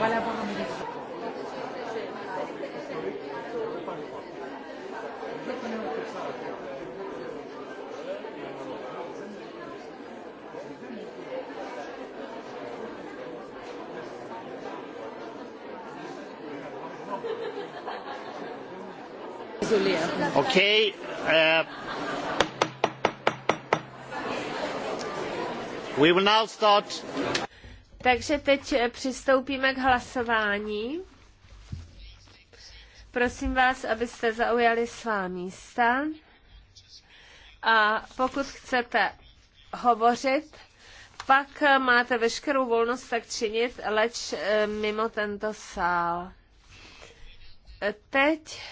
Voilà, Okay. Uh, we will now start. Takže teď eh, přistoupíme k hlasování. Prosím vás, abyste zaujali svá místa. A pokud chcete hovořit, pak eh, máte veškerou volnost tak činit, leč eh, mimo tento sál. Teď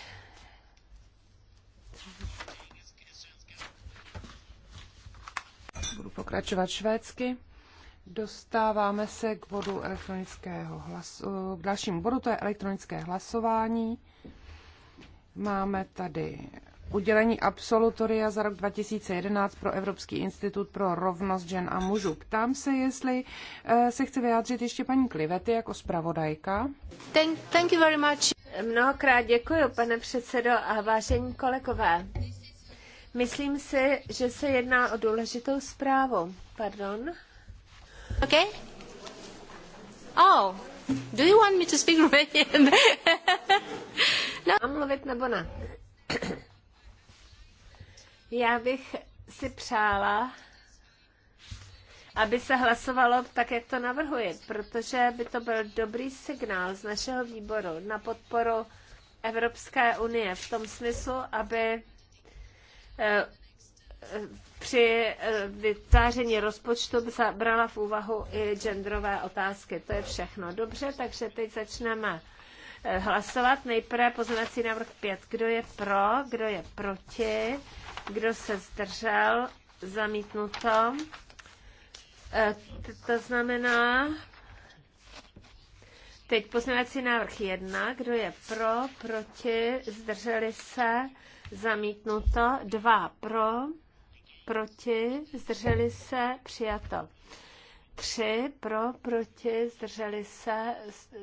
budu pokračovat švédsky. Dostáváme se k bodu elektronického hlasu, k dalšímu bodu, to je elektronické hlasování. Máme tady udělení absolutoria za rok 2011 pro Evropský institut pro rovnost žen a mužů. Ptám se, jestli eh, se chce vyjádřit ještě paní Klivety jako zpravodajka. Thank, thank you very much. Mnohokrát děkuji, pane předsedo a vážení kolegové. Myslím si, že se jedná o důležitou zprávu. Pardon. Okay? Oh, do you want me to speak Romanian? no. Mám mluvit nebo ne? Já bych si přála, aby se hlasovalo tak, jak to navrhuji, protože by to byl dobrý signál z našeho výboru na podporu Evropské unie v tom smyslu, aby eh, při eh, vytváření rozpočtu brala v úvahu i genderové otázky. To je všechno. Dobře, takže teď začneme eh, hlasovat. Nejprve poznací návrh 5. Kdo je pro, kdo je proti, kdo se zdržel, zamítnuto. Eh, to znamená, teď poznací návrh 1. Kdo je pro, proti, zdrželi se, zamítnuto. 2 pro, proti, zdrželi se, přijato. Tři pro, proti, zdrželi se,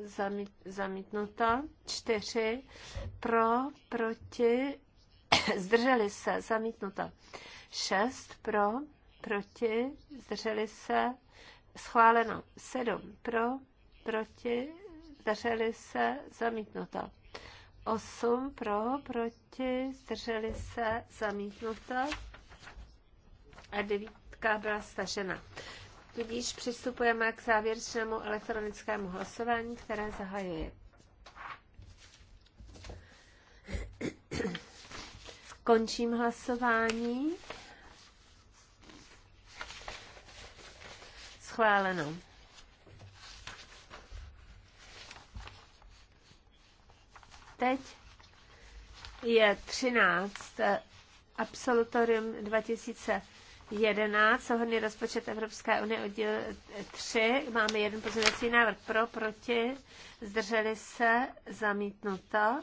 zamít, zamítnuto. Čtyři pro, proti, zdrželi se, zamítnuto. šest pro, proti, zdrželi se, schváleno. sedm pro, proti, zdrželi se, zamítnuto. osm pro, proti, zdrželi se, zamítnuto a devítka byla stažena. Tudíž přistupujeme k závěrečnému elektronickému hlasování, které zahajuje. Končím hlasování. Schváleno. Teď je 13. Eh, absolutorium 2000. 11, souhrný rozpočet Evropské unie oddíl 3. Eh, Máme jeden pozměňovací návrh pro, proti, zdrželi se, zamítnuto.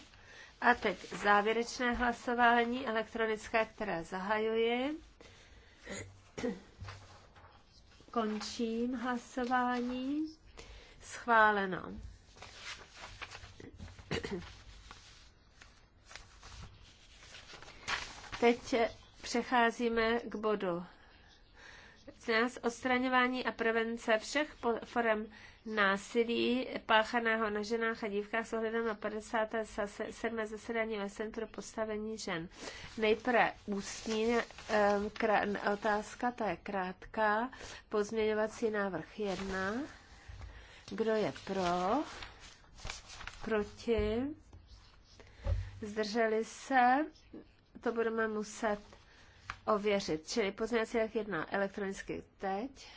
A teď závěrečné hlasování elektronické, které zahajuji. Končím hlasování. Schváleno. Teď přecházíme k bodu 16 odstraňování a prevence všech forem násilí páchaného na ženách a dívkách s ohledem na 57. zasedání ve pro postavení žen. Nejprve ústní eh, otázka, ta je krátká. Pozměňovací návrh 1. Kdo je pro? Proti? Zdrželi se? To budeme muset ověřit. Čili pozměňovací návrh jedna elektronicky teď.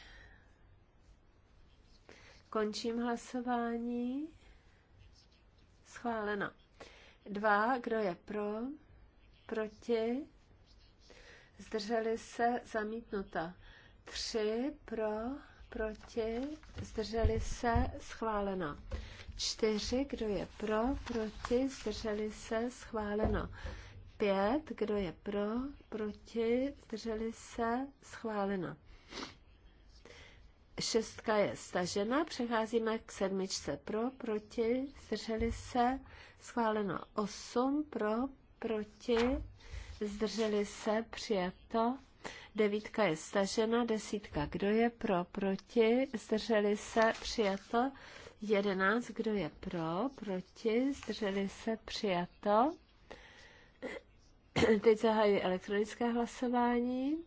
Končím hlasování. Schválena. Dva, kdo je pro? Proti? Zdrželi se? zamítnuta. Tři, pro? Proti? Zdrželi se? Schválena. Čtyři, kdo je pro? Proti? Zdrželi se? Schválena. 5, kdo je pro, proti, zdrželi se, schváleno. Šestka je stažena, přecházíme k sedmičce pro, proti, zdrželi se, schváleno osm, pro, proti, zdrželi se, přijato. Devítka je stažena, desítka, kdo je pro, proti, zdrželi se, přijato. Jedenáct, kdo je pro, proti, zdrželi se, přijato. Teď zahájí elektronické hlasování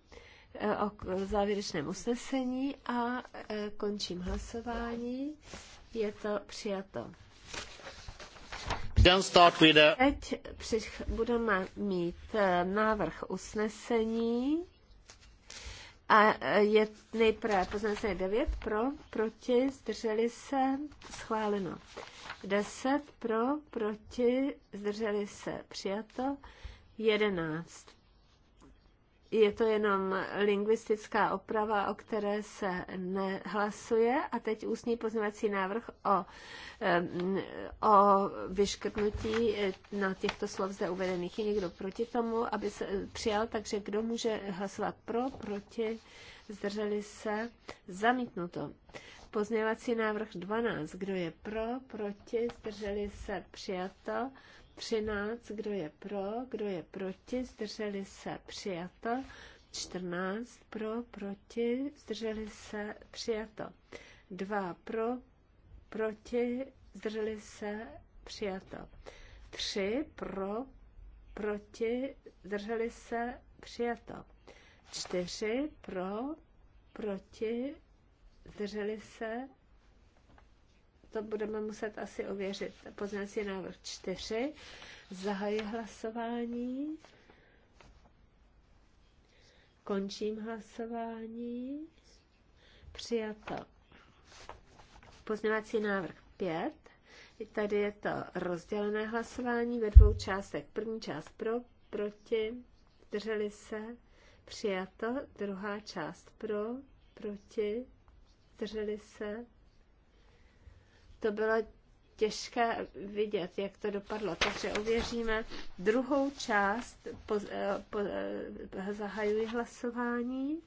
e, o závěrečném usnesení a e, končím hlasování. Je to přijato. Teď budeme mít e, návrh usnesení a je nejprve poznacené 9 pro, proti, zdrželi se, schváleno. 10 pro, proti, zdrželi se, přijato. 11. Je to jenom lingvistická oprava, o které se nehlasuje. A teď ústní pozměvací návrh o, o vyškrtnutí eh, na těchto slov zde uvedených. Je někdo proti tomu, aby se eh, přijal, takže kdo může hlasovat pro, proti, zdrželi se, zamítnuto. Pozměvací návrh 12. Kdo je pro, proti, zdrželi se, přijato. 13, kdo je pro, kdo je proti, zdrželi se přijato. 14 pro, proti, zdrželi se přijato. 2 pro, proti, zdrželi se přijato. 3 pro, proti, zdrželi se přijato. 4 pro, proti, zdrželi se to budeme muset asi ověřit. Poznací návrh čtyři. Zahajuji hlasování. Končím hlasování. Přijato. Poznávací návrh 5. tady je to rozdělené hlasování ve dvou částech. První část pro, proti, drželi se, přijato. Druhá část pro, proti, drželi se, to bylo těžké vidět, jak to dopadlo. Takže ověříme druhou část, po, eh, po, eh, zahajuji hlasování.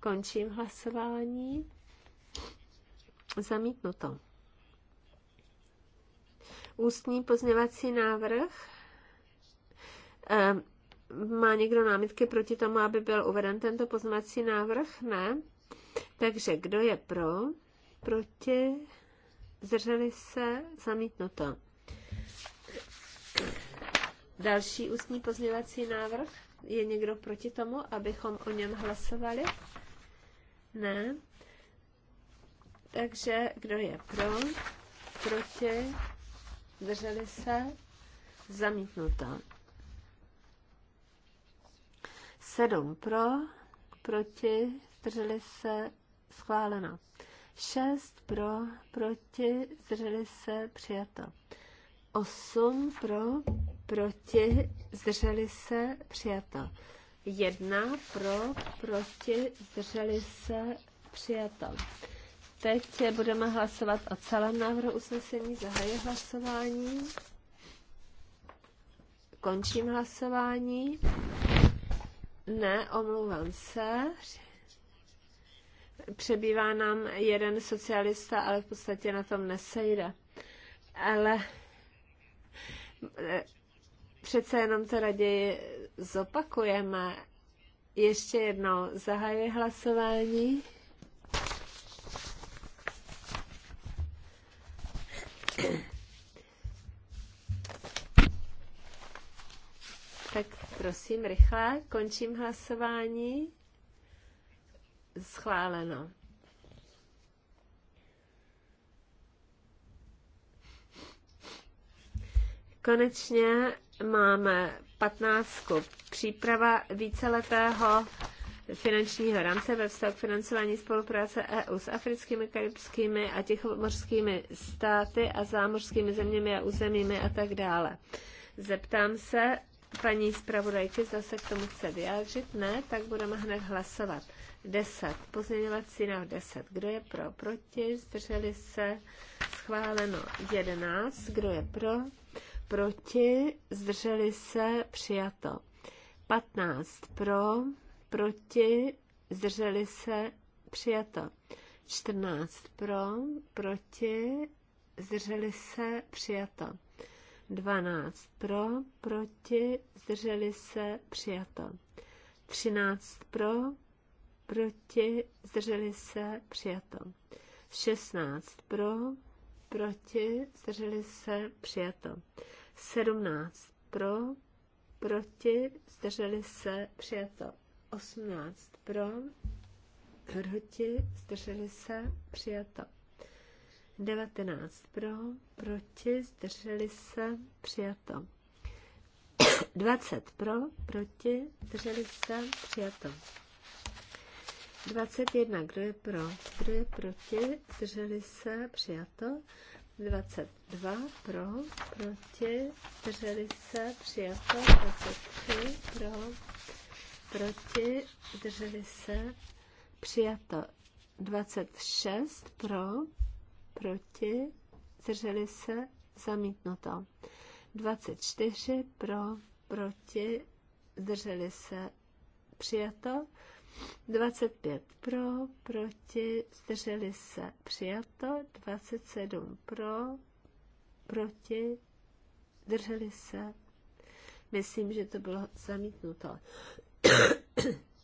Končím hlasování. Zamítnuto. Ústní pozněvací návrh. Eh, má někdo námitky proti tomu, aby byl uveden tento pozměvací návrh? Ne. Takže kdo je pro? Proti? Zdrželi se? Zamítnuto. Další ústní pozměvací návrh. Je někdo proti tomu, abychom o něm hlasovali? Ne. Takže kdo je pro? Proti? Zdrželi se? Zamítnuto. Sedm pro, proti, zdrželi se, schváleno. 6 pro, proti, zdrželi se, přijato. 8 pro, proti, zdrželi se, přijato. 1 pro, proti, zdrželi se, přijato. Teď budeme hlasovat o celém návrhu usnesení. Zahajuji hlasování. Končím hlasování. Ne, omlouvám se přebývá nám jeden socialista, ale v podstatě na tom nesejde. Ale eh, přece jenom to raději zopakujeme. Ještě jednou zahajuji hlasování. Tak prosím, rychle končím hlasování schváleno. Konečně máme 15. Příprava víceletého finančního rámce ve vztahu k financování spolupráce EU s africkými, karibskými a tichomořskými státy a zámořskými zeměmi a územími a tak dále. Zeptám se paní zpravodajky, zase k tomu chce vyjádřit. Ne, tak budeme hned hlasovat. 10. Pozměňovací návrh 10. Kdo je pro? Proti? Zdrželi se? Schváleno 11. Kdo je pro? Proti? Zdrželi se? Přijato. 15. Pro? Proti? Zdrželi se? Přijato. 14. Pro? Proti? Zdrželi se? Přijato. 12. Pro? Proti? Zdrželi se? Přijato. 13. Pro? proti, zdrželi se, přijato. 16 pro, proti, zdrželi se, přijato. 17 pro, proti, zdrželi se, přijato. 18 pro, proti, zdrželi se, přijato. 19 pro, proti, zdrželi se, přijato. 20 pro, proti, zdrželi se, přijato. 21. Kdo je pro? Kdo je proti? Zdrželi se? Přijato. 22. Pro? Proti? drželi se? Přijato. 23. Pro? Proti? drželi se? Přijato. 26. Pro? Proti? drželi se? Zamítnuto. 24. Pro? Proti? drželi se? Přijato. 25 pro, proti, zdrželi se, přijato. 27 pro, proti, zdrželi se. Myslím, že to bylo zamítnuto.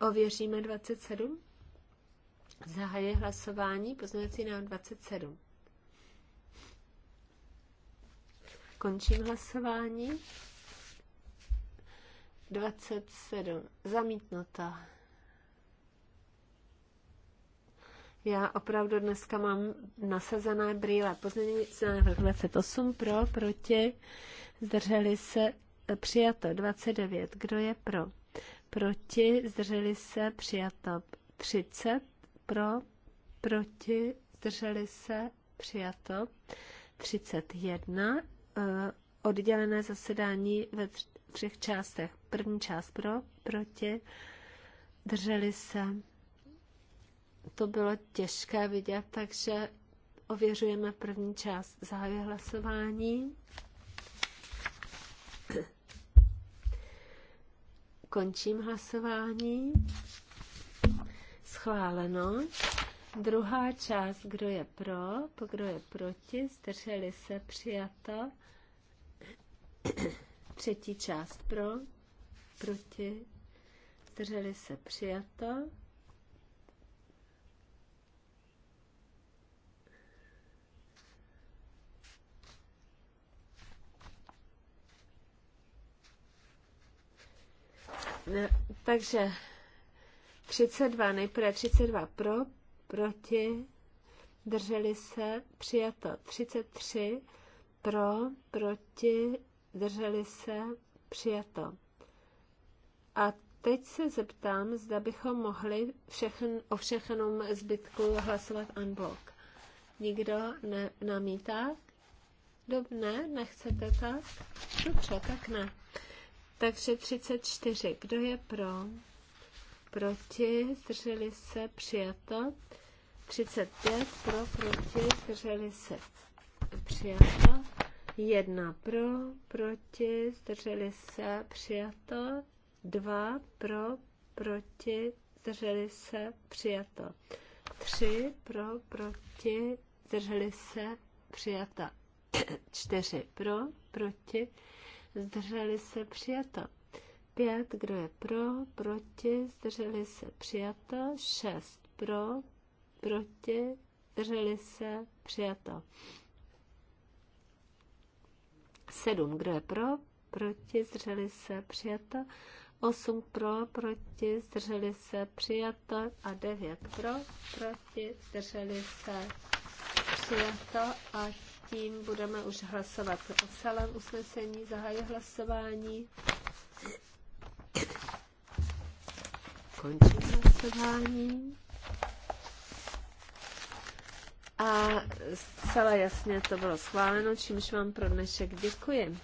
Ověříme 27. zahajuje hlasování, pozměňovací nám 27. Končím hlasování. 27. Zamítnuto. Já opravdu dneska mám nasazené brýle. Pozměňující návrh 28 pro, proti, zdrželi se, eh, přijato 29. Kdo je pro? Proti, zdrželi se, přijato 30 pro, proti, zdrželi se, přijato 31. Eh, oddělené zasedání ve třech částech. První část pro, proti, drželi se, to bylo těžké vidět, takže ověřujeme první část. zahajuje hlasování. Končím hlasování. Schváleno. Druhá část, kdo je pro, kdo je proti, zdrželi se, přijato. Třetí část pro, proti, zdrželi se, přijato. takže 32, nejprve 32 pro, proti, drželi se, přijato 33 pro, proti, drželi se, přijato. A teď se zeptám, zda bychom mohli všechen, o všechenom zbytku hlasovat unblock. Nikdo ne, namítá? Dob, ne, nechcete tak? Dobře, tak ne. Takže 34. Kdo je pro? Proti? Zdrželi se? Přijato. 35. Pro? Proti? Zdrželi se? Přijato. 1. Pro? Proti? Zdrželi se? Přijato. 2. Pro? Proti? Zdrželi se? Přijato. 3. Pro? Proti? Zdrželi se? Přijata. 4. Pro? Proti? zdrželi se přijato. 5, kdo je pro, proti, zdrželi se přijato. 6, pro, proti, zdrželi se přijato. 7, kdo je pro, proti, zdrželi se přijato. 8 pro, proti, zdrželi se, přijato a 9 pro, proti, zdrželi se, přijato a tím budeme už hlasovat o celém usnesení. Zahajuji hlasování. Končím hlasování. A zcela jasně to bylo schváleno, čímž vám pro dnešek děkuji.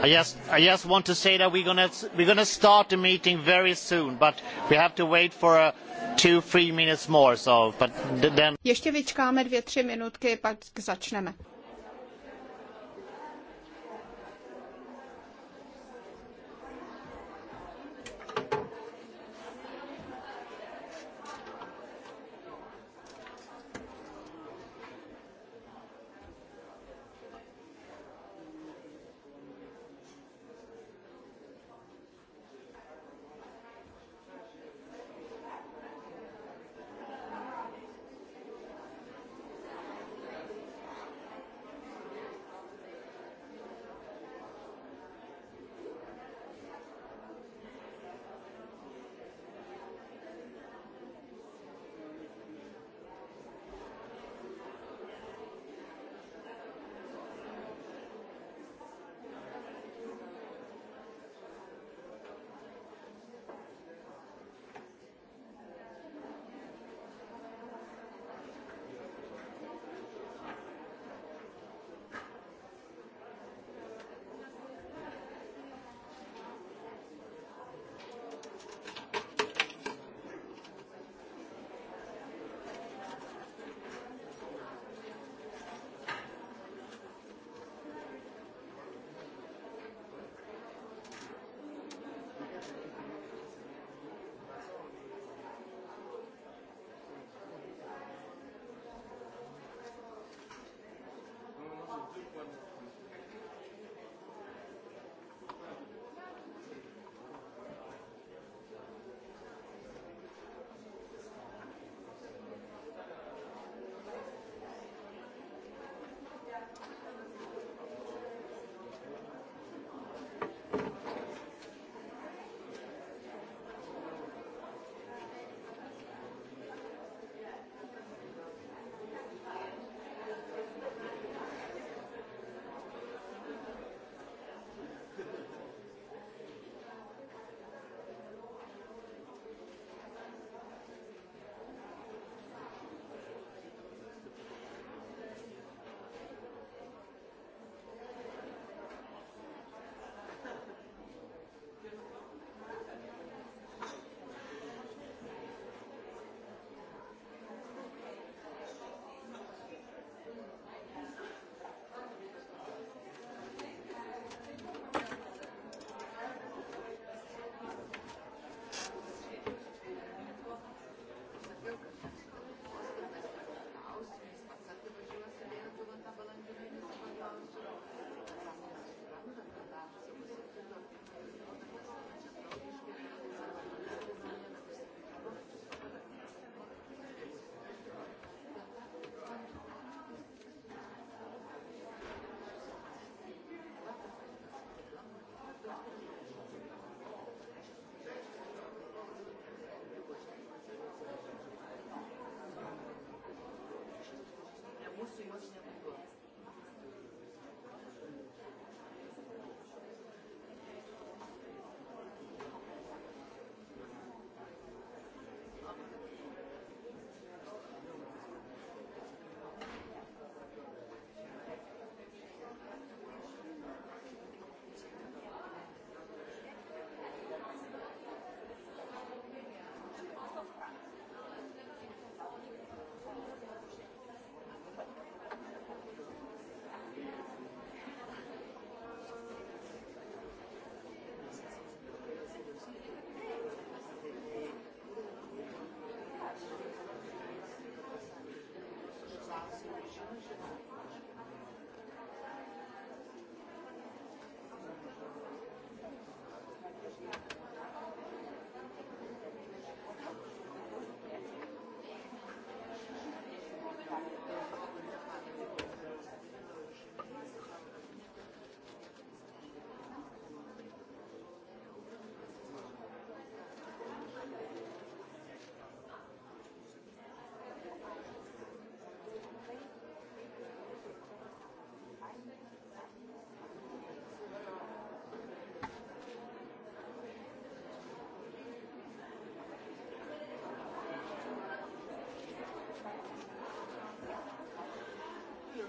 I just, want to say that are going to start the meeting very soon, but we have to wait for a uh, two, three minutes more. So, but then... Ještě vyčkáme dvě, tři minutky, pak začneme.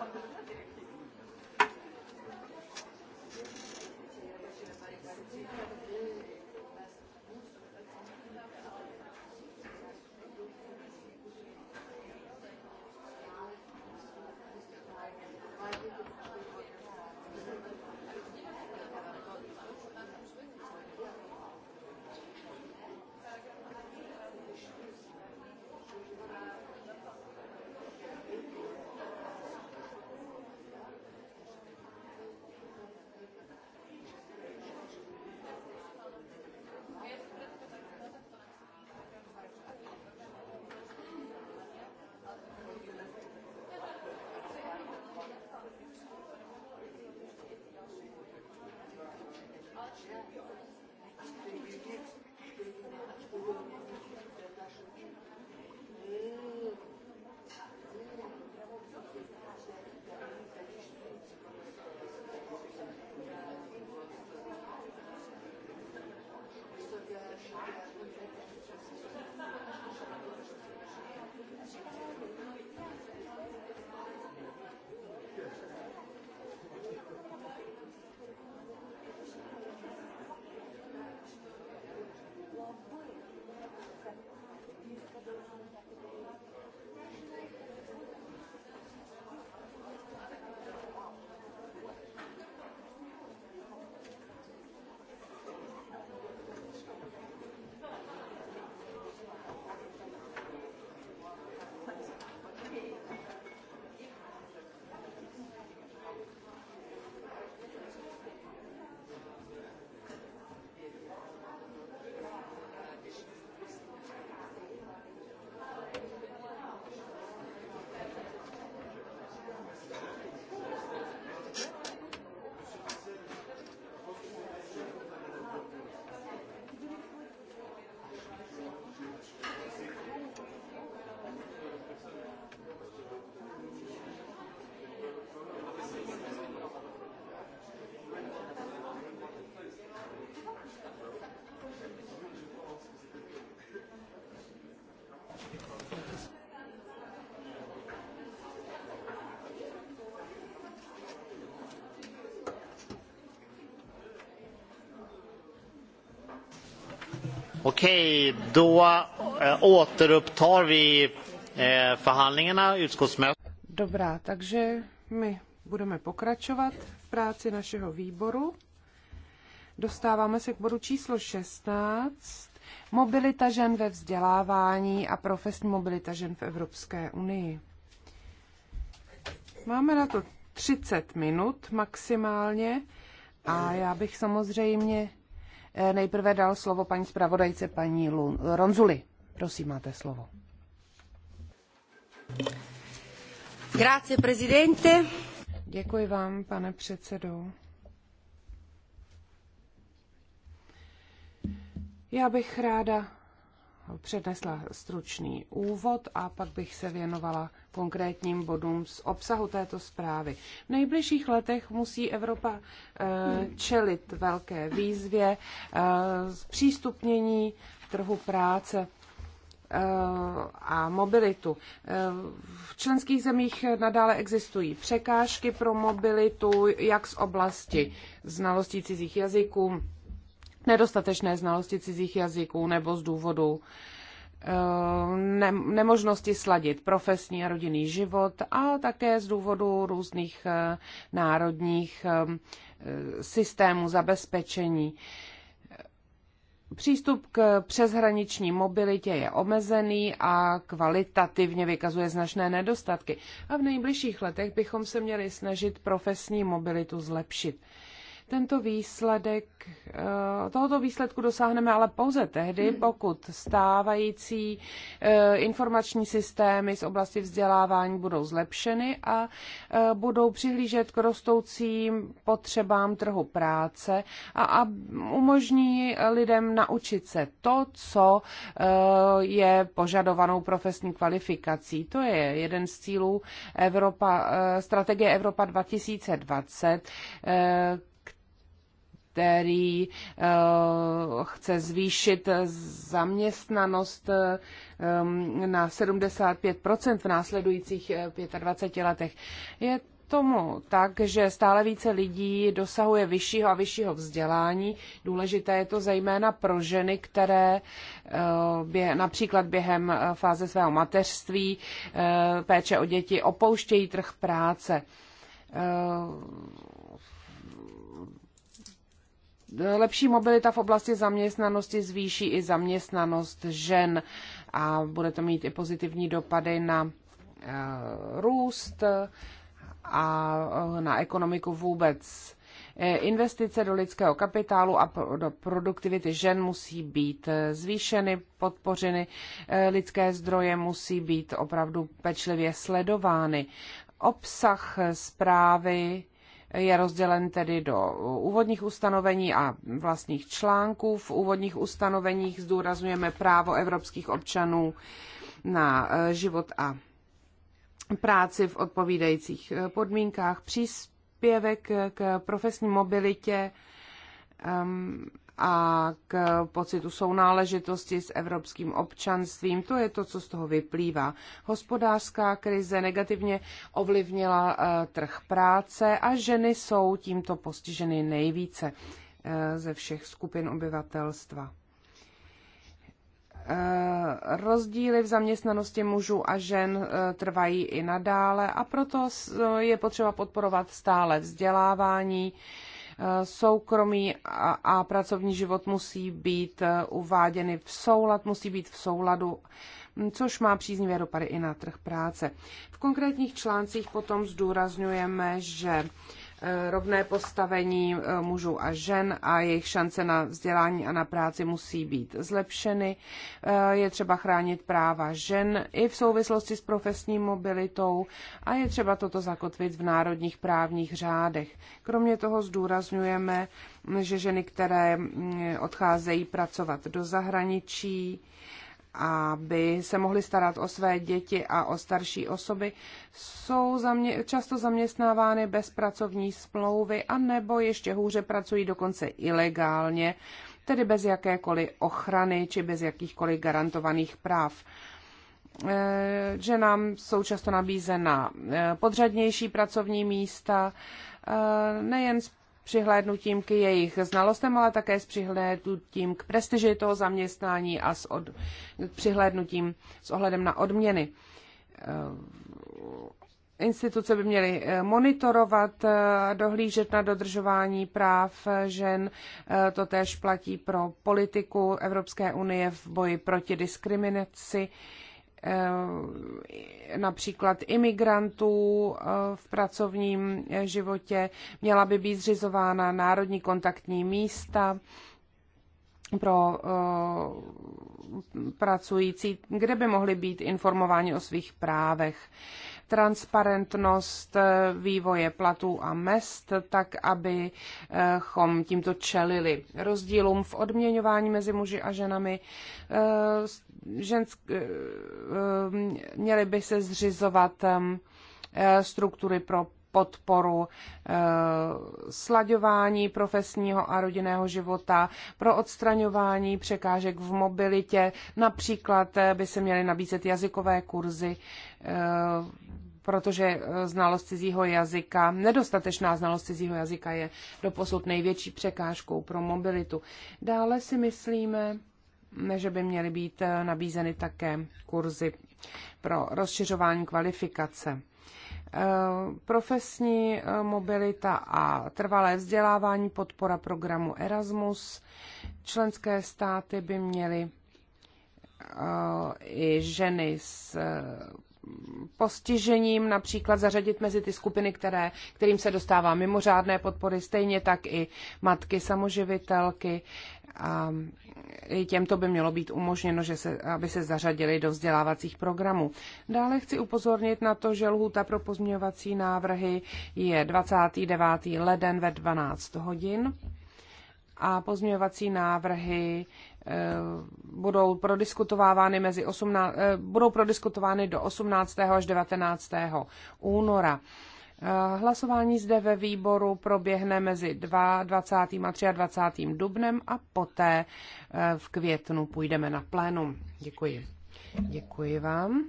Thank you. Schlag und wenn er sich das nicht Okej, eh, återupptar vi eh, förhandlingarna, utskottsmötet. Dobrá, takže my budeme pokračovat v práci našeho výboru. Dostáváme se k bodu číslo 16. Mobilita žen ve vzdělávání a profesní mobilita žen v Evropské unii. Máme na to 30 minut maximálně a já bych samozřejmě Eh, nejprve dal slovo paní zpravodajce paní Lun, Ronzuli. Prosím, máte slovo. Grazie, prezidente. Děkuji vám, pane předsedo. Já bych ráda přednesla stručný úvod a pak bych se věnovala konkrétním bodům z obsahu této zprávy. V nejbližších letech musí Evropa eh, hmm. čelit velké výzvě eh, zpřístupnění trhu práce eh, a mobilitu. V členských zemích nadále existují překážky pro mobilitu, jak z oblasti znalostí cizích jazyků, nedostatečné znalosti cizích jazyků nebo z důvodu eh, ne, nemožnosti sladit profesní a rodinný život a také z důvodu různých eh, národních eh, systémů zabezpečení. Přístup k přeshraniční mobilitě je omezený a kvalitativně vykazuje značné nedostatky. A v nejbližších letech bychom se měli snažit profesní mobilitu zlepšit. Tento výsledek, eh, tohoto výsledku dosáhneme ale pouze tehdy, hmm. pokud stávající eh, informační systémy z oblasti vzdělávání budou zlepšeny a eh, budou přihlížet k rostoucím potřebám trhu práce a umožní lidem naučit se to, co je požadovanou profesní kvalifikací. To je jeden z cílů Evropa, strategie Evropa 2020, který eh, chce zvýšit zaměstnanost ehm, na 75 v následujících 25 eh, letech. Je tomu tak, že stále více lidí dosahuje vyššího a vyššího vzdělání. Důležité je to zejména pro ženy, které eh, například během fáze svého mateřství péče o děti opouštějí trh práce lepší mobilita v oblasti zaměstnanosti zvýší i zaměstnanost žen a bude to mít i pozitivní dopady na eh, růst a eh, na ekonomiku vůbec. Eh, investice do lidského kapitálu a do produktivity žen musí být zvýšeny, podpořeny, lidské zdroje musí být opravdu pečlivě sledovány. Obsah zprávy je rozdělen tedy do úvodních ustanovení a vlastních článků. V úvodních ustanoveních zdůrazňujeme právo evropských občanů na eh, život a práci v odpovídajících eh, podmínkách, příspěvek k profesní mobilitě, ehm, a k pocitu sounáležitosti s evropským občanstvím. To je to, co z toho vyplývá. Hospodářská krize negativně ovlivnila eh, trh práce a ženy jsou tímto postiženy nejvíce eh, ze všech skupin obyvatelstva eh, rozdíly v zaměstnanosti mužů a žen trvají i nadále a proto je potřeba podporovat stále vzdělávání Soukromý a, a pracovní život musí být eh, uváděny v soulad, musí být v souladu, mm, což má příznivé dopady i na trh práce. V konkrétních článcích potom zdůrazňujeme, že Eh, rovné postavení eh, mužů a žen a jejich šance na vzdělání a na práci musí být zlepšeny. Eh, je třeba chránit práva žen i v souvislosti s profesní mobilitou a je třeba toto zakotvit v národních právních řádech. Kromě toho zdůrazňujeme, že ženy, které mm, odcházejí pracovat do zahraničí, aby se mohli starat o své děti a o starší osoby, jsou zamě- často zaměstnávány bez pracovní smlouvy a nebo ještě hůře pracují dokonce ilegálně, tedy bez jakékoliv ochrany či bez jakýchkoliv garantovaných práv eh, že nám jsou často nabízena eh, podřadnější pracovní místa, eh, nejen z přihlédnutím k jejich znalostem, ale také s přihlédnutím k prestiži toho zaměstnání a s od, přihlédnutím s ohledem na odměny. Eh, instituce by měly eh, monitorovat eh, a dohlížet na dodržování práv žen. To též platí pro politiku Evropské unie v boji proti diskriminaci. Eh, například imigrantů eh, v pracovním životě. Měla by být zřizována národní kontaktní místa pro eh, pracující, kde by mohli být informováni o svých právech transparentnost vývoje platů a mest, tak abychom tímto čelili rozdílům v odměňování mezi muži a ženami žensk, eh, eh, měly by se zřizovat eh, struktury pro podporu slaďování profesního a rodinného života, pro odstraňování překážek v mobilitě. Například by se měly nabízet jazykové kurzy, protože znalost cizího jazyka, nedostatečná znalost cizího jazyka je doposud největší překážkou pro mobilitu. Dále si myslíme, že by měly být eh, nabízeny také kurzy pro rozšiřování kvalifikace. Eh, profesní eh, mobilita a trvalé vzdělávání, podpora programu Erasmus. Členské státy by měly i ženy z postižením například zařadit mezi ty skupiny, které, kterým se dostává mimořádné podpory, stejně tak i matky samoživitelky. A těmto by mělo být umožněno, že se, aby se zařadili do vzdělávacích programů. Dále chci upozornit na to, že lhůta pro pozměňovací návrhy je 29. leden ve 12 hodin a pozměňovací návrhy Eh, budou prodiskutovávány mezi 18, eh, budou prodiskutovány do 18. až 19. února. Eh, hlasování zde ve výboru proběhne mezi 22. a 23. dubnem a poté v květnu půjdeme na plénum. Děkuji. Děkuji vám.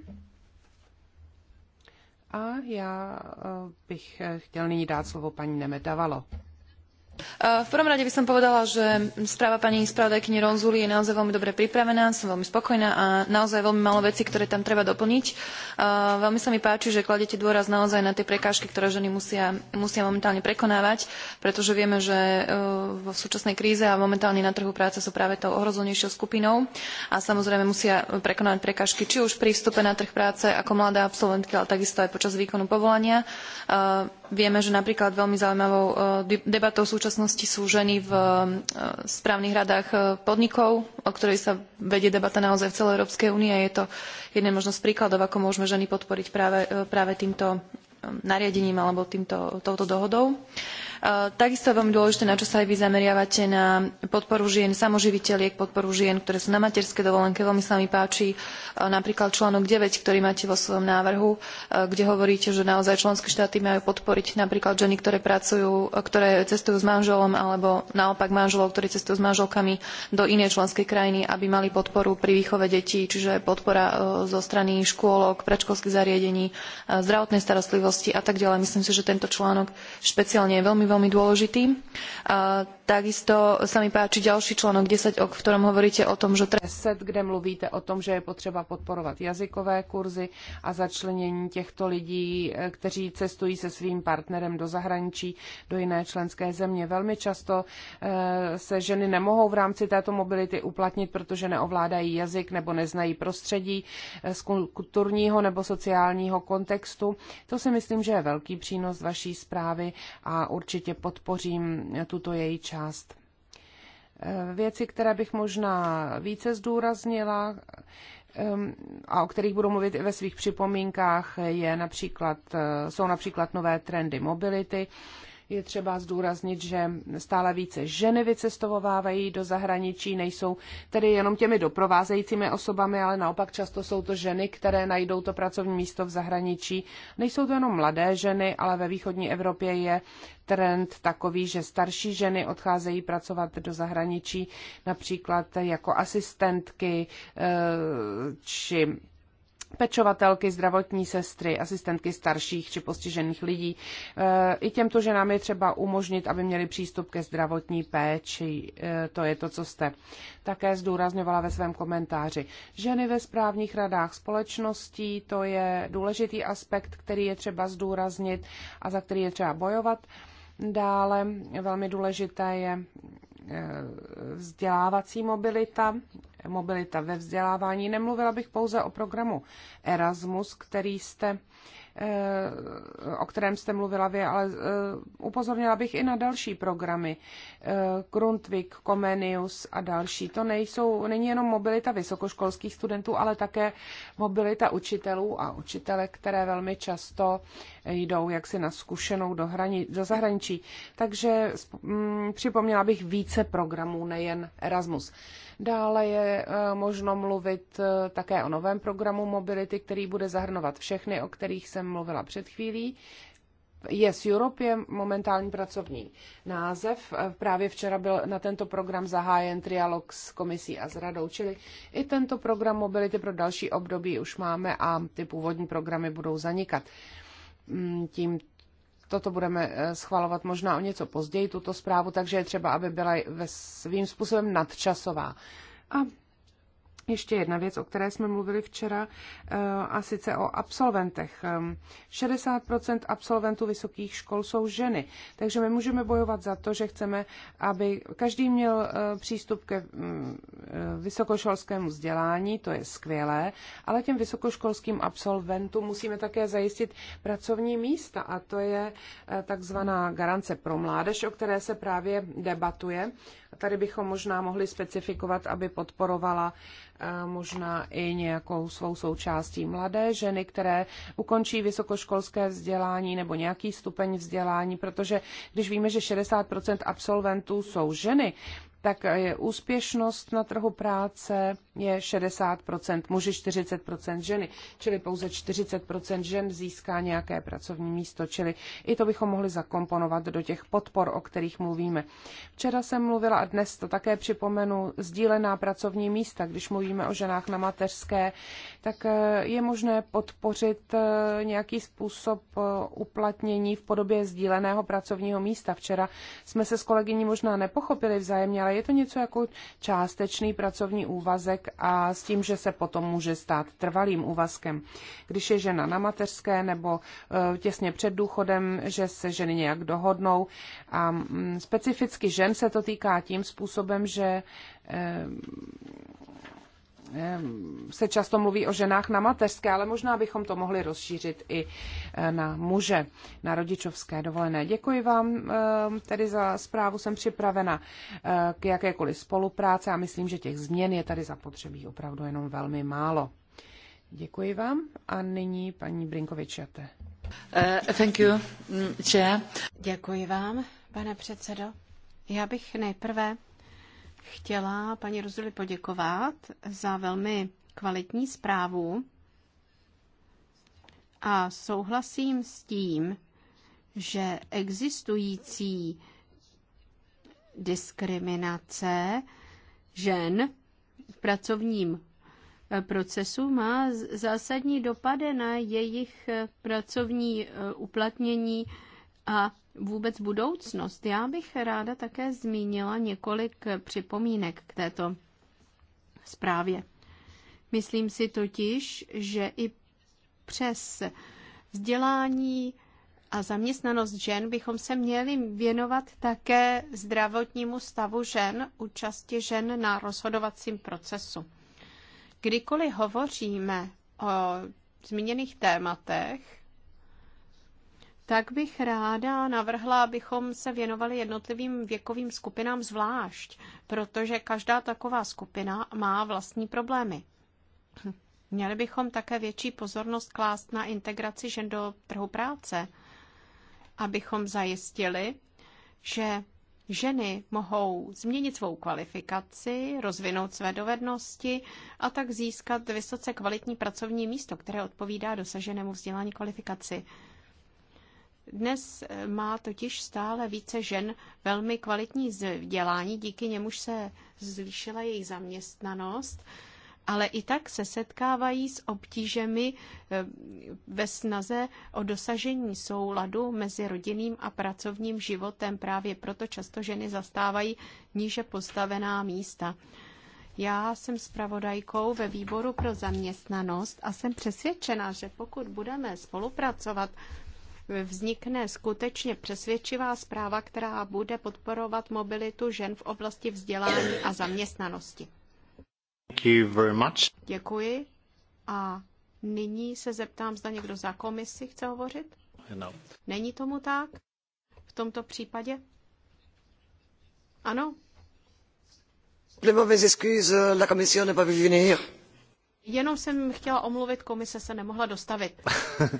A já bych chtěl nyní dát slovo paní Nemetavalo. Eh, v prvom rade by som povedala, že správa pani spravodajkyne Ronzuli je naozaj veľmi dobre pripravená, som veľmi spokojná a naozaj veľmi málo vecí, ktoré tam treba doplniť. Eh, veľmi sa mi páči, že kladete dôraz naozaj na tie prekážky, ktoré ženy musia, musia momentálne prekonávať, pretože vieme, že eh, v súčasnej kríze a momentálne na trhu práce sú práve tou ohrozenejšou skupinou a samozrejme musia prekonávať prekážky či už pri vstupe na trh práce ako mladá absolventky, ale takisto aj počas výkonu povolania Vieme, že napríklad veľmi zaujímavou e, debatou v súčasnosti sú ženy v e, správnych radách e, podnikov, o ktorej sa vedie debata naozaj v celej Európskej únie. Je to jedna možnosť príkladov, ako môžeme ženy podporiť práve, práve týmto nariadením alebo týmto, touto dohodou. Uh, Eh, takisto je veľmi dôležité, na čo sa aj vy zameriavate, na podporu žien samoživiteľiek, podporu žien, ktoré sú na materskej dovolenke. Veľmi sa mi páči eh, napríklad článok 9, ktorý máte vo svojom návrhu, eh, kde hovoríte, že naozaj členské štáty majú podporiť napríklad ženy, ktoré pracujú, ktoré cestujú s manželom alebo naopak manželov, ktorí cestujú s manželkami do inej členskej krajiny, aby mali podporu pri výchove detí, čiže podpora zo strany škôlok, predškolských zariadení, zdravotnej starostlivosti a tak ďalej. Myslím si, že tento článok špeciálne je veľmi velmi dôležitý. Takisto sa mi páči ďalší článok 10, o ktorom hovoríte o tom, že... 10, kde mluvíte o tom, že je potřeba podporovat jazykové kurzy a začlenění těchto lidí, eh, kteří cestují se svým partnerem do zahraničí, do jiné členské země. Velmi často eh, se ženy nemohou v rámci této mobility uplatnit, protože neovládají jazyk nebo neznají prostředí eh, z kulturního nebo sociálního kontextu. To si myslím, že je velký přínos vaší zprávy a určitě podpořím tuto její část část. Eh, věci, které bych možná více zdůraznila ehm, a o kterých budu mluvit i ve svých připomínkách, je například, eh, jsou například nové trendy mobility, je třeba zdůraznit, že stále více ženy vycestovávají do zahraničí, nejsou tedy jenom těmi doprovázejícími osobami, ale naopak často jsou to ženy, které najdou to pracovní místo v zahraničí. Nejsou to jenom mladé ženy, ale ve východní Evropě je trend takový, že starší ženy odcházejí pracovat do zahraničí, například jako asistentky eh, či pečovatelky, zdravotní sestry, asistentky starších či postižených lidí. Eh, I těmto ženám je třeba umožnit, aby měli přístup ke zdravotní péči. Eh, to je to, co jste také zdůrazňovala ve svém komentáři. Ženy ve správních radách společností, to je důležitý aspekt, který je třeba zdůraznit a za který je třeba bojovat. Dále velmi důležité je vzdělávací mobilita, mobilita ve vzdělávání. Nemluvila bych pouze o programu Erasmus, který jste, eh, o kterém jste mluvila vy, ale eh, upozornila bych i na další programy. Eh, Grundtvig, Comenius a další. To nejsou, není jenom mobilita vysokoškolských studentů, ale také mobilita učitelů a učitele, které velmi často jdou jaksi na zkušenou do, hrani, do zahraničí. Takže mm, připomněla bych více programů, nejen Erasmus. Dále je e, možno mluvit e, také o novém programu mobility, který bude zahrnovat všechny, o kterých jsem mluvila před chvílí. Yes Europe je momentální pracovní název. E, právě včera byl na tento program zahájen trialog s komisí a s radou, čili i tento program mobility pro další období už máme a ty původní programy budou zanikat. Mm, tím toto budeme eh, schvalovat možná o něco později, tuto zprávu, takže je třeba, aby byla ve svým způsobem nadčasová. A ještě jedna věc, o které jsme mluvili včera, eh, a sice o absolventech. 60 absolventů vysokých škol jsou ženy, takže my můžeme bojovat za to, že chceme, aby každý měl eh, přístup ke mm, eh, vysokoškolskému vzdělání, to je skvělé, ale těm vysokoškolským absolventům musíme také zajistit pracovní místa a to je takzvaná garance pro mládež, o které se právě debatuje. Tady bychom možná mohli specifikovat, aby podporovala možná i nějakou svou součástí mladé ženy, které ukončí vysokoškolské vzdělání nebo nějaký stupeň vzdělání, protože když víme, že 60% absolventů jsou ženy, tak úspěšnost na trhu práce je 60 muži 40 ženy, čili pouze 40 žen získá nějaké pracovní místo, čili i to bychom mohli zakomponovat do těch podpor, o kterých mluvíme. Včera jsem mluvila a dnes to také připomenu, sdílená pracovní místa, když mluvíme o ženách na mateřské, tak eh, je možné podpořit eh, nějaký způsob eh, uplatnění v podobě sdíleného pracovního místa. Včera jsme se s kolegyní možná nepochopili vzájemně, ale je to něco jako částečný pracovní úvazek a s tím, že se potom může stát trvalým úvazkem. Když je žena na mateřské nebo e, těsně před důchodem, že se ženy nějak dohodnou. A mm, specificky žen se to týká tím způsobem, že e, se často mluví o ženách na mateřské, ale možná bychom to mohli rozšířit i eh, na muže na rodičovské dovolené. Děkuji vám tedy za zprávu, jsem připravena eh, k jakékoliv spolupráci a myslím, že těch změn je tady zapotřebí opravdu jenom velmi málo. Děkuji vám a nyní paní Brinkovičete. Uh, eh, thank you, mm, chair. Děkuji vám, pane předsedo. Já bych nejprve chtěla paní Rozuli poděkovat za velmi kvalitní zprávu a souhlasím s tím, že existující diskriminace žen v pracovním eh, procesu má zásadní dopady na jejich eh, pracovní eh, uplatnění a vůbec budoucnost. Já bych ráda také zmínila několik připomínek k této zprávě. Myslím si totiž, že i přes vzdělání a zaměstnanost žen bychom se měli věnovat také zdravotnímu stavu žen, účasti žen na rozhodovacím procesu. Kdykoliv hovoříme o zmíněných tématech, tak bych ráda navrhla, abychom se věnovali jednotlivým věkovým skupinám zvlášť, protože každá taková skupina má vlastní problémy. Měli bychom také větší pozornost klást na integraci žen do trhu práce, abychom zajistili, že ženy mohou změnit svou kvalifikaci, rozvinout své dovednosti a tak získat vysoce kvalitní pracovní místo, které odpovídá dosaženému vzdělání kvalifikaci. Dnes eh, má totiž stále více žen velmi kvalitní vzdělání, díky němuž se zvýšila jejich zaměstnanost, ale i tak se setkávají s obtížemi eh, ve snaze o dosažení souladu mezi rodinným a pracovním životem. Právě proto často ženy zastávají níže postavená místa. Já jsem zpravodajkou ve výboru pro zaměstnanost a jsem přesvědčena, že pokud budeme spolupracovat vznikne skutečně přesvědčivá zpráva, která bude podporovat mobilitu žen v oblasti vzdělání a zaměstnanosti. Thank you very much. Děkuji. A nyní se zeptám, zda někdo za komisi chce hovořit? No. Není tomu tak? V tomto případě? Ano? Jenom jsem chtěla omluvit, komise se nemohla dostavit.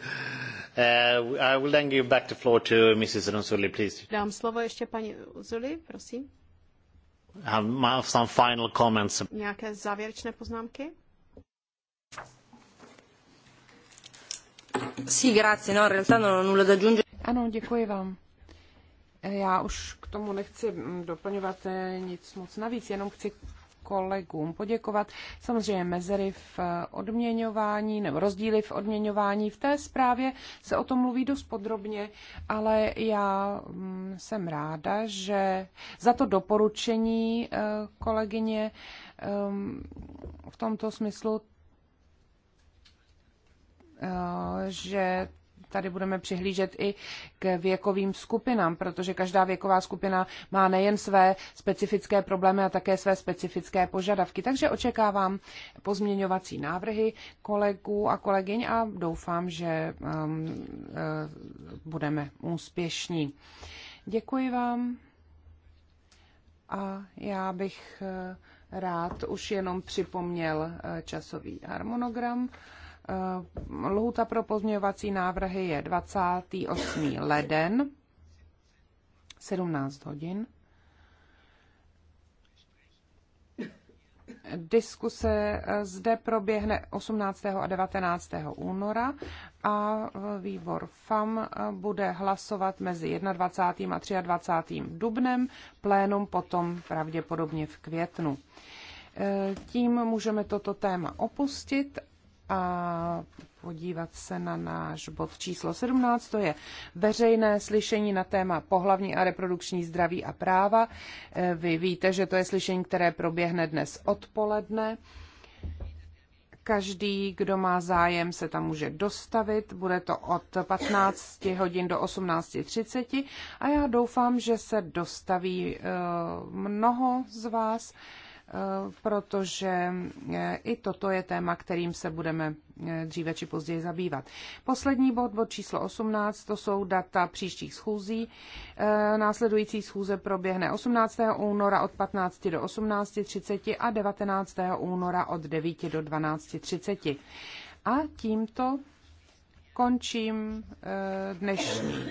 Uh, I will then give back the floor to Mrs. please. Dám slovo ještě paní Uzuli, prosím. Have some final comments. Nějaké závěrečné poznámky? grazie. No, realtà non ho nulla da aggiungere. Ano, děkuji vám. Já už k tomu nechci mm, doplňovat eh, nic moc navíc, jenom chci kolegům poděkovat. Samozřejmě mezery v odměňování nebo rozdíly v odměňování. V té zprávě se o tom mluví dost podrobně, ale já mm, jsem ráda, že za to doporučení eh, kolegyně eh, v tomto smyslu eh, že tady budeme přihlížet i k věkovým skupinám, protože každá věková skupina má nejen své specifické problémy a také své specifické požadavky. Takže očekávám pozměňovací návrhy kolegů a kolegyň a doufám, že um, eh, budeme úspěšní. Děkuji vám a já bych eh, rád už jenom připomněl eh, časový harmonogram. Eh, lhůta pro pozměňovací návrhy je 28. leden 17 hodin. Diskuse eh, zde proběhne 18. a 19. února a výbor FAM eh, bude hlasovat mezi 21. a 23. dubnem, plénum potom pravděpodobně v květnu. Tím můžeme toto téma opustit a podívat se na náš bod číslo 17, to je veřejné slyšení na téma pohlavní a reprodukční zdraví a práva. E, vy víte, že to je slyšení, které proběhne dnes odpoledne. Každý, kdo má zájem, se tam může dostavit. Bude to od 15 hodin do 18.30 a já doufám, že se dostaví e, mnoho z vás. Eh, protože eh, i toto je téma, kterým se budeme eh, dříve či později zabývat. Poslední bod, bod číslo 18, to jsou data příštích schůzí. Následující schůze proběhne 18. února od 15 do 18.30 a 19. února od 9 do 12.30. A tímto končím dnešní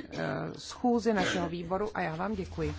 schůzi našeho výboru a já vám děkuji.